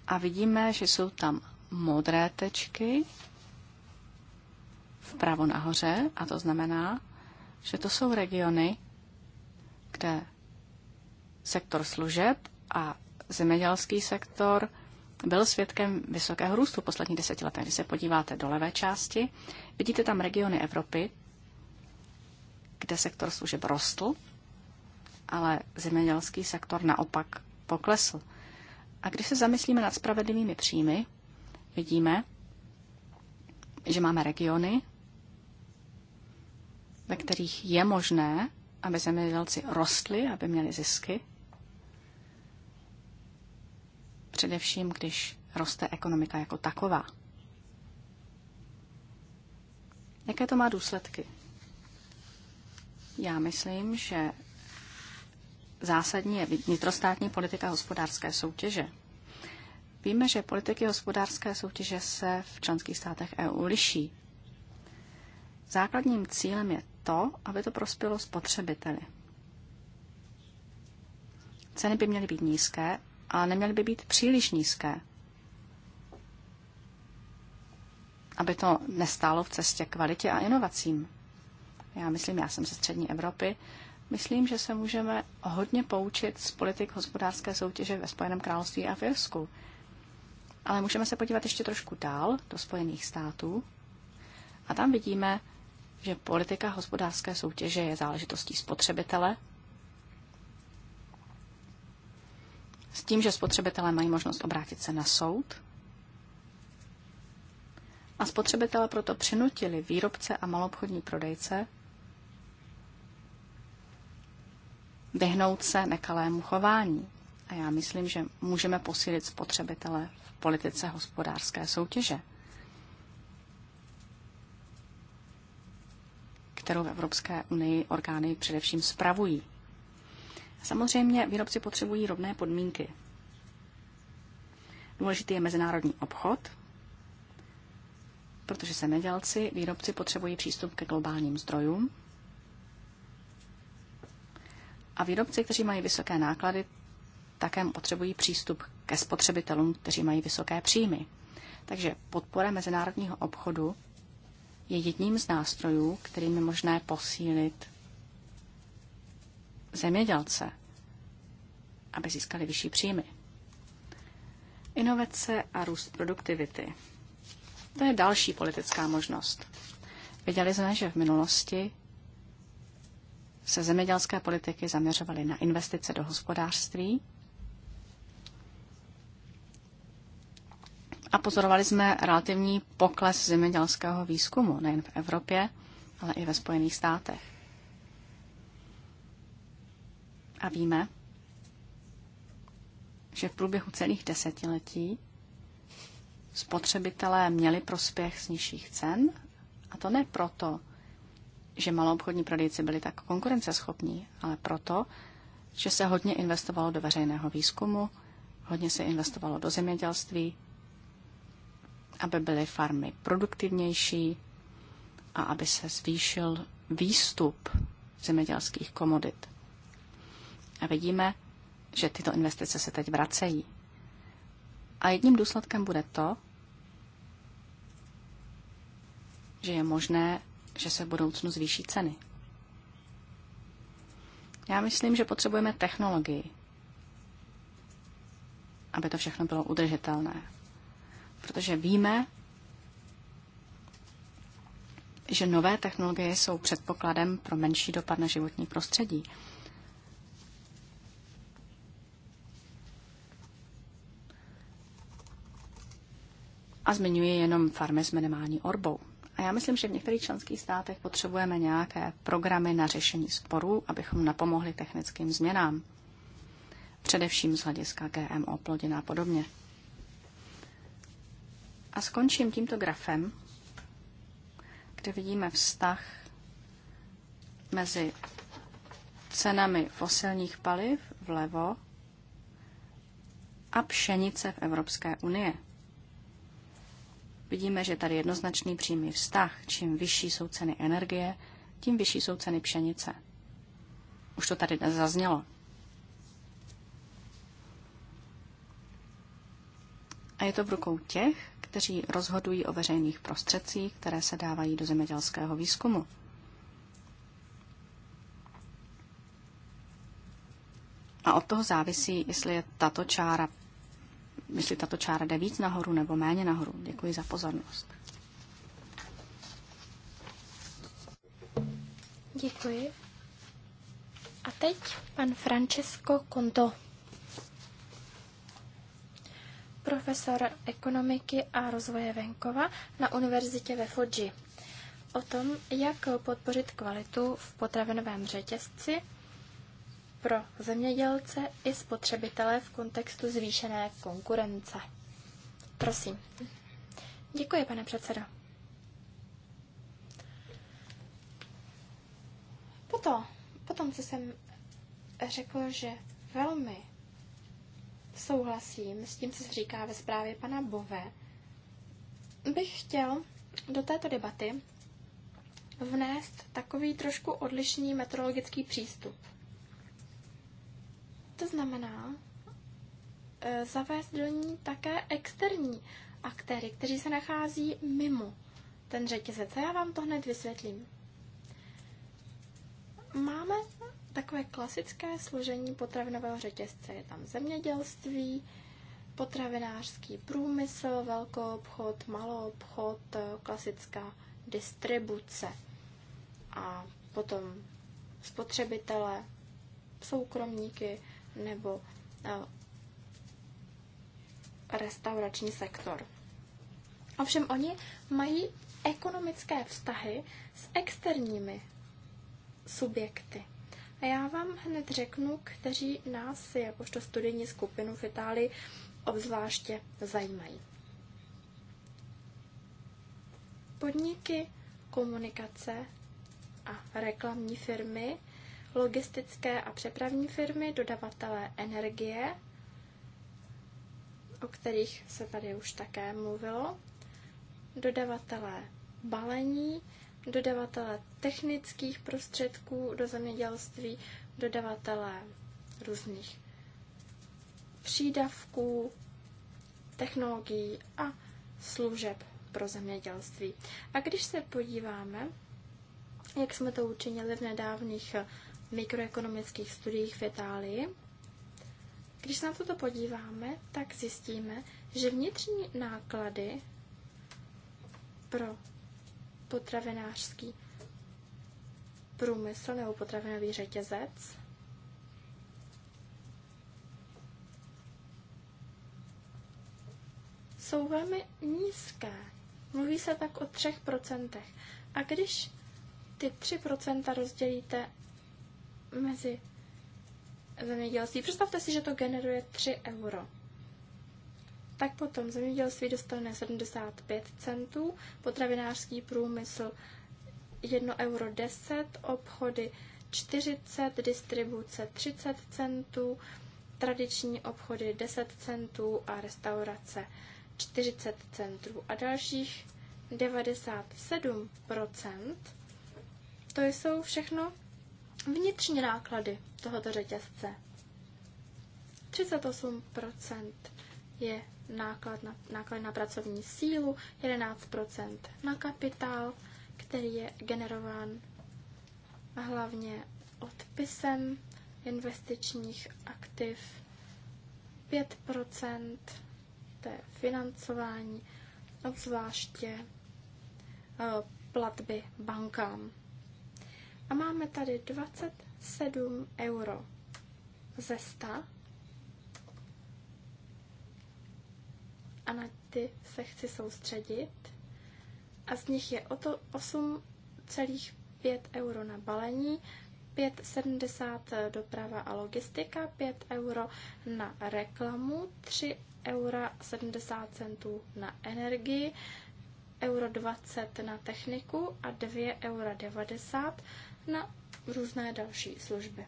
A vidíme, že jsou tam modré tečky vpravo nahoře a to znamená, že to jsou regiony, kde sektor služeb a zemědělský sektor byl svědkem vysokého růstu posledních deseti letech. Když se podíváte do levé části, vidíte tam regiony Evropy, kde sektor služeb rostl, ale zemědělský sektor naopak poklesl. A když se zamyslíme nad spravedlivými příjmy, vidíme, že máme regiony, ve kterých je možné, aby zemědělci rostli, aby měli zisky, především když roste ekonomika jako taková. Jaké to má důsledky? Já myslím, že zásadní je vnitrostátní politika hospodářské soutěže. Víme, že politiky hospodářské soutěže se v členských státech EU liší. Základním cílem je to, aby to prospělo spotřebiteli. Ceny by měly být nízké a neměly by být příliš nízké, aby to nestálo v cestě kvalitě a inovacím. Já myslím, já jsem ze střední Evropy, myslím, že se můžeme hodně poučit z politik hospodářské soutěže ve Spojeném království a v Irsku. Ale můžeme se podívat ještě trošku dál do Spojených států a tam vidíme, že politika hospodářské soutěže je záležitostí spotřebitele s tím, že spotřebitelé mají možnost obrátit se na soud. A spotřebitelé proto přinutili výrobce a malobchodní prodejce vyhnout se nekalému chování. A já myslím, že můžeme posílit spotřebitele v politice hospodářské soutěže, kterou v Evropské unii orgány především spravují. Samozřejmě výrobci potřebují rovné podmínky. Důležitý je mezinárodní obchod, protože zemědělci, výrobci potřebují přístup ke globálním zdrojům. A výrobci, kteří mají vysoké náklady, také potřebují přístup ke spotřebitelům, kteří mají vysoké příjmy. Takže podpora mezinárodního obchodu je jedním z nástrojů, kterými je možné posílit zemědělce, aby získali vyšší příjmy. Inovace a růst produktivity. To je další politická možnost. Viděli jsme, že v minulosti se zemědělské politiky zaměřovaly na investice do hospodářství a pozorovali jsme relativní pokles zemědělského výzkumu nejen v Evropě, ale i ve Spojených státech. A víme, že v průběhu celých desetiletí spotřebitelé měli prospěch z nižších cen, a to ne proto, že maloobchodní prodejci byli tak konkurenceschopní, ale proto, že se hodně investovalo do veřejného výzkumu, hodně se investovalo do zemědělství, aby byly farmy produktivnější a aby se zvýšil výstup zemědělských komodit. A vidíme, že tyto investice se teď vracejí. A jedním důsledkem bude to, že je možné, že se v budoucnu zvýší ceny. Já myslím, že potřebujeme technologii, aby to všechno bylo udržitelné. Protože víme, že nové technologie jsou předpokladem pro menší dopad na životní prostředí. a zmiňuje jenom farmy s minimální orbou. A já myslím, že v některých členských státech potřebujeme nějaké programy na řešení sporů, abychom napomohli technickým změnám. Především z hlediska GMO plodin a podobně. A skončím tímto grafem, kde vidíme vztah mezi cenami fosilních paliv vlevo a pšenice v Evropské unie vidíme, že tady jednoznačný přímý vztah. Čím vyšší jsou ceny energie, tím vyšší jsou ceny pšenice. Už to tady dnes zaznělo. A je to v rukou těch, kteří rozhodují o veřejných prostředcích, které se dávají do zemědělského výzkumu. A od toho závisí, jestli je tato čára jestli tato čára jde víc nahoru nebo méně nahoru. Děkuji za pozornost. Děkuji. A teď pan Francesco Conto, profesor ekonomiky a rozvoje venkova na univerzitě ve Fuji. O tom, jak podpořit kvalitu v potravinovém řetězci pro zemědělce i spotřebitele v kontextu zvýšené konkurence. Prosím. Děkuji, pane předsedo. Potom, potom, co jsem řekl, že velmi souhlasím s tím, co se říká ve zprávě pana Bove, bych chtěl do této debaty vnést takový trošku odlišný metrologický přístup – to znamená eh, zavést do ní také externí aktéry, kteří se nachází mimo ten řetězec. A já vám to hned vysvětlím. Máme takové klasické složení potravinového řetězce. Je tam zemědělství, potravinářský průmysl, velký obchod, malý obchod, eh, klasická distribuce a potom spotřebitele, soukromníky, nebo eh, restaurační sektor. Ovšem oni mají ekonomické vztahy s externími subjekty. A já vám hned řeknu, kteří nás jakožto studijní skupinu v Itálii obzvláště zajímají. Podniky komunikace a reklamní firmy logistické a přepravní firmy, dodavatelé energie, o kterých se tady už také mluvilo, dodavatelé balení, dodavatelé technických prostředků do zemědělství, dodavatelé různých přídavků, technologií a služeb pro zemědělství. A když se podíváme, jak jsme to učinili v nedávných mikroekonomických studiích v Itálii. Když se na toto podíváme, tak zjistíme, že vnitřní náklady pro potravinářský průmysl nebo potravinový řetězec jsou velmi nízké. Mluví se tak o 3%. A když ty 3% rozdělíte mezi zemědělství. Představte si, že to generuje 3 euro. Tak potom zemědělství dostane 75 centů, potravinářský průmysl 1,10 euro obchody 40, distribuce 30 centů, tradiční obchody 10 centů a restaurace 40 centů. A dalších 97% to jsou všechno vnitřní náklady tohoto řetězce. 38 je náklad na, náklad na pracovní sílu, 11 na kapitál, který je generován hlavně odpisem investičních aktiv, 5 to je financování, obzvláště eh, platby bankám. A máme tady 27 euro ze 100. A na ty se chci soustředit. A z nich je o to 8,5 euro na balení, 5,70 doprava a logistika, 5 euro na reklamu, 3 eura 70 centů na energii, euro 20 na techniku a 2 eura 90 na různé další služby.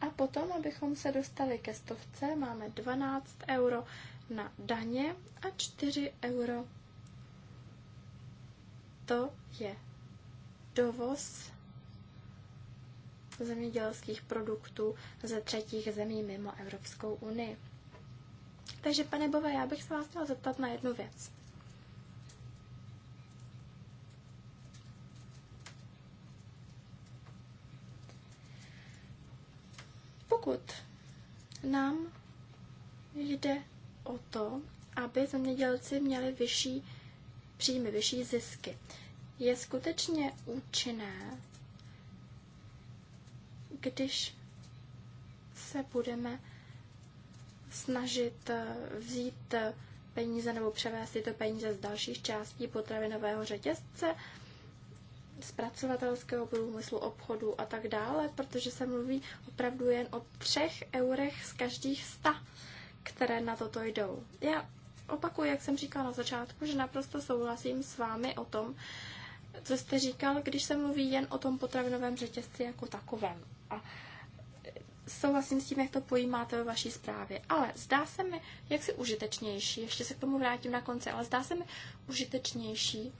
A potom, abychom se dostali ke stovce, máme 12 euro na daně a 4 euro to je dovoz zemědělských produktů ze třetích zemí mimo Evropskou unii. Takže, pane Bova, já bych se vás chtěla zeptat na jednu věc. pokud nám jde o to, aby zemědělci měli vyšší příjmy, vyšší zisky, je skutečně účinné, když se budeme snažit eh, vzít eh, peníze nebo převést tyto peníze z dalších částí potravinového řetězce, zpracovatelského průmyslu, obchodu a tak dále, protože se mluví opravdu jen o třech eurech z každých sta, které na toto jdou. Já opakuju, jak jsem říkala na začátku, že naprosto souhlasím s vámi o tom, co jste říkal, když se mluví jen o tom potravinovém řetězci jako takovém. A souhlasím s tím, jak to pojímáte ve vaší zprávě. Ale zdá se mi, jak si užitečnější, ještě se k tomu vrátím na konci, ale zdá se mi užitečnější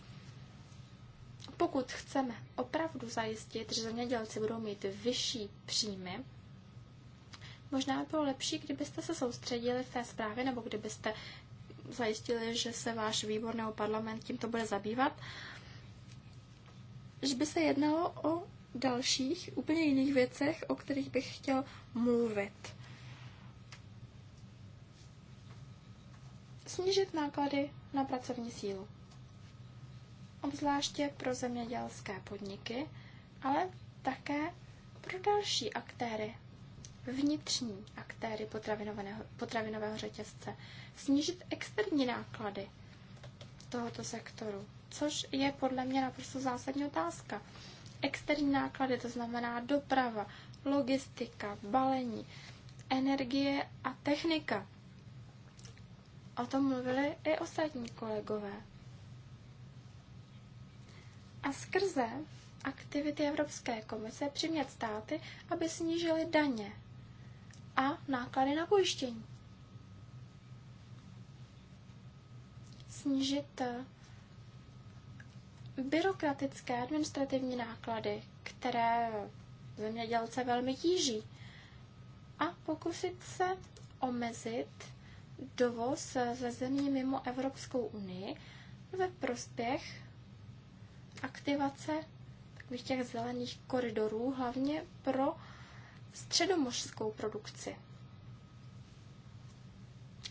pokud chceme opravdu zajistit, že zemědělci budou mít vyšší příjmy, možná by bylo lepší, kdybyste se soustředili v té zprávě, nebo kdybyste zajistili, že se váš výbor nebo parlament tímto bude zabývat, že by se jednalo o dalších, úplně jiných věcech, o kterých bych chtěl mluvit. Snížit náklady na pracovní sílu obzvláště pro zemědělské podniky, ale také pro další aktéry, vnitřní aktéry potravinového, potravinového řetězce, snížit externí náklady tohoto sektoru, což je podle mě naprosto zásadní otázka. Externí náklady, to znamená doprava, logistika, balení, energie a technika. O tom mluvili i ostatní kolegové a skrze aktivity Evropské komise přimět státy, aby snížily daně a náklady na pojištění. Snížit eh, byrokratické administrativní náklady, které zemědělce velmi tíží, a pokusit se omezit dovoz eh, ze zemí mimo Evropskou unii ve prospěch aktivace takových těch zelených koridorů, hlavně pro středomořskou produkci.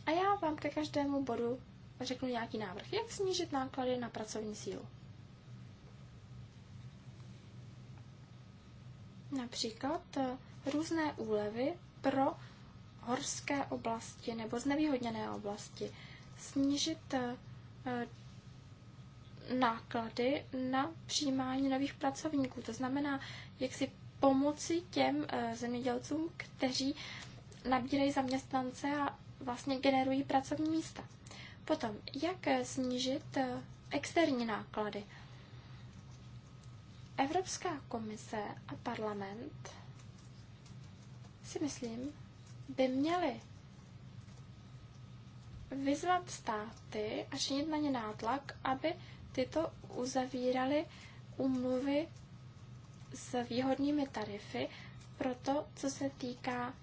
A já vám ke každému bodu řeknu nějaký návrh, jak snížit náklady na pracovní sílu. Například eh, různé úlevy pro horské oblasti nebo znevýhodněné oblasti. Snížit eh, náklady na přijímání nových pracovníků. To znamená, jak si pomoci těm eh, zemědělcům, kteří nabírají zaměstnance a vlastně generují pracovní místa. Potom, jak eh, snížit eh, externí náklady? Evropská komise a parlament si myslím, by měli vyzvat státy a činit na ně nátlak, aby tyto uzavíraly umluvy s výhodnými tarify pro to, co se týká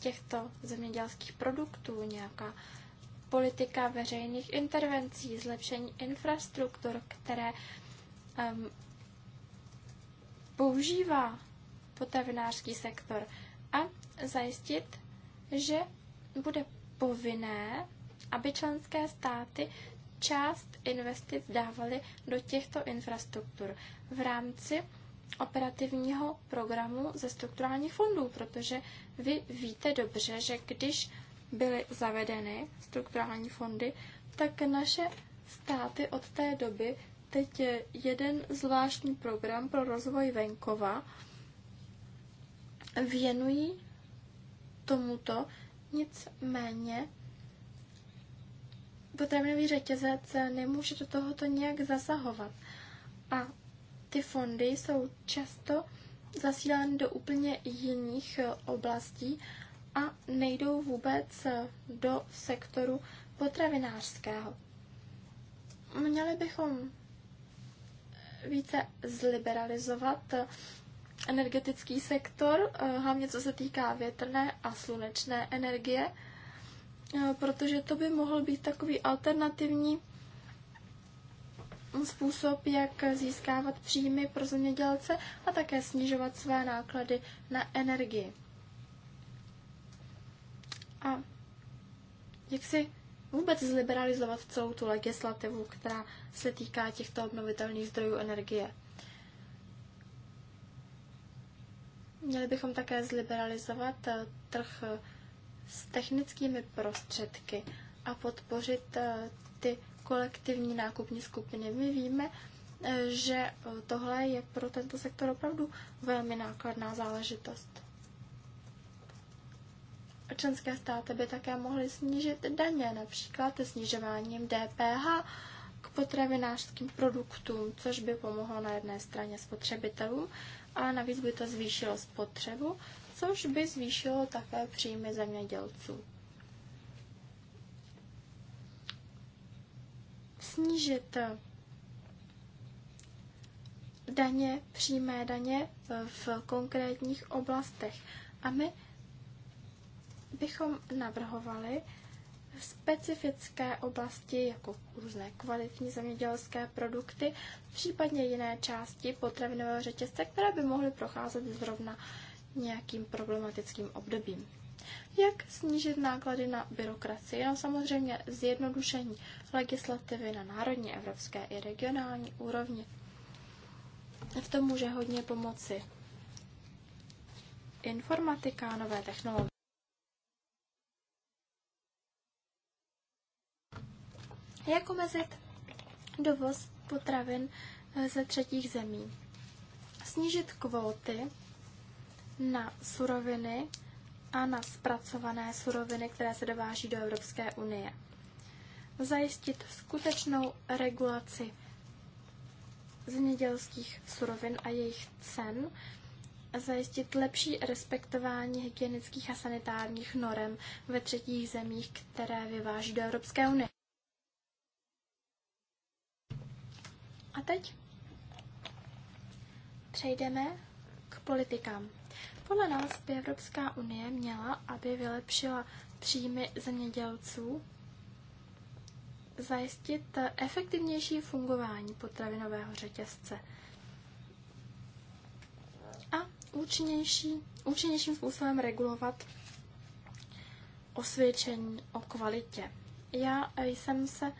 těchto zemědělských produktů, nějaká politika veřejných intervencí, zlepšení infrastruktur, které um, používá potravinářský sektor a zajistit, že bude povinné, aby členské státy část investic dávali do těchto infrastruktur v rámci operativního programu ze strukturálních fondů, protože vy víte dobře, že když byly zavedeny strukturální fondy, tak naše státy od té doby teď je jeden zvláštní program pro rozvoj venkova věnují tomuto, nicméně potravinový řetězec nemůže do tohoto nějak zasahovat. A ty fondy jsou často zasílány do úplně jiných eh, oblastí a nejdou vůbec eh, do sektoru potravinářského. Měli bychom více zliberalizovat eh, energetický sektor, hlavně co se týká větrné a slunečné energie Eh, protože to by mohl být takový alternativní způsob, jak získávat příjmy pro zemědělce a také snižovat své náklady na energii. A jak si vůbec zliberalizovat celou tu legislativu, která se týká těchto obnovitelných zdrojů energie. Měli bychom také zliberalizovat eh, trh eh, s technickými prostředky a podpořit eh, ty kolektivní nákupní skupiny. My víme, eh, že eh, tohle je pro tento sektor opravdu velmi nákladná záležitost. Členské státy by také mohly snížit daně, například snižováním DPH k potravinářským produktům, což by pomohlo na jedné straně spotřebitelům, a navíc by to zvýšilo spotřebu což by zvýšilo také příjmy zemědělců. Snížit eh, daně, přímé daně v konkrétních oblastech. A my bychom navrhovali specifické oblasti, jako různé kvalitní zemědělské produkty, případně jiné části potravinového řetězce, které by mohly procházet zrovna nějakým problematickým obdobím. Jak snížit náklady na byrokracii? No samozřejmě zjednodušení legislativy na národní, evropské i regionální úrovni. V tom může hodně pomoci informatika, nové technologie. Jak omezit dovoz potravin ze třetích zemí? Snížit kvóty na suroviny a na zpracované suroviny, které se dováží do Evropské unie. Zajistit skutečnou regulaci zemědělských surovin a jejich cen, zajistit lepší respektování hygienických a sanitárních norem ve třetích zemích, které vyváží do Evropské unie. A teď přejdeme k politikám. Podle nás by Evropská unie měla, aby vylepšila příjmy zemědělců, zajistit efektivnější fungování potravinového řetězce a účinnější, účinnějším způsobem regulovat osvědčení o kvalitě. Já jsem se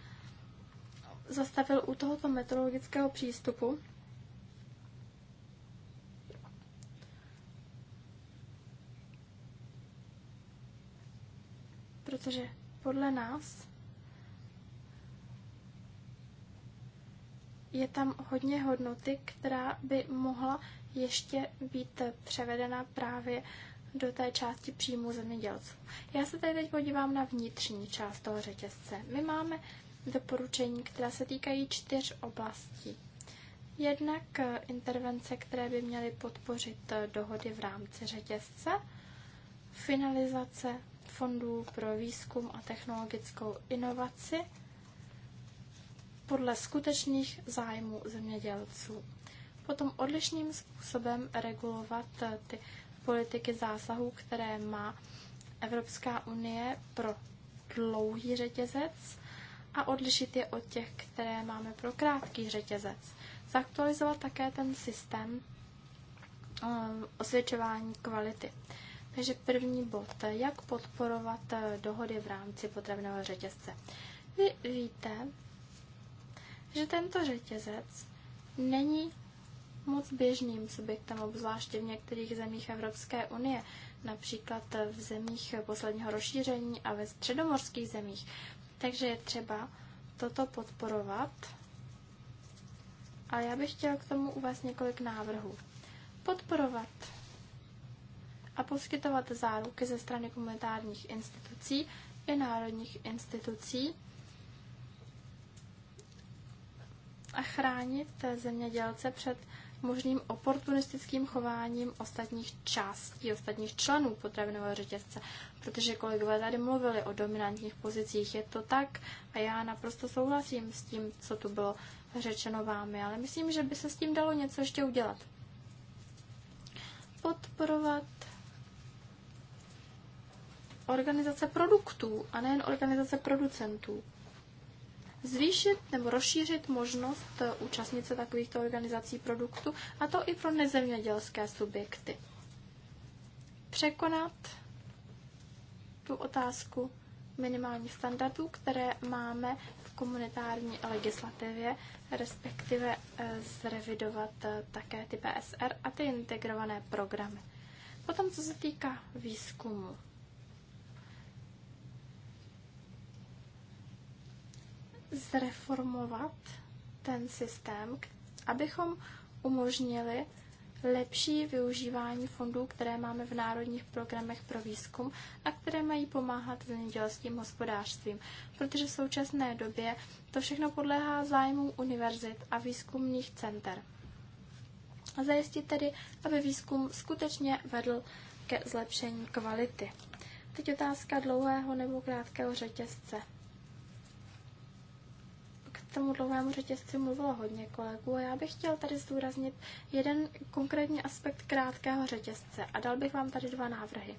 zastavil u tohoto metodologického přístupu, protože podle nás je tam hodně hodnoty, která by mohla ještě být převedena právě do té části příjmu zemědělců. Já se tady teď podívám na vnitřní část toho řetězce. My máme doporučení, která se týkají čtyř oblastí. Jednak eh, intervence, které by měly podpořit eh, dohody v rámci řetězce, finalizace fondů pro výzkum a technologickou inovaci podle skutečných zájmů zemědělců. Potom odlišným způsobem regulovat eh, ty politiky zásahů, které má Evropská unie pro dlouhý řetězec a odlišit je od těch, které máme pro krátký řetězec. Zaktualizovat také ten systém eh, osvědčování kvality. Takže první bod, jak podporovat eh, dohody v rámci potravinového řetězce. Vy víte, že tento řetězec není moc běžným subjektem, obzvláště v některých zemích Evropské unie, například eh, v zemích posledního rozšíření a ve středomorských zemích. Takže je třeba toto podporovat. A já bych chtěla k tomu uvést několik návrhů. Podporovat a poskytovat záruky ze strany komunitárních institucí i národních institucí a chránit zemědělce před možným oportunistickým chováním ostatních částí, ostatních členů potravinového řetězce, protože kolegové tady mluvili o dominantních pozicích. Je to tak a já naprosto souhlasím s tím, co tu bylo řečeno vámi, ale myslím, že by se s tím dalo něco ještě udělat. Podporovat organizace produktů a nejen organizace producentů. Zvýšit nebo rozšířit možnost eh, účastnit se takovýchto organizací produktů a to i pro nezemědělské subjekty. Překonat tu otázku minimálních standardů, které máme v komunitární legislativě, respektive eh, zrevidovat eh, také ty PSR a ty integrované programy. Potom, co se týká výzkumu. zreformovat ten systém, abychom umožnili lepší využívání fondů, které máme v národních programech pro výzkum a které mají pomáhat zemědělským hospodářstvím, protože v současné době to všechno podléhá zájmům univerzit a výzkumných center. A zajistit tedy, aby výzkum skutečně vedl ke zlepšení kvality. Teď otázka dlouhého nebo krátkého řetězce tomu dlouhému řetězci mluvilo hodně kolegů a já bych chtěl tady zdůraznit jeden konkrétní aspekt krátkého řetězce a dal bych vám tady dva návrhy.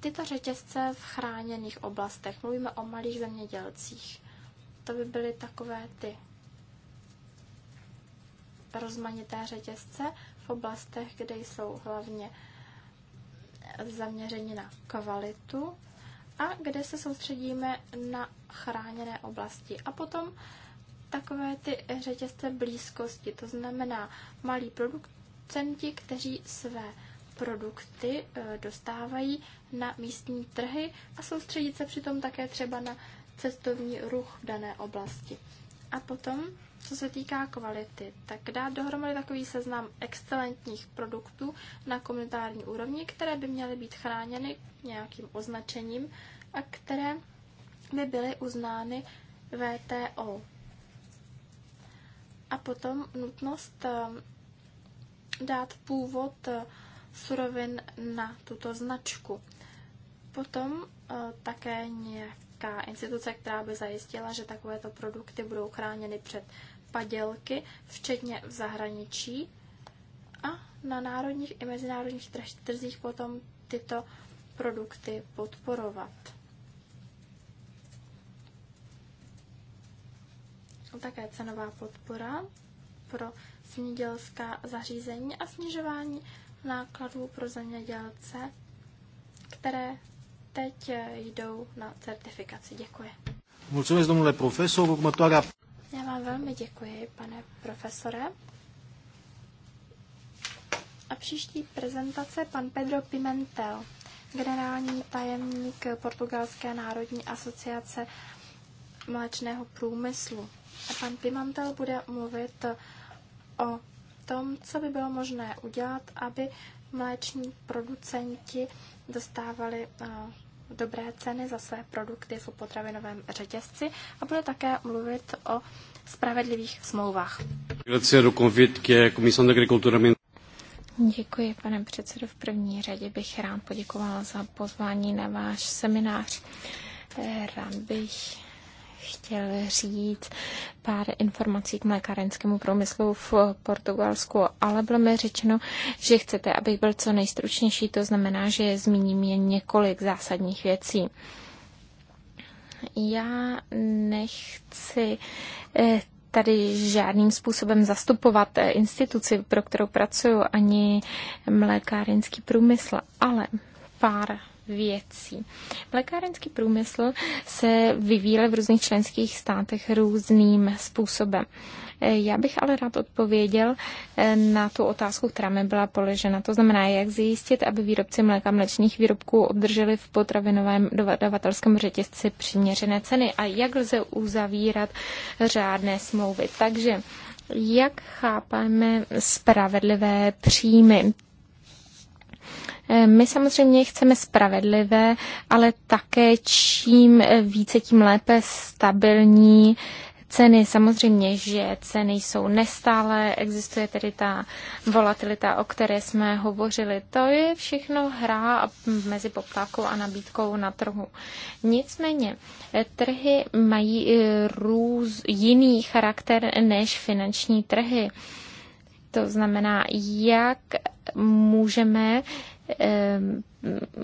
Tyto řetězce v chráněných oblastech, mluvíme o malých zemědělcích, to by byly takové ty rozmanité řetězce v oblastech, kde jsou hlavně zaměřeni na kvalitu a kde se soustředíme na chráněné oblasti. A potom takové ty řetězce blízkosti, to znamená malí producenti, kteří své produkty e, dostávají na místní trhy a soustředit se přitom také třeba na cestovní ruch v dané oblasti. A potom co se týká kvality, tak dát dohromady takový seznam excelentních produktů na komunitární úrovni, které by měly být chráněny nějakým označením a které by byly uznány VTO. A potom nutnost ehm, dát původ eh, surovin na tuto značku. Potom eh, také nějaká instituce, která by zajistila, že takovéto produkty budou chráněny před padělky, včetně v zahraničí. A na národních i mezinárodních trzích potom tyto produkty podporovat. Také cenová podpora pro zemědělská zařízení a snižování nákladů pro zemědělce, které teď jdou na certifikaci. Děkuji. Mulțumesc, domnule profesor. Următoarea... Já vám velmi děkuji, pane profesore. A příští prezentace pan Pedro Pimentel, generální tajemník Portugalské národní asociace mléčného průmyslu. A pan Pimentel bude mluvit o tom, co by bylo možné udělat, aby mléční producenti dostávali eh, dobré ceny za své produkty v potravinovém řetězci a bude také mluvit o spravedlivých smlouvách. Děkuji, pane předsedo. V první řadě bych rád poděkovala za pozvání na váš seminář. Eh, rád bych chtěl říct pár informací k mlékárenskému průmyslu v Portugalsku, ale bylo mi řečeno, že chcete, abych byl co nejstručnější, to znamená, že zmíním jen několik zásadních věcí. Já nechci eh, tady žádným způsobem zastupovat eh, instituci, pro kterou pracuju, ani mlékárenský průmysl, ale pár věcí. Mlékárenský průmysl se vyvíjel v různých členských státech různým způsobem. Eh, já bych ale rád odpověděl eh, na tu otázku, která mi byla položena. To znamená, jak zjistit, aby výrobci mléka mlečných výrobků obdrželi v potravinovém dodavatelském řetězci přiměřené ceny a jak lze uzavírat řádné smlouvy. Takže jak chápeme spravedlivé příjmy? Eh, my samozřejmě chceme spravedlivé, ale také čím více, tím lépe stabilní ceny. Samozřejmě, že ceny jsou nestále, existuje tedy ta volatilita, o které jsme hovořili. To je všechno hra mezi poptávkou a nabídkou na trhu. Nicméně, eh, trhy mají eh, růz, jiný charakter než finanční trhy. To znamená, jak můžeme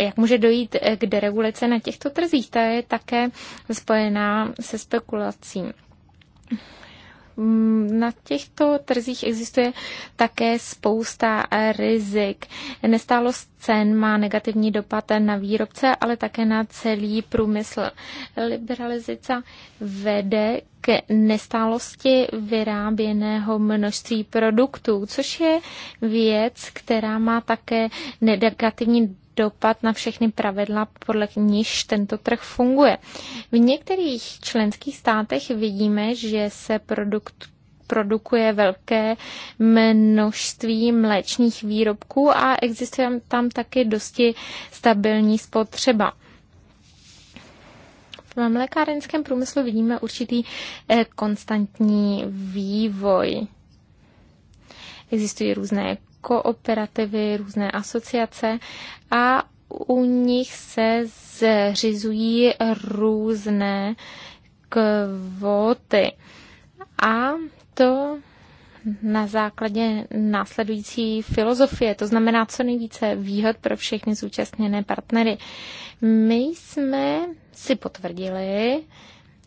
jak může dojít k deregulaci na těchto trzích. Ta je také spojená se spekulací. Mm, na těchto trzích existuje také spousta rizik. Nestálost cen má negativní dopad na výrobce, ale také na celý průmysl. Liberalizace vede k nestálosti vyráběného množství produktů, což je věc, která má také negativní dopad na všechny pravidla, podle níž tento trh funguje. V některých členských státech vidíme, že se produkt produkuje velké množství mléčných výrobků a existuje tam taky dosti stabilní spotřeba. V mlékárenském průmyslu vidíme určitý eh, konstantní vývoj. Existují různé kooperativy, různé asociace a u nich se zřizují různé kvóty. A to na základě následující filozofie, to znamená co nejvíce výhod pro všechny zúčastněné partnery. My jsme si potvrdili,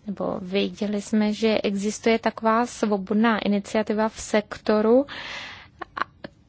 nebo věděli jsme, že existuje taková svobodná iniciativa v sektoru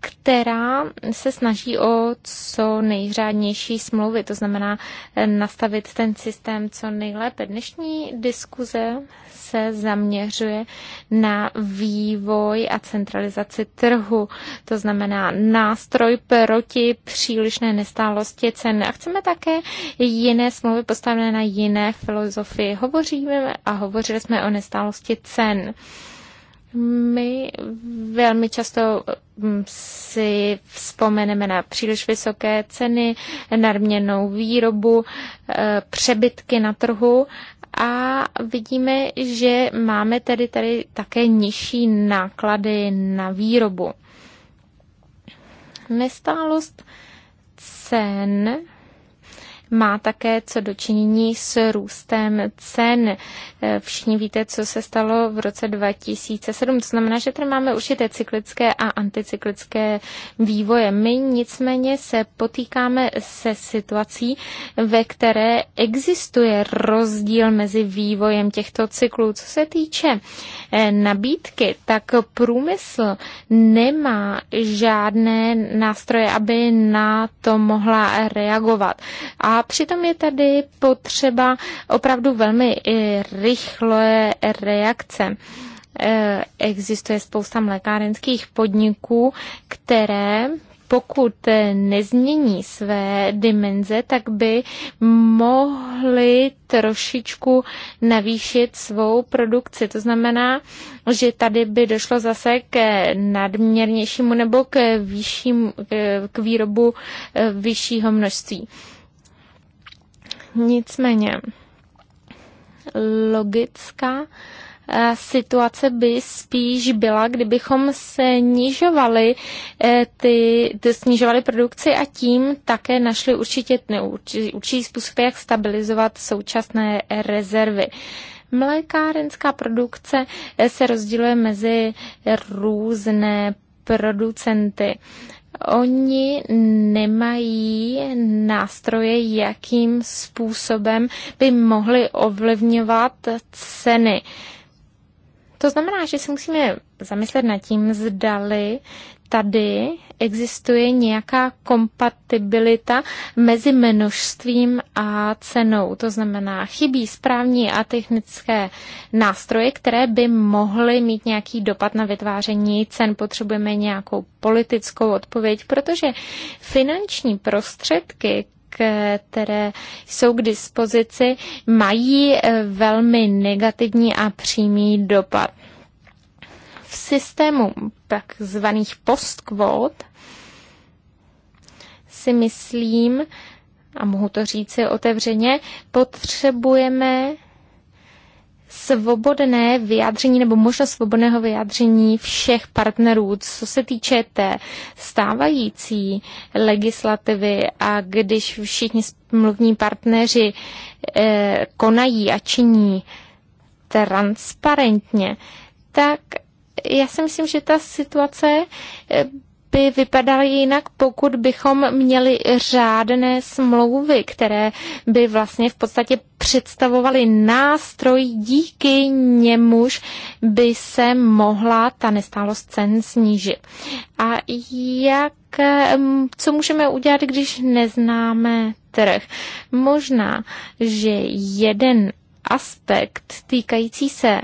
která se snaží o co nejřádnější smlouvy, to znamená eh, nastavit ten systém co nejlépe. Dnešní diskuze se zaměřuje na vývoj a centralizaci trhu, to znamená nástroj proti přílišné nestálosti cen. A chceme také jiné smlouvy postavené na jiné filozofii. Hovoříme a hovořili jsme o nestálosti cen. My velmi často mm, si vzpomeneme na příliš vysoké ceny, nadměrnou výrobu, eh, přebytky na trhu a vidíme, že máme tedy tady také nižší náklady na výrobu. Nestálost cen má také co dočinění s růstem cen. Eh, Všichni víte, co se stalo v roce 2007. To znamená, že tady máme určité cyklické a anticyklické vývoje. My nicméně se potýkáme se situací, ve které existuje rozdíl mezi vývojem těchto cyklů. Co se týče eh, nabídky, tak průmysl nemá žádné nástroje, aby na to mohla reagovat. A přitom je tady potřeba opravdu velmi eh, rychlé reakce eh, existuje spousta mlékárenských podniků, které pokud eh, nezmění své dimenze, tak by mohli trošičku navýšit svou produkci. To znamená, že tady by došlo zase k nadměrnějšímu nebo k, vyšším, k výrobu vyššího množství. Nicméně logická eh, situace by spíš byla, kdybychom se nižovali, eh, ty, ty snižovali produkci a tím také našli určitě určitý způsob, jak stabilizovat současné rezervy. Mlékárenská produkce eh, se rozděluje mezi různé producenty. Oni nemají nástroje, jakým způsobem by mohli ovlivňovat ceny. To znamená, že si musíme zamyslet nad tím, zdali tady existuje nějaká kompatibilita mezi množstvím a cenou. To znamená, chybí správní a technické nástroje, které by mohly mít nějaký dopad na vytváření cen. Potřebujeme nějakou politickou odpověď, protože finanční prostředky, které jsou k dispozici, mají eh, velmi negativní a přímý dopad v systému takzvaných postkvót si myslím, a mohu to říci otevřeně, potřebujeme svobodné vyjádření nebo možnost svobodného vyjádření všech partnerů, co se týče té stávající legislativy a když všichni smluvní partneři e, konají a činí transparentně, tak já si myslím, že ta situace eh, by vypadaly jinak, pokud bychom měli řádné smlouvy, které by vlastně v podstatě představovaly nástroj, díky němuž by se mohla ta nestálost cen snížit. A jak, eh, co můžeme udělat, když neznáme trh? Možná, že jeden aspekt týkající se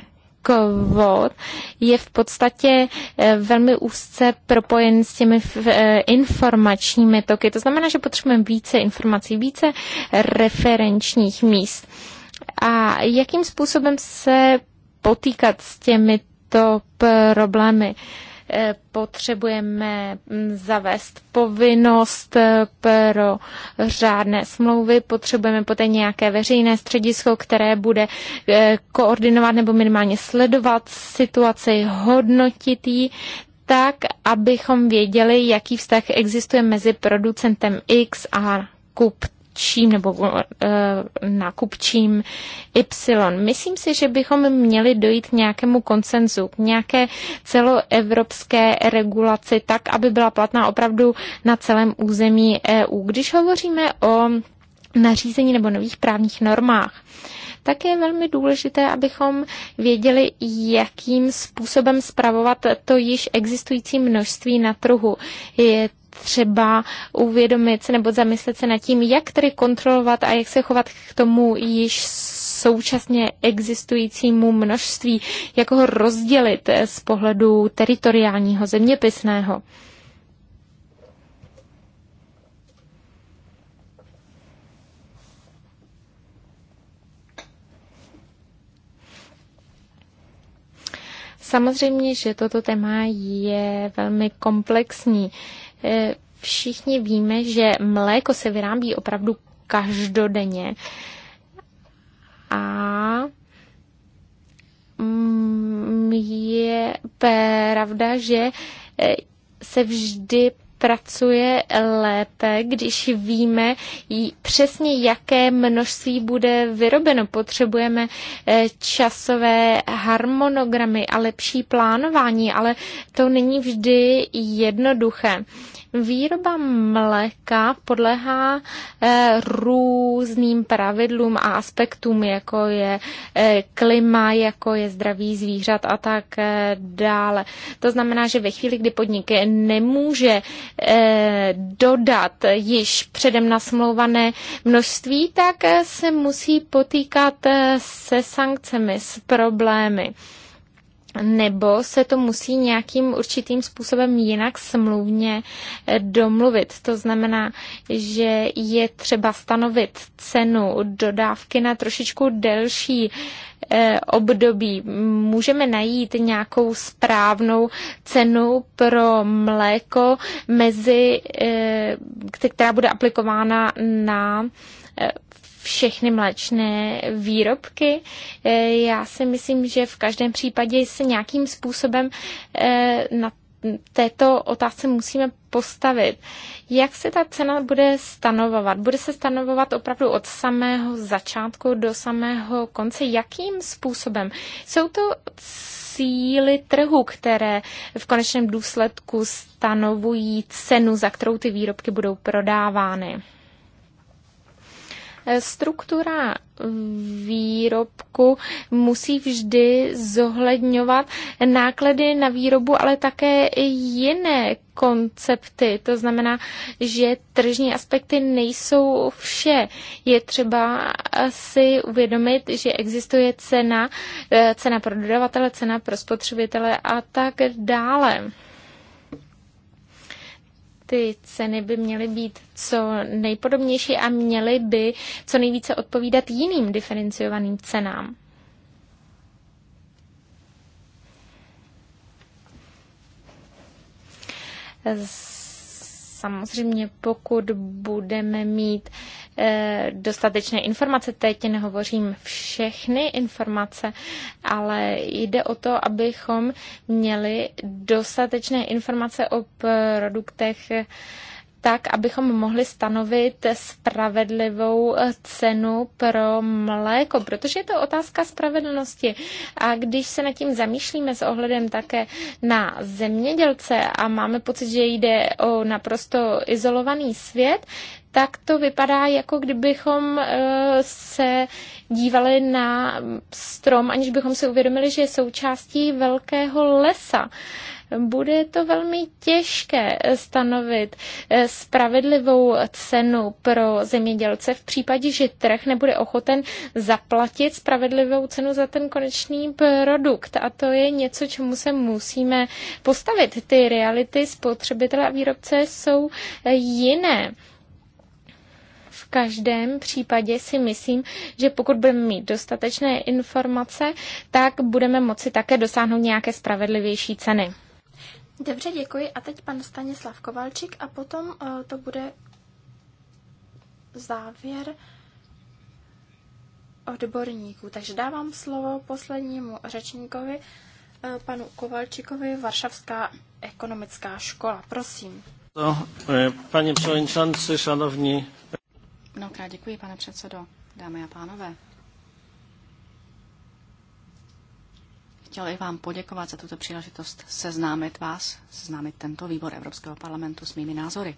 kvót je v podstatě eh, velmi úzce propojen s těmi eh, informačními toky. To znamená, že potřebujeme více informací, více referenčních míst. A jakým způsobem se potýkat s těmito problémy? Uh, Eh, potřebujeme mm, zavést povinnost eh, pro řádné smlouvy, potřebujeme poté nějaké veřejné středisko, které bude eh, koordinovat nebo minimálně sledovat situaci, hodnotit ji, tak, abychom věděli, jaký vztah existuje mezi producentem X a kup prodejčím nebo eh, nákupčím Y. Myslím si, že bychom měli dojít k nějakému konsenzu, k nějaké celoevropské regulaci, tak, aby byla platná opravdu na celém území EU. Když hovoříme o nařízení nebo nových právních normách, tak je velmi důležité, abychom věděli, jakým způsobem spravovat to již existující množství na trhu. Je třeba uvědomit se nebo zamyslet se nad tím, jak tedy kontrolovat a jak se chovat k tomu již současně existujícímu množství, jak ho rozdělit z pohledu teritoriálního, zeměpisného. Samozřejmě, že toto téma je velmi komplexní. E, všichni víme, že mléko se vyrábí opravdu každodenně. A mm, je pravda, že e, se vždy pracuje lépe, když víme přesně, jaké množství bude vyrobeno. Potřebujeme eh, časové harmonogramy a lepší plánování, ale to není vždy jednoduché. Výroba mléka podléhá eh, různým pravidlům a aspektům, jako je eh, klima, jako je zdraví zvířat a tak eh, dále. To znamená, že ve chvíli, kdy podnik nemůže dodat již předem nasmlouvané množství, tak se musí potýkat se sankcemi, s problémy nebo se to musí nějakým určitým způsobem jinak smluvně eh, domluvit. To znamená, že je třeba stanovit cenu dodávky na trošičku delší eh, období. Můžeme najít nějakou správnou cenu pro mléko, mezi, eh, která bude aplikována na všechny mléčné výrobky. Eh, já si myslím, že v každém případě se nějakým způsobem eh, na této otázce musíme postavit. Jak se ta cena bude stanovovat? Bude se stanovovat opravdu od samého začátku do samého konce? Jakým způsobem? Jsou to síly trhu, které v konečném důsledku stanovují cenu, za kterou ty výrobky budou prodávány. Struktura výrobku musí vždy zohledňovat náklady na výrobu, ale také jiné koncepty. To znamená, že tržní aspekty nejsou vše. Je třeba si uvědomit, že existuje cena, cena pro dodavatele, cena pro spotřebitele a tak dále ty ceny by měly být co nejpodobnější a měly by co nejvíce odpovídat jiným diferenciovaným cenám. Samozřejmě, pokud budeme mít uh, Eh, dostatečné informace. Teď nehovořím všechny informace, ale jde o to, abychom měli dostatečné informace o produktech, tak, abychom mohli stanovit spravedlivou eh, cenu pro mléko, protože je to otázka spravedlnosti. A když se nad tím zamýšlíme s ohledem také na zemědělce a máme pocit, že jde o naprosto izolovaný svět, tak to vypadá, jako kdybychom eh, se dívali na strom, aniž bychom si uvědomili, že je součástí velkého lesa bude to velmi těžké stanovit eh, spravedlivou cenu pro zemědělce v případě, že trh nebude ochoten zaplatit spravedlivou cenu za ten konečný produkt. A to je něco, čemu se musíme postavit. Ty reality spotřebitele a výrobce jsou jiné v každém případě si myslím, že pokud budeme mít dostatečné informace, tak budeme moci také dosáhnout nějaké spravedlivější ceny. Dobře, děkuji. A teď pan Stanislav Kovalčík a potom uh, to bude závěr odborníků. Takže dávám slovo poslednímu řečníkovi, eh, panu Kovalčíkovi, Varšavská ekonomická škola. Prosím. No, eh, pane předsedající, šanovní Mnohokrát děkuji, pane předsedo, dámy a pánové. Chtěl bych vám poděkovat za tuto příležitost seznámit vás, seznámit tento výbor Evropského parlamentu s mými názory.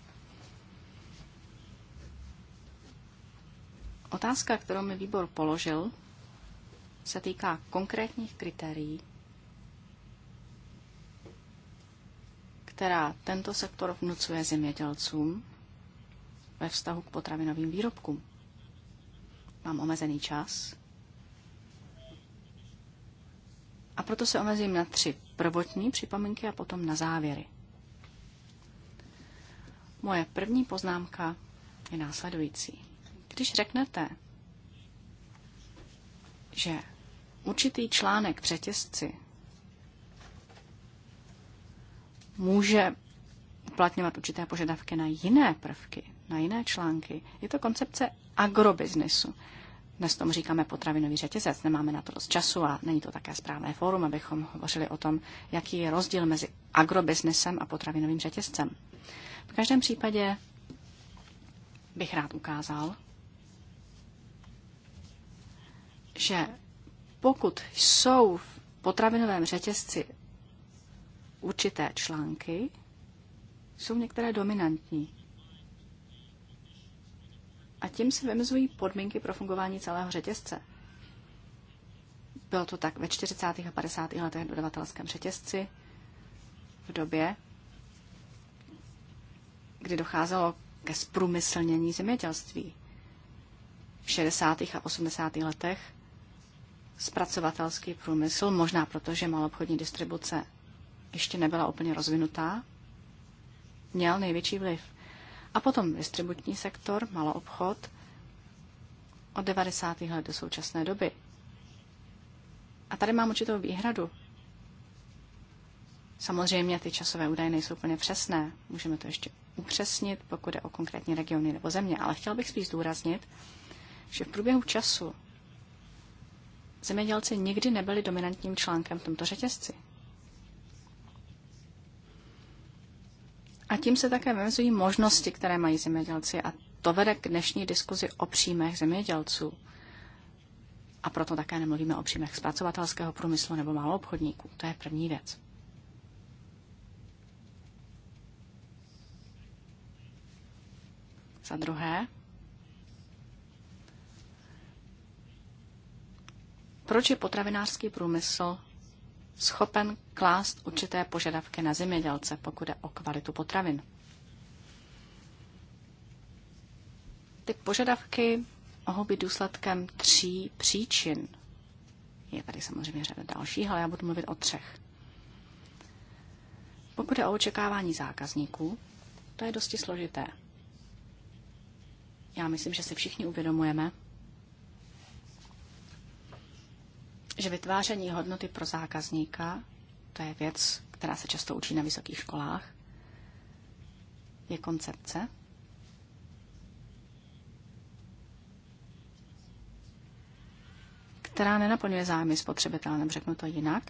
Otázka, kterou mi výbor položil, se týká konkrétních kritérií, která tento sektor vnucuje zemědělcům ve vztahu k potravinovým výrobkům. Mám omezený čas. A proto se omezím na tři prvotní připomínky a potom na závěry. Moje první poznámka je následující. Když řeknete, že určitý článek v řetězci může uplatňovat určité požadavky na jiné prvky, na jiné články. Je to koncepce agrobiznesu. Dnes tomu říkáme potravinový řetězec, nemáme na to dost času a není to také správné fórum, abychom hovořili o tom, jaký je rozdíl mezi agrobiznesem a potravinovým řetězcem. V každém případě bych rád ukázal, že pokud jsou v potravinovém řetězci určité články, jsou některé dominantní. A tím se vymezují podmínky pro fungování celého řetězce. Bylo to tak ve 40. a 50. letech v dodavatelském řetězci, v době, kdy docházelo ke zprůmyslnění zemědělství. V 60. a 80. letech zpracovatelský průmysl, možná protože malobchodní distribuce ještě nebyla úplně rozvinutá, měl největší vliv. A potom distributní sektor, maloobchod, od 90. let do současné doby. A tady mám určitou výhradu. Samozřejmě ty časové údaje nejsou úplně přesné. Můžeme to ještě upřesnit, pokud je o konkrétní regiony nebo země. Ale chtěl bych spíš zdůraznit, že v průběhu času zemědělci nikdy nebyli dominantním článkem v tomto řetězci. A tím se také vymezují možnosti, které mají zemědělci a to vede k dnešní diskuzi o příjmech zemědělců. A proto také nemluvíme o příjmech zpracovatelského průmyslu nebo málo obchodníků. To je první věc. Za druhé, proč je potravinářský průmysl schopen klást určité požadavky na zemědělce, pokud je o kvalitu potravin. Ty požadavky mohou být důsledkem tří příčin. Je tady samozřejmě řada dalších, ale já budu mluvit o třech. Pokud je o očekávání zákazníků, to je dosti složité. Já myslím, že si všichni uvědomujeme, že vytváření hodnoty pro zákazníka, to je věc, která se často učí na vysokých školách, je koncepce. která nenaplňuje zájmy spotřebitele, nebo řeknu to jinak.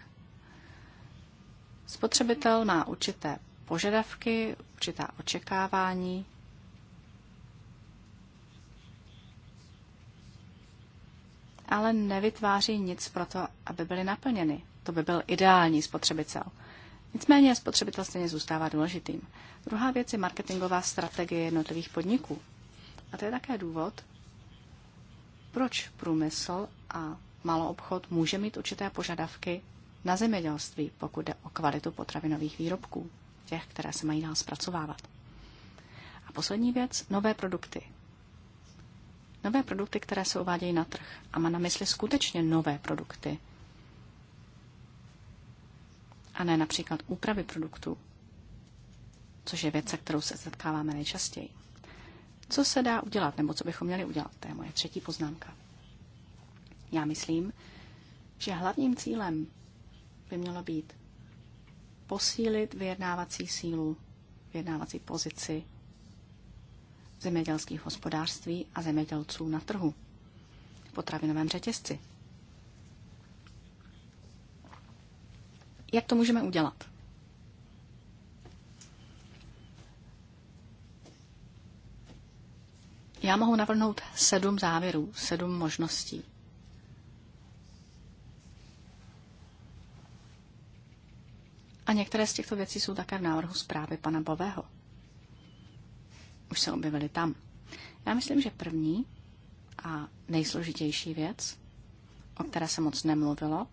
Spotřebitel má určité požadavky, určitá očekávání, ale nevytváří nic pro to, aby byly naplněny. To by byl ideální spotřebitel. Nicméně spotřebitel stejně zůstává důležitým. Druhá věc je marketingová strategie jednotlivých podniků. A to je také důvod, proč průmysl a maloobchod může mít určité požadavky na zemědělství, pokud jde o kvalitu potravinových výrobků, těch, které se mají dál zpracovávat. A poslední věc, nové produkty. Nové produkty, které se uvádějí na trh. A má na mysli skutečně nové produkty. A ne například úpravy produktů, což je věc, se kterou se setkáváme nejčastěji. Co se dá udělat, nebo co bychom měli udělat? To je moje třetí poznámka. Já myslím, že hlavním cílem by mělo být posílit vyjednávací sílu, vyjednávací pozici zemědělských hospodářství a zemědělců na trhu, v potravinovém řetězci. Jak to můžeme udělat? Já mohu navrhnout sedm závěrů, sedm možností. A některé z těchto věcí jsou také v návrhu zprávy pana Bového už se objevily tam. Já myslím, že první a nejsložitější věc, o které se moc nemluvilo,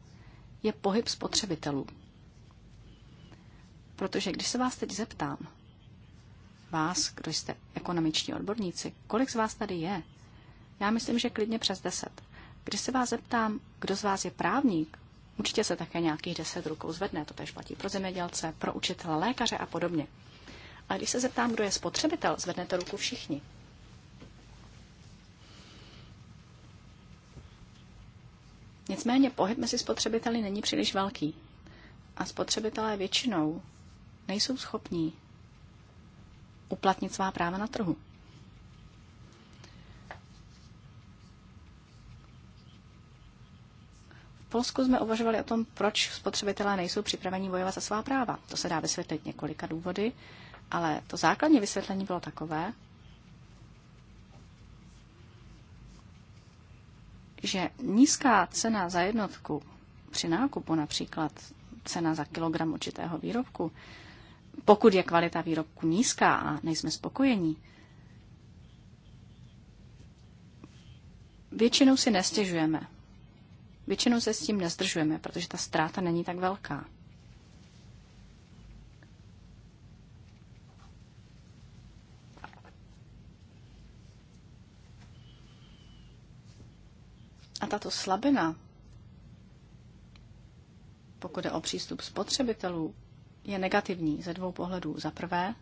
je pohyb spotřebitelů. Protože když se vás teď zeptám, vás, kdo jste ekonomiční odborníci, kolik z vás tady je, já myslím, že klidně přes deset. Když se vás zeptám, kdo z vás je právník, určitě se také nějakých deset rukou zvedne, to tež platí pro zemědělce, pro učitele, lékaře a podobně. A když se zeptám, kdo je spotřebitel, zvednete ruku všichni. Nicméně pohyb mezi spotřebiteli není příliš velký. A spotřebitelé většinou nejsou schopní uplatnit svá práva na trhu. V Polsku jsme uvažovali o tom, proč spotřebitelé nejsou připraveni bojovat za svá práva. To se dá vysvětlit několika důvody, ale to základní vysvětlení bylo takové, že nízká cena za jednotku při nákupu, například cena za kilogram určitého výrobku, pokud je kvalita výrobku nízká a nejsme spokojení, většinou si nestěžujeme. Většinou se s tím nezdržujeme, protože ta ztráta není tak velká. tato slabina, pokud je o přístup spotřebitelů, je negativní ze dvou pohledů. Za prvé,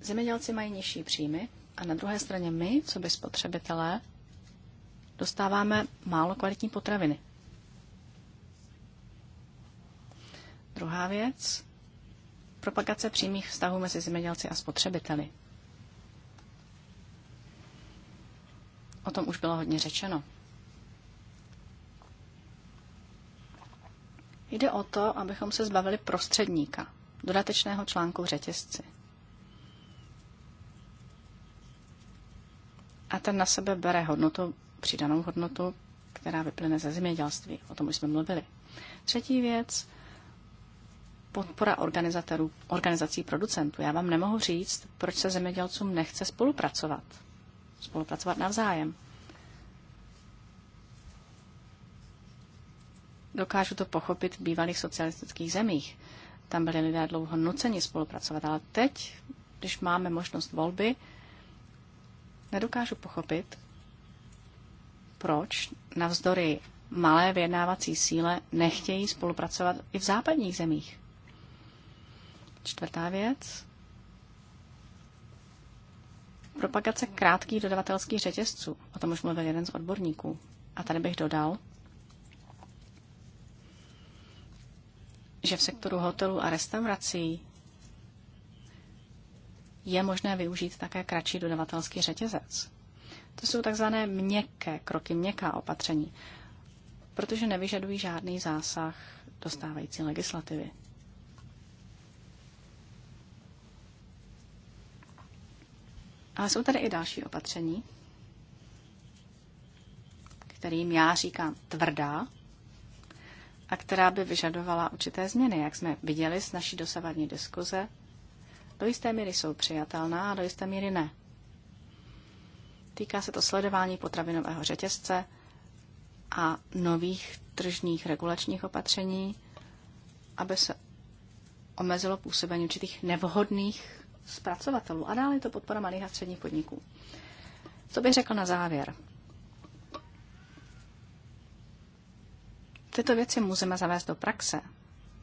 zemědělci mají nižší příjmy a na druhé straně my, co by spotřebitelé, dostáváme málo kvalitní potraviny. Druhá věc, propagace přímých vztahů mezi zemědělci a spotřebiteli. O tom už bylo hodně řečeno. Jde o to, abychom se zbavili prostředníka, dodatečného článku v řetězci. A ten na sebe bere hodnotu, přidanou hodnotu, která vyplyne ze zemědělství. O tom už jsme mluvili. Třetí věc, podpora organizatorů, organizací producentů. Já vám nemohu říct, proč se zemědělcům nechce spolupracovat spolupracovat navzájem. Dokážu to pochopit v bývalých socialistických zemích. Tam byli lidé dlouho nuceni spolupracovat, ale teď, když máme možnost volby, nedokážu pochopit, proč navzdory malé vyjednávací síle nechtějí spolupracovat i v západních zemích. Čtvrtá věc. Propagace krátkých dodavatelských řetězců, o tom už mluvil jeden z odborníků. A tady bych dodal, že v sektoru hotelů a restaurací je možné využít také kratší dodavatelský řetězec. To jsou takzvané měkké kroky, měkká opatření, protože nevyžadují žádný zásah do stávající legislativy. Ale jsou tady i další opatření, kterým já říkám tvrdá, a která by vyžadovala určité změny, jak jsme viděli z naší dosavadní diskuze. Do jisté míry jsou přijatelná a do jisté míry ne. Týká se to sledování potravinového řetězce a nových tržních regulačních opatření, aby se omezilo působení určitých nevhodných zpracovatelů a dále je to podpora malých a středních podniků. Co bych řekl na závěr? Tyto věci můžeme zavést do praxe,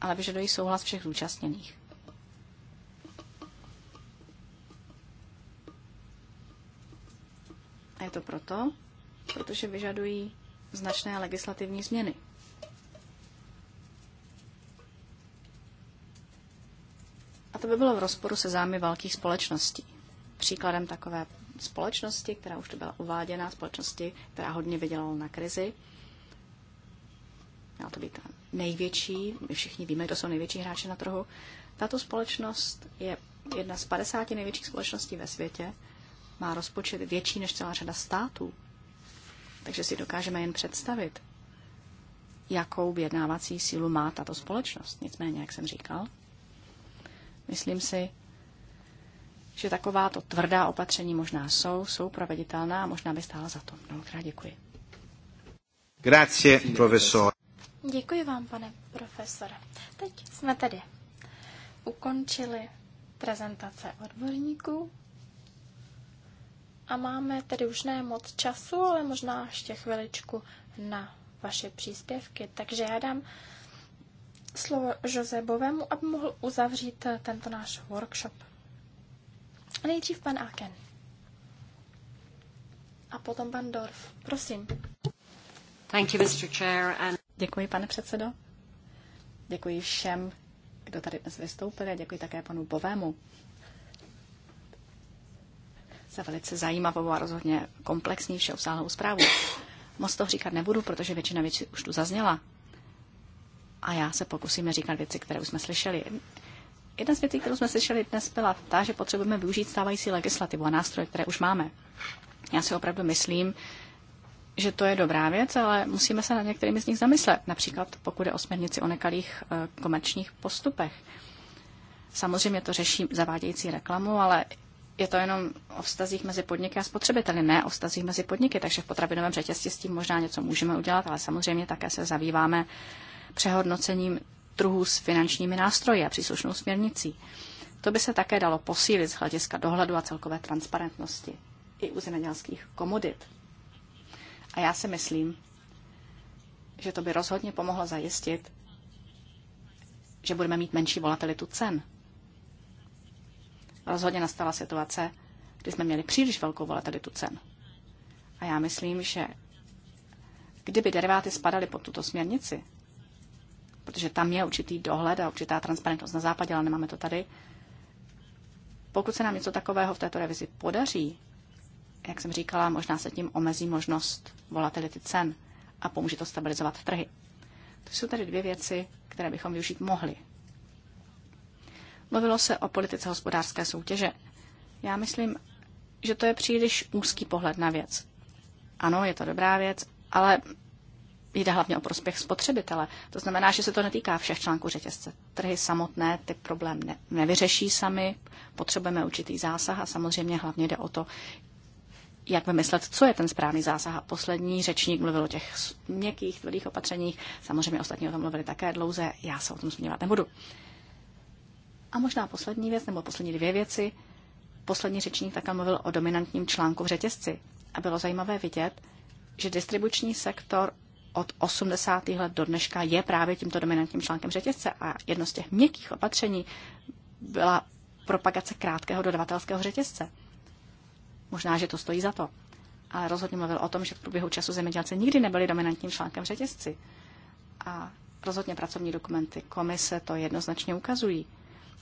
ale vyžadují souhlas všech zúčastněných. A je to proto, protože vyžadují značné legislativní změny. A to by bylo v rozporu se zájmy velkých společností. Příkladem takové společnosti, která už to byla uváděna, společnosti, která hodně vydělala na krizi, měla to být největší, my všichni víme, kdo jsou největší hráči na trhu. Tato společnost je jedna z 50 největších společností ve světě, má rozpočet větší než celá řada států. Takže si dokážeme jen představit, jakou vyjednávací sílu má tato společnost. Nicméně, jak jsem říkal, Myslím si, že takováto tvrdá opatření možná jsou, jsou proveditelná a možná by stála za to. Mnohokrát děkuji. Grazie, profesor. Děkuji vám, pane profesore. Teď jsme tady ukončili prezentace odborníků a máme tedy už ne moc času, ale možná ještě chviličku na vaše příspěvky. Takže já dám slovo Jose Bovému, aby mohl uzavřít eh, tento náš workshop. Nejdřív pan Aken. A potom pan Dorf. Prosím. Thank you, Mr. Chair, and... Děkuji, pane předsedo. Děkuji všem, kdo tady dnes vystoupil a děkuji také panu Bovému za velice zajímavou a rozhodně komplexní všeobsáhlou zprávu. Moc toho říkat nebudu, protože většina věcí už tu zazněla a já se pokusím říkat věci, které už jsme slyšeli. Jedna z věcí, kterou jsme slyšeli dnes, byla ta, že potřebujeme využít stávající legislativu a nástroje, které už máme. Já si opravdu myslím, že to je dobrá věc, ale musíme se na některými z nich zamyslet. Například pokud je o směrnici o nekalých eh, komerčních postupech. Samozřejmě to řeší zavádějící reklamu, ale je to jenom o vztazích mezi podniky a spotřebiteli, ne o vztazích mezi podniky, takže v potravinovém řetězci s tím možná něco můžeme udělat, ale samozřejmě také se zabýváme uh, přehodnocením trhů s finančními nástroji a příslušnou směrnicí. To by se také dalo posílit z hlediska dohledu a celkové transparentnosti i u zemědělských komodit. A já si myslím, že to by rozhodně pomohlo zajistit, že budeme mít menší volatilitu cen. Rozhodně nastala situace, kdy jsme měli příliš velkou volatilitu cen. A já myslím, že kdyby deriváty spadaly pod tuto směrnici, protože tam je určitý dohled a určitá transparentnost na západě, ale nemáme to tady. Pokud se nám něco takového v této revizi podaří, jak jsem říkala, možná se tím omezí možnost volatility cen a pomůže to stabilizovat trhy. To jsou tady dvě věci, které bychom využít mohli. Mluvilo se o politice hospodářské soutěže. Já myslím, že to je příliš úzký pohled na věc. Ano, je to dobrá věc, ale jde hlavně o prospěch spotřebitele. To znamená, že se to netýká všech článků řetězce. Trhy samotné ty problém ne, nevyřeší sami, potřebujeme určitý zásah a samozřejmě hlavně jde o to, jak vymyslet, co je ten správný zásah. A poslední řečník mluvil o těch měkkých, tvrdých opatřeních. Samozřejmě ostatní o tom mluvili také dlouze, já se o tom zmiňovat nebudu. A možná poslední věc, nebo poslední dvě věci. Poslední řečník také mluvil o dominantním článku v řetězci. A bylo zajímavé vidět, že distribuční sektor od 80. let do dneška je právě tímto dominantním článkem řetězce a jedno z těch měkkých opatření byla propagace krátkého dodavatelského řetězce. Možná, že to stojí za to. Ale rozhodně mluvil o tom, že v průběhu času zemědělci nikdy nebyli dominantním článkem řetězci. A rozhodně pracovní dokumenty komise to jednoznačně ukazují.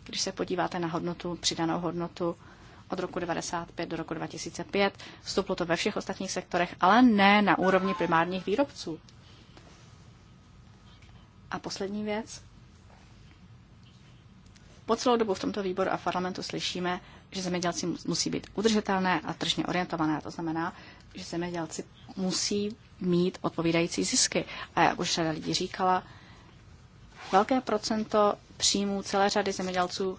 Když se podíváte na hodnotu, přidanou hodnotu od roku 1995 do roku 2005, vstuplo to ve všech ostatních sektorech, ale ne na úrovni primárních výrobců. A poslední věc. Po celou dobu v tomto výboru a v parlamentu slyšíme, že zemědělci musí být udržitelné a tržně orientované. To znamená, že zemědělci musí mít odpovídající zisky. A jak už řada lidí říkala, velké procento příjmů celé řady zemědělců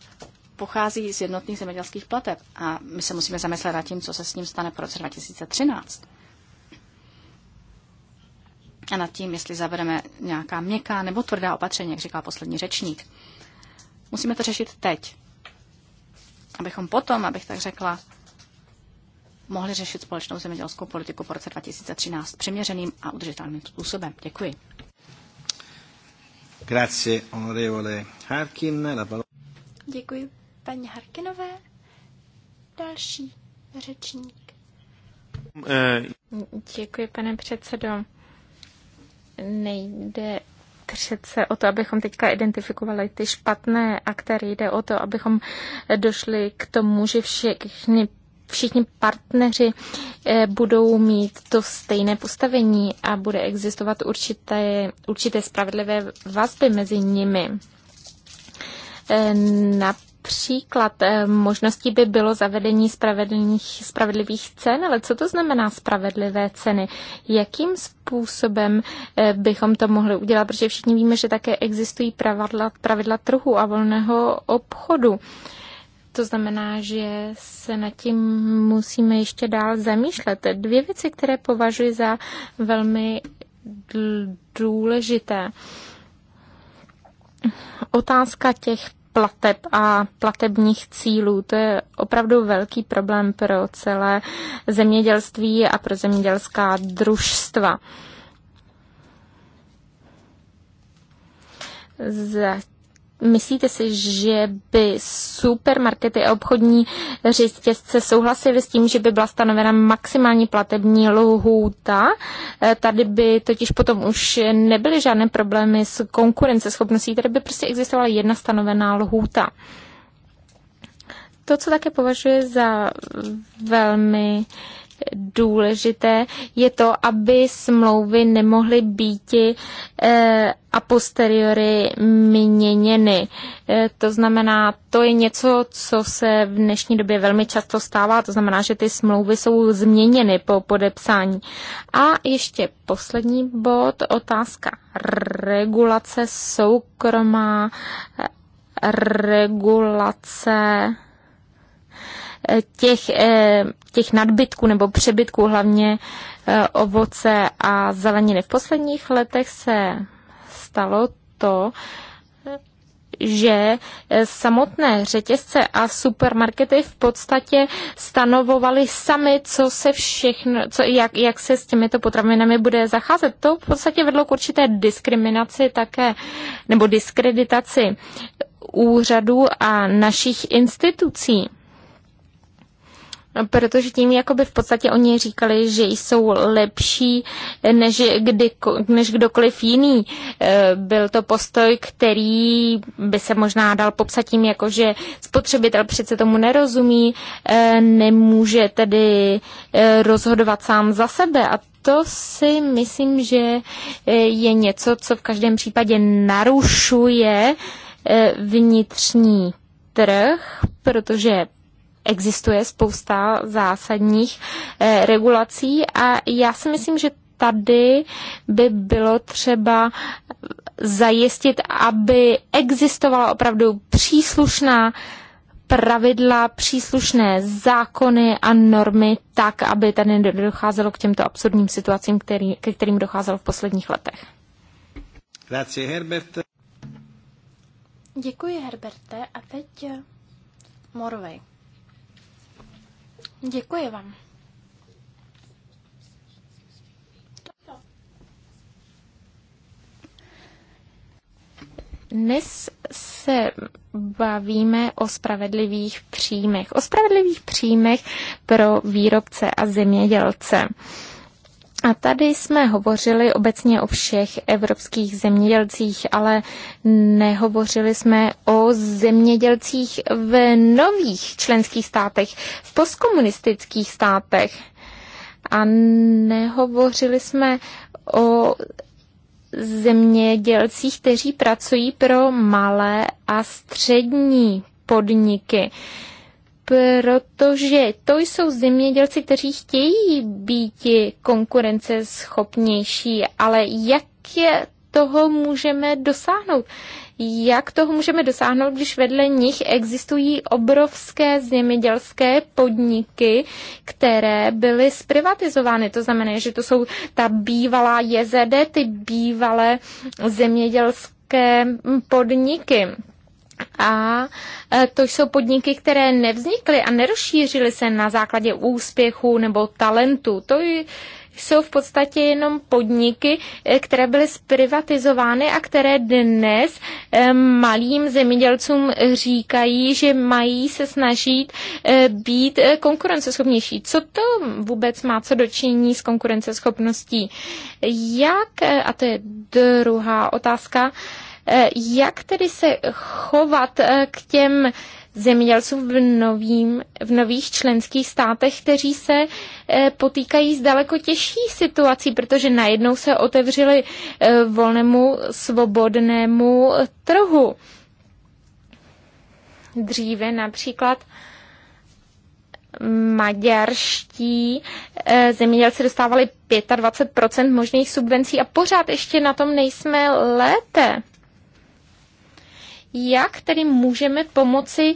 pochází z jednotných zemědělských plateb a my se musíme zamyslet nad tím, co se s ním stane po roce 2013 a nad tím, jestli zavedeme nějaká měkká nebo tvrdá opatření, jak říká poslední řečník. Musíme to řešit teď, abychom potom, abych tak řekla, mohli řešit společnou zemědělskou politiku po roce 2013 přiměřeným a udržitelným způsobem. Děkuji. Grazie, onorevole Harkin. La palo- Děkuji paní Harkinové. Další řečník. Eh. Děkuji, pane předsedo nejde přece o to, abychom teďka identifikovali ty špatné aktéry, jde o to, abychom došli k tomu, že všichni všichni partneři eh, budou mít to stejné postavení a bude existovat určité, určité spravedlivé vazby mezi nimi. Eh, na Příklad eh, možností by bylo zavedení spravedlivých, spravedlivých cen, ale co to znamená spravedlivé ceny? Jakým způsobem eh, bychom to mohli udělat? Protože všichni víme, že také existují pravidla, pravidla trhu a volného obchodu. To znamená, že se nad tím musíme ještě dál zamýšlet. Dvě věci, které považuji za velmi důležité. Otázka těch plateb a platebních cílů. To je opravdu velký problém pro celé zemědělství a pro zemědělská družstva. Myslíte si, že by supermarkety a obchodní řetězce souhlasily s tím, že by byla stanovena maximální platební lhůta? E, tady by totiž potom už nebyly žádné problémy s konkurenceschopností, tady by prostě existovala jedna stanovená lhůta. To, co také považuji za velmi uh, důležité, je to, aby smlouvy nemohly být eh, a posteriori měněny. Eh, to znamená, to je něco, co se v dnešní době velmi často stává, to znamená, že ty smlouvy jsou změněny po podepsání. A ještě poslední bod, otázka regulace soukromá, eh, regulace Eh, těch, eh, těch nadbytků nebo přebytků, hlavně eh, ovoce a zeleniny. V posledních letech se stalo to, že samotné řetězce a supermarkety v podstatě stanovovaly sami, co se všechno, co, jak, jak se s těmito potravinami bude zacházet. To v podstatě vedlo k určité diskriminaci také, nebo diskreditaci úřadů a našich institucí. Protože tím jakoby v podstatě oni říkali, že jsou lepší než, kdy, než kdokoliv jiný. E, byl to postoj, který by se možná dal popsat tím, jako že spotřebitel přece tomu nerozumí, e, nemůže tedy e, rozhodovat sám za sebe a to si myslím, že je něco, co v každém případě narušuje vnitřní trh, protože existuje spousta zásadních eh, regulací a já si myslím, že tady by bylo třeba zajistit, aby existovala opravdu příslušná pravidla, příslušné zákony a normy tak, aby tady nedocházelo k těmto absurdním situacím, který, ke kterým docházelo v posledních letech. Grazie, Herbert. Děkuji, Herberte. A teď Morvej. Děkuji vám. Dnes se bavíme o spravedlivých příjmech. O spravedlivých příjmech pro výrobce a zemědělce. A tady jsme hovořili obecně o všech evropských zemědělcích, ale nehovořili jsme o zemědělcích v nových členských státech, v postkomunistických státech. A nehovořili jsme o zemědělcích, kteří pracují pro malé a střední podniky. Uh, protože to jsou zemědělci, kteří chtějí být konkurenceschopnější, ale jak je toho můžeme dosáhnout? Jak toho můžeme dosáhnout, když vedle nich existují obrovské zemědělské podniky, které byly zprivatizovány? To znamená, že to jsou ta bývalá JZD, ty bývalé zemědělské podniky. A e, to jsou podniky, které nevznikly a nerozšířily se na základě úspěchu nebo talentu. To je jsou v podstatě jenom podniky, e, které byly zprivatizovány a které dnes e, malým zemědělcům říkají, že mají se snažit být konkurenceschopnější. Co to vůbec má co dočinění s konkurenceschopností? Jak, a to je druhá otázka, Eh, jak tedy se chovat eh, k těm zemědělcům v, novým, v nových členských státech, kteří se eh, potýkají s daleko těžší situací, protože najednou se otevřeli volnému svobodnému trhu. Dříve například maďarští zemědělci dostávali 25 možných subvencí a pořád ještě na tom nejsme lépe jak tedy můžeme pomoci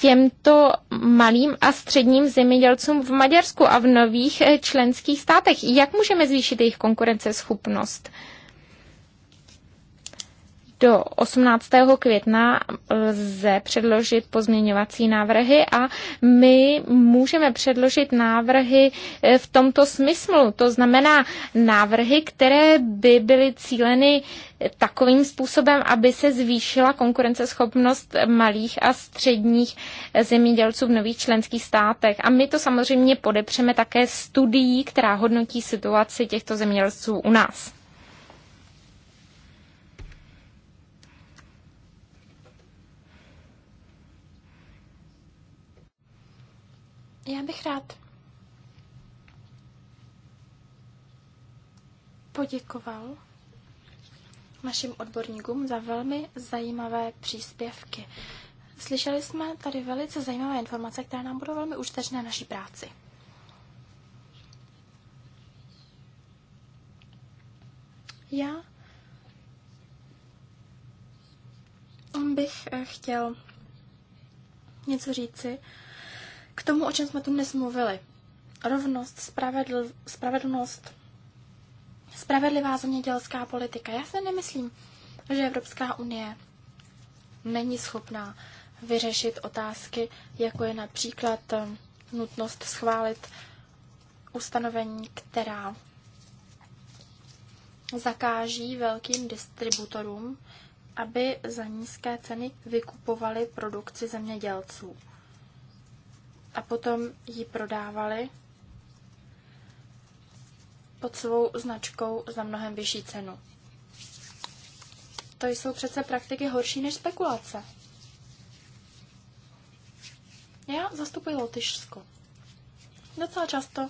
těmto malým a středním zemědělcům v Maďarsku a v nových eh, členských státech? Jak můžeme zvýšit jejich konkurenceschopnost? do 18. května lze předložit pozměňovací návrhy a my můžeme předložit návrhy v tomto smyslu. To znamená návrhy, které by byly cíleny takovým způsobem, aby se zvýšila konkurenceschopnost malých a středních zemědělců v nových členských státech. A my to samozřejmě podepřeme také studií, která hodnotí situaci těchto zemědělců u nás. Já bych rád poděkoval našim odborníkům za velmi zajímavé příspěvky. Slyšeli jsme tady velice zajímavé informace, které nám budou velmi užitečné naší práci. Já bych eh, chtěl něco říci k tomu, o čem jsme tu dnes mluvili. Rovnost, spravedl, spravedlnost, spravedlivá zemědělská politika. Já si nemyslím, že Evropská unie není schopná vyřešit otázky, jako je například eh, nutnost schválit ustanovení, která zakáží velkým distributorům, aby za nízké ceny vykupovali produkci zemědělců a potom ji prodávali pod svou značkou za mnohem vyšší cenu. To jsou přece praktiky horší než spekulace. Já zastupuji Lotyšsko. Docela často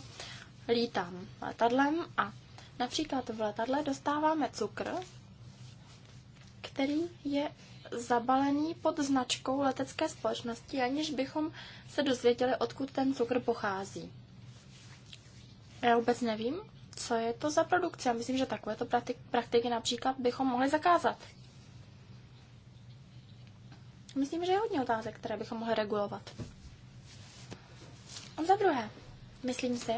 lítám letadlem a například v letadle dostáváme cukr, který je zabalený pod značkou letecké společnosti, aniž bychom se dozvěděli, odkud ten cukr pochází. Já vůbec nevím, co je to za produkce. Já myslím, že takovéto praktiky například bychom mohli zakázat. Myslím, že je hodně otázek, které bychom mohli regulovat. A za druhé, myslím si,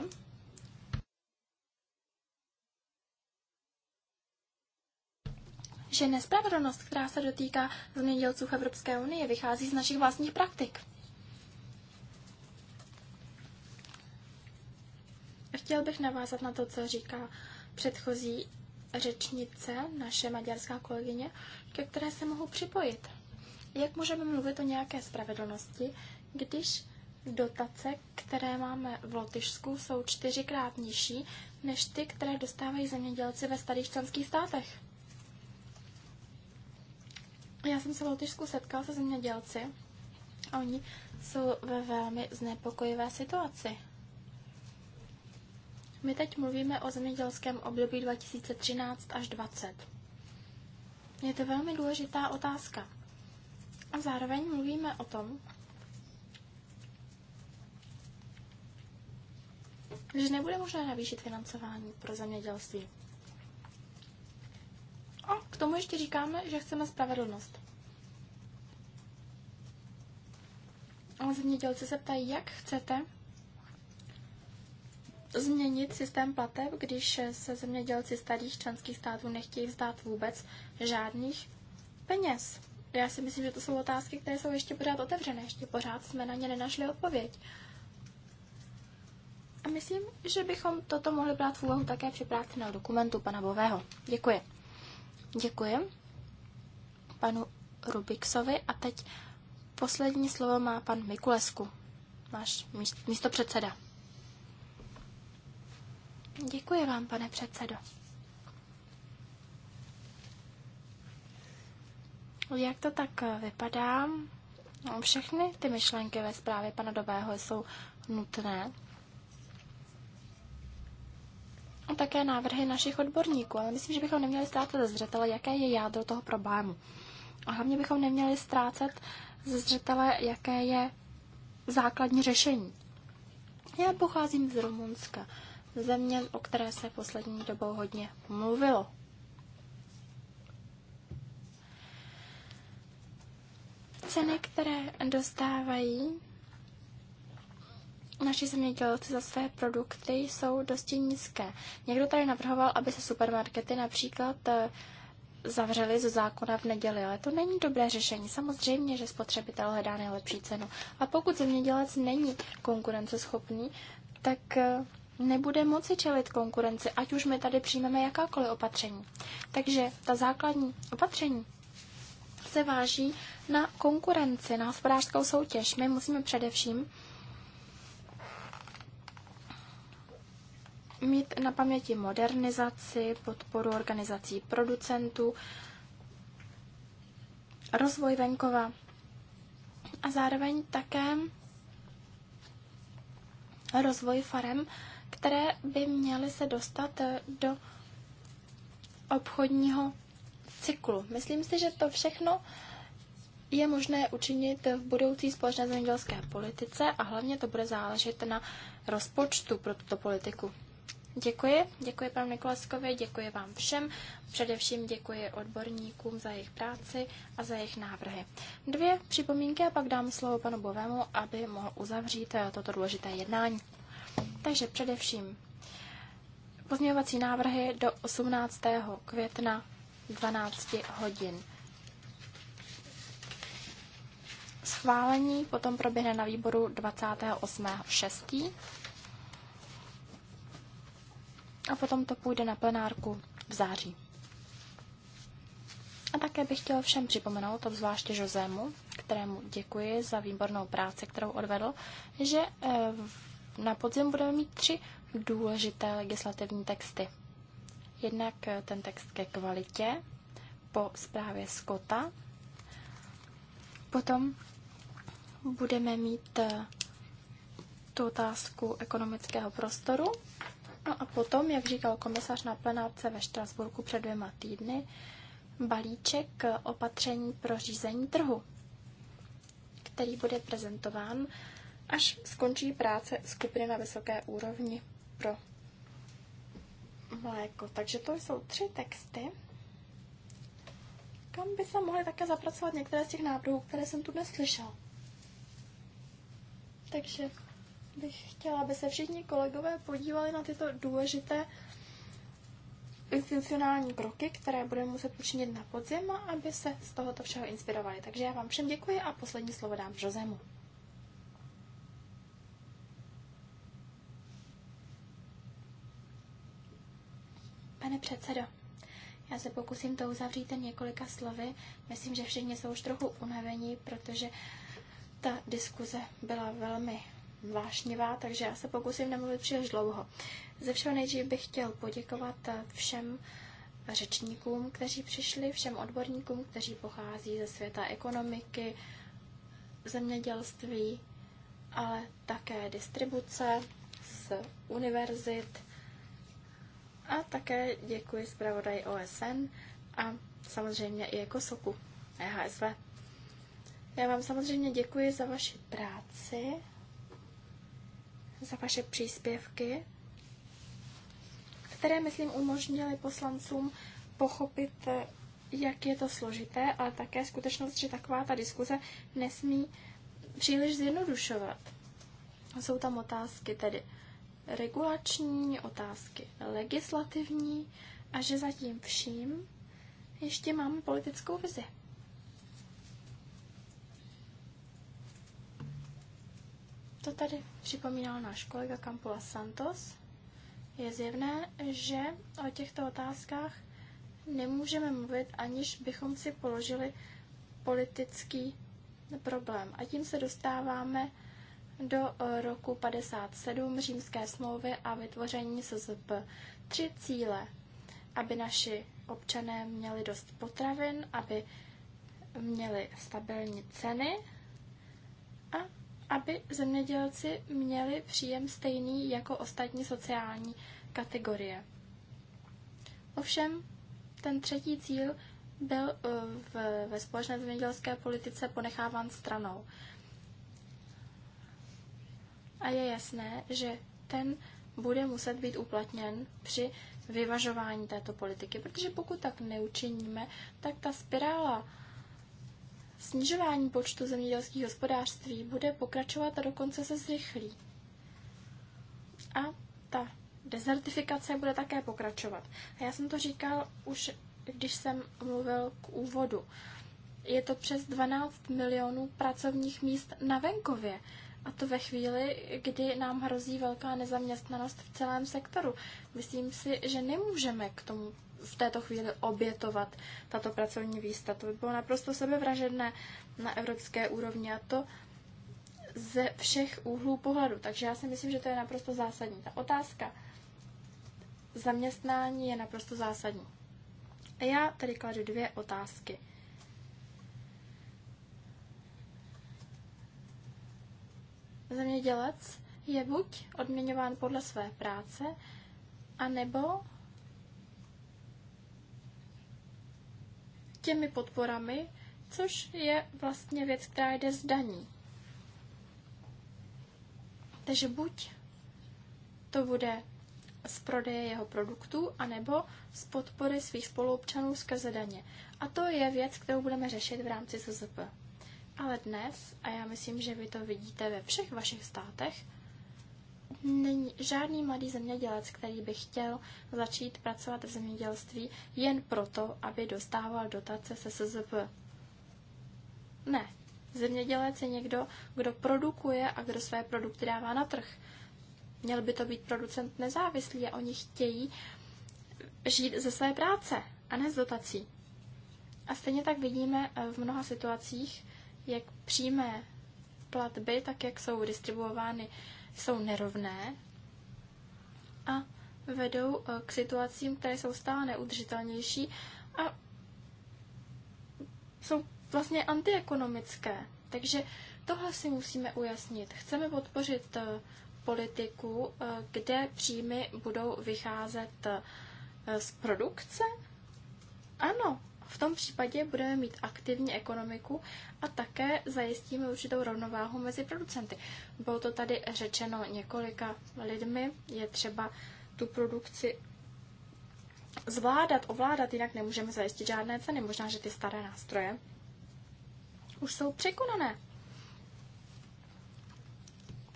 že nespravedlnost, která se dotýká zemědělců v Evropské unie, vychází z našich vlastních praktik. Chtěl bych navázat na to, co říká předchozí řečnice, naše maďarská kolegyně, ke které se mohu připojit. Jak můžeme mluvit o nějaké spravedlnosti, když dotace, které máme v Lotyšsku, jsou čtyřikrát nižší než ty, které dostávají zemědělci ve starých členských státech? Já jsem se v Lotyšsku setkal se zemědělci a oni jsou ve velmi znepokojivé situaci. My teď mluvíme o zemědělském období 2013 až 2020. Je to velmi důležitá otázka. A zároveň mluvíme o tom, že nebude možné navýšit financování pro zemědělství. A k tomu ještě říkáme, že chceme spravedlnost. A zemědělci se ptají, jak chcete změnit systém plateb, když se zemědělci starých členských států nechtějí vzdát vůbec žádných peněz. Já si myslím, že to jsou otázky, které jsou ještě pořád otevřené, ještě pořád jsme na ně nenašli odpověď. A myslím, že bychom toto mohli brát v úvahu také při práci na dokumentu pana Bového. Děkuji. Děkuji panu Rubiksovi a teď poslední slovo má pan Mikulesku, náš místo předseda. Děkuji vám, pane předsedo. Jak to tak vypadá? Všechny ty myšlenky ve zprávě pana Dobého jsou nutné a také návrhy našich odborníků, ale myslím, že bychom neměli ztrácet ze zřetele, jaké je jádro toho problému. A hlavně bychom neměli ztrácet ze zřetele, jaké je základní řešení. Já pocházím z Rumunska, země, o které se poslední dobou hodně mluvilo. Ceny, které dostávají naši zemědělci za své produkty jsou dosti nízké. Někdo tady navrhoval, aby se supermarkety například eh, zavřeli ze zákona v neděli, ale to není dobré řešení. Samozřejmě, že spotřebitel hledá nejlepší cenu. A pokud zemědělec není konkurenceschopný, tak eh, nebude moci čelit konkurenci, ať už my tady přijmeme jakákoliv opatření. Takže ta základní opatření se váží na konkurenci, na hospodářskou soutěž. My musíme především mít na paměti modernizaci, podporu organizací producentů, rozvoj venkova a zároveň také rozvoj farem, které by měly se dostat eh, do obchodního cyklu. Myslím si, že to všechno je možné učinit v budoucí společné zemědělské politice a hlavně to bude záležet na rozpočtu pro tuto politiku. Děkuji, děkuji panu Nikolaskovi, děkuji vám všem, především děkuji odborníkům za jejich práci a za jejich návrhy. Dvě připomínky a pak dám slovo panu Bovému, aby mohl uzavřít eh, toto důležité jednání. Takže především pozměňovací návrhy do 18. května 12 hodin. Schválení potom proběhne na výboru 28.6 a potom to půjde na plenárku v září. A také bych chtěla všem připomenout, obzvláště Josému, kterému děkuji za výbornou práci, kterou odvedl, že eh, na podzim budeme mít tři důležité legislativní texty. Jednak eh, ten text ke kvalitě po zprávě Skota. Potom budeme mít eh, tu otázku ekonomického prostoru No a potom, jak říkal komisař na plenárce ve Štrasburku před dvěma týdny, balíček opatření pro řízení trhu, který bude prezentován, až skončí práce skupiny na vysoké úrovni pro mléko. Takže to jsou tři texty, kam by se mohly také zapracovat některé z těch návrhů, které jsem tu dnes slyšel. Takže bych chtěla, aby se všichni kolegové podívali na tyto důležité institucionální kroky, které budeme muset učinit na podzim, aby se z tohoto všeho inspirovali. Takže já vám všem děkuji a poslední slovo dám Josemu. Pane předsedo, já se pokusím to uzavřít ten několika slovy. Myslím, že všichni jsou už trochu unavení, protože ta diskuze byla velmi vášnivá, takže já se pokusím nemluvit příliš dlouho. Ze všeho nejdřív bych chtěl poděkovat všem řečníkům, kteří přišli, všem odborníkům, kteří pochází ze světa ekonomiky, zemědělství, ale také distribuce z univerzit. A také děkuji zpravodaj OSN a samozřejmě i jako soku EHSV. Já vám samozřejmě děkuji za vaši práci za vaše příspěvky, které, myslím, umožnily poslancům pochopit, eh, jak je to složité, ale také skutečnost, že taková ta diskuze nesmí příliš zjednodušovat. Jsou tam otázky tedy regulační, otázky legislativní a že zatím vším ještě máme politickou vizi. To tady připomínal náš kolega Campula Santos. Je zjevné, že o těchto otázkách nemůžeme mluvit, aniž bychom si položili politický problém. A tím se dostáváme do roku 57 římské smlouvy a vytvoření SZP. Tři cíle, aby naši občané měli dost potravin, aby měli stabilní ceny aby zemědělci měli příjem stejný jako ostatní sociální kategorie. Ovšem, ten třetí cíl byl eh, v, ve společné zemědělské politice ponecháván stranou. A je jasné, že ten bude muset být uplatněn při vyvažování této politiky, protože pokud tak neučiníme, tak ta spirála Snižování počtu zemědělských hospodářství bude pokračovat a dokonce se zrychlí. A ta dezertifikace bude také pokračovat. A já jsem to říkal už, když jsem mluvil k úvodu. Je to přes 12 milionů pracovních míst na venkově. A to ve chvíli, kdy nám hrozí velká nezaměstnanost v celém sektoru. Myslím si, že nemůžeme k tomu v této chvíli obětovat tato pracovní výsta. To by bylo naprosto sebevražedné na evropské úrovni a to ze všech úhlů pohledu. Takže já si myslím, že to je naprosto zásadní. Ta otázka zaměstnání je naprosto zásadní. A já tady kladu dvě otázky. Zemědělec je buď odměňován podle své práce, anebo těmi podporami, což je vlastně věc, která jde z daní. Takže buď to bude z prodeje jeho produktů, anebo z podpory svých spoluobčanů skrze daně. A to je věc, kterou budeme řešit v rámci SZP. Ale dnes, a já myslím, že vy to vidíte ve všech vašich státech, není žádný mladý zemědělec, který by chtěl začít pracovat v zemědělství jen proto, aby dostával dotace se SZP. Ne. Zemědělec je někdo, kdo produkuje a kdo své produkty dává na trh. Měl by to být producent nezávislý a oni chtějí žít ze své práce a ne z dotací. A stejně tak vidíme v mnoha situacích, jak přímé platby, tak jak jsou distribuovány, jsou nerovné a vedou eh, k situacím, které jsou stále neudržitelnější a jsou vlastně antiekonomické. Takže tohle si musíme ujasnit. Chceme podpořit eh, politiku, eh, kde příjmy budou vycházet z produkce? Ano, v tom případě budeme mít aktivní ekonomiku a také zajistíme určitou rovnováhu mezi producenty. Bylo to tady řečeno několika lidmi, je třeba tu produkci zvládat, ovládat, jinak nemůžeme zajistit žádné ceny. Možná, že ty staré nástroje už jsou překonané.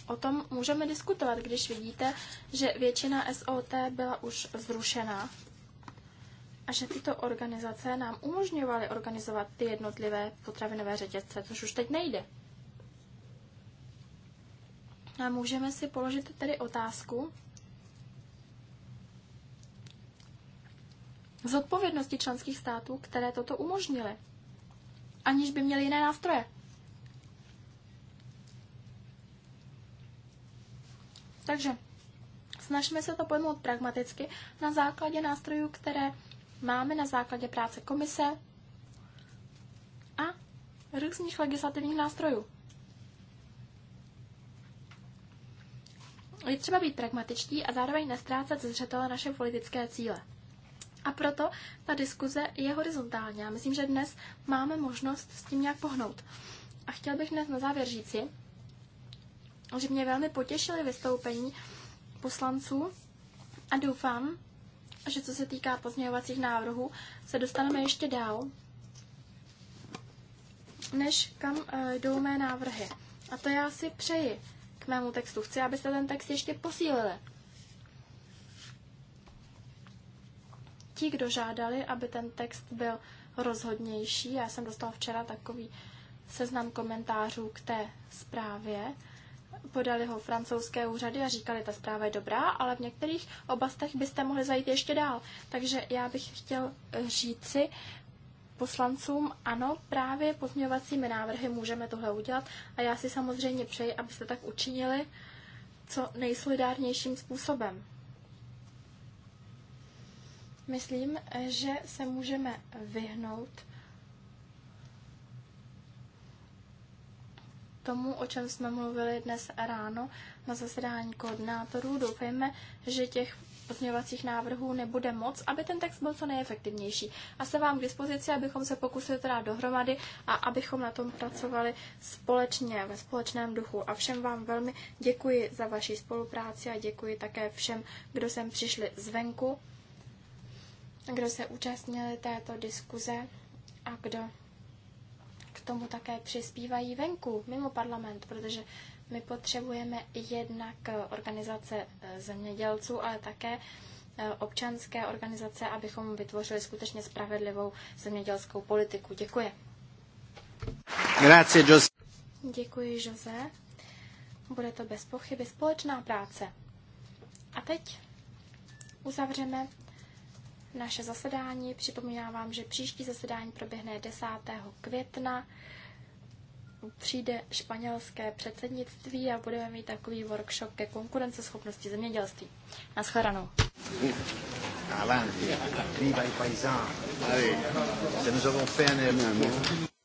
O tom můžeme diskutovat, když vidíte, že většina SOT byla už zrušena a že tyto organizace nám umožňovaly organizovat ty jednotlivé potravinové řetězce, což už teď nejde. A můžeme si položit tedy otázku z odpovědnosti členských států, které toto umožnily, aniž by měly jiné nástroje. Takže snažíme se to pojmout pragmaticky na základě nástrojů, které máme na základě práce komise a různých legislativních nástrojů. Je třeba být pragmatičtí a zároveň nestrácet ze zřetele naše politické cíle. A proto ta diskuze je horizontální. Já myslím, že dnes máme možnost s tím nějak pohnout. A chtěl bych dnes na závěr říci, že mě velmi potěšily vystoupení poslanců a doufám, že co se týká pozměňovacích návrhů, se dostaneme ještě dál, než kam eh, jdou mé návrhy. A to já si přeji k mému textu. Chci, abyste ten text ještě posílili. Ti, kdo žádali, aby ten text byl rozhodnější, já jsem dostal včera takový seznam komentářů k té zprávě, podali ho francouzské úřady a říkali, ta zpráva je dobrá, ale v některých oblastech byste mohli zajít ještě dál. Takže já bych chtěl eh, říci poslancům, ano, právě pozměňovacími návrhy můžeme tohle udělat a já si samozřejmě přeji, abyste tak učinili co nejsolidárnějším způsobem. Myslím, eh, že se můžeme vyhnout tomu, o čem jsme mluvili dnes ráno na zasedání koordinátorů. Doufejme, že těch pozměňovacích návrhů nebude moc, aby ten text byl co nejefektivnější. A se vám k dispozici, abychom se pokusili teda dohromady a abychom na tom pracovali společně, ve společném duchu. A všem vám velmi děkuji za vaši spolupráci a děkuji také všem, kdo sem přišli zvenku, kdo se účastnili této diskuze a kdo tomu také přispívají venku, mimo parlament, protože my potřebujeme jednak eh, organizace eh, zemědělců, ale také eh, občanské organizace, abychom vytvořili skutečně spravedlivou zemědělskou politiku. Děkuji. Grazie, Jose. Děkuji, Jose. Bude to bez pochyby společná práce. A teď uzavřeme naše zasedání. Připomínám vám, že příští zasedání proběhne 10. května. Přijde španělské předsednictví a budeme mít takový workshop ke konkurenceschopnosti zemědělství. Naschledanou. Avanti, viva i paesani. se nous avons fait un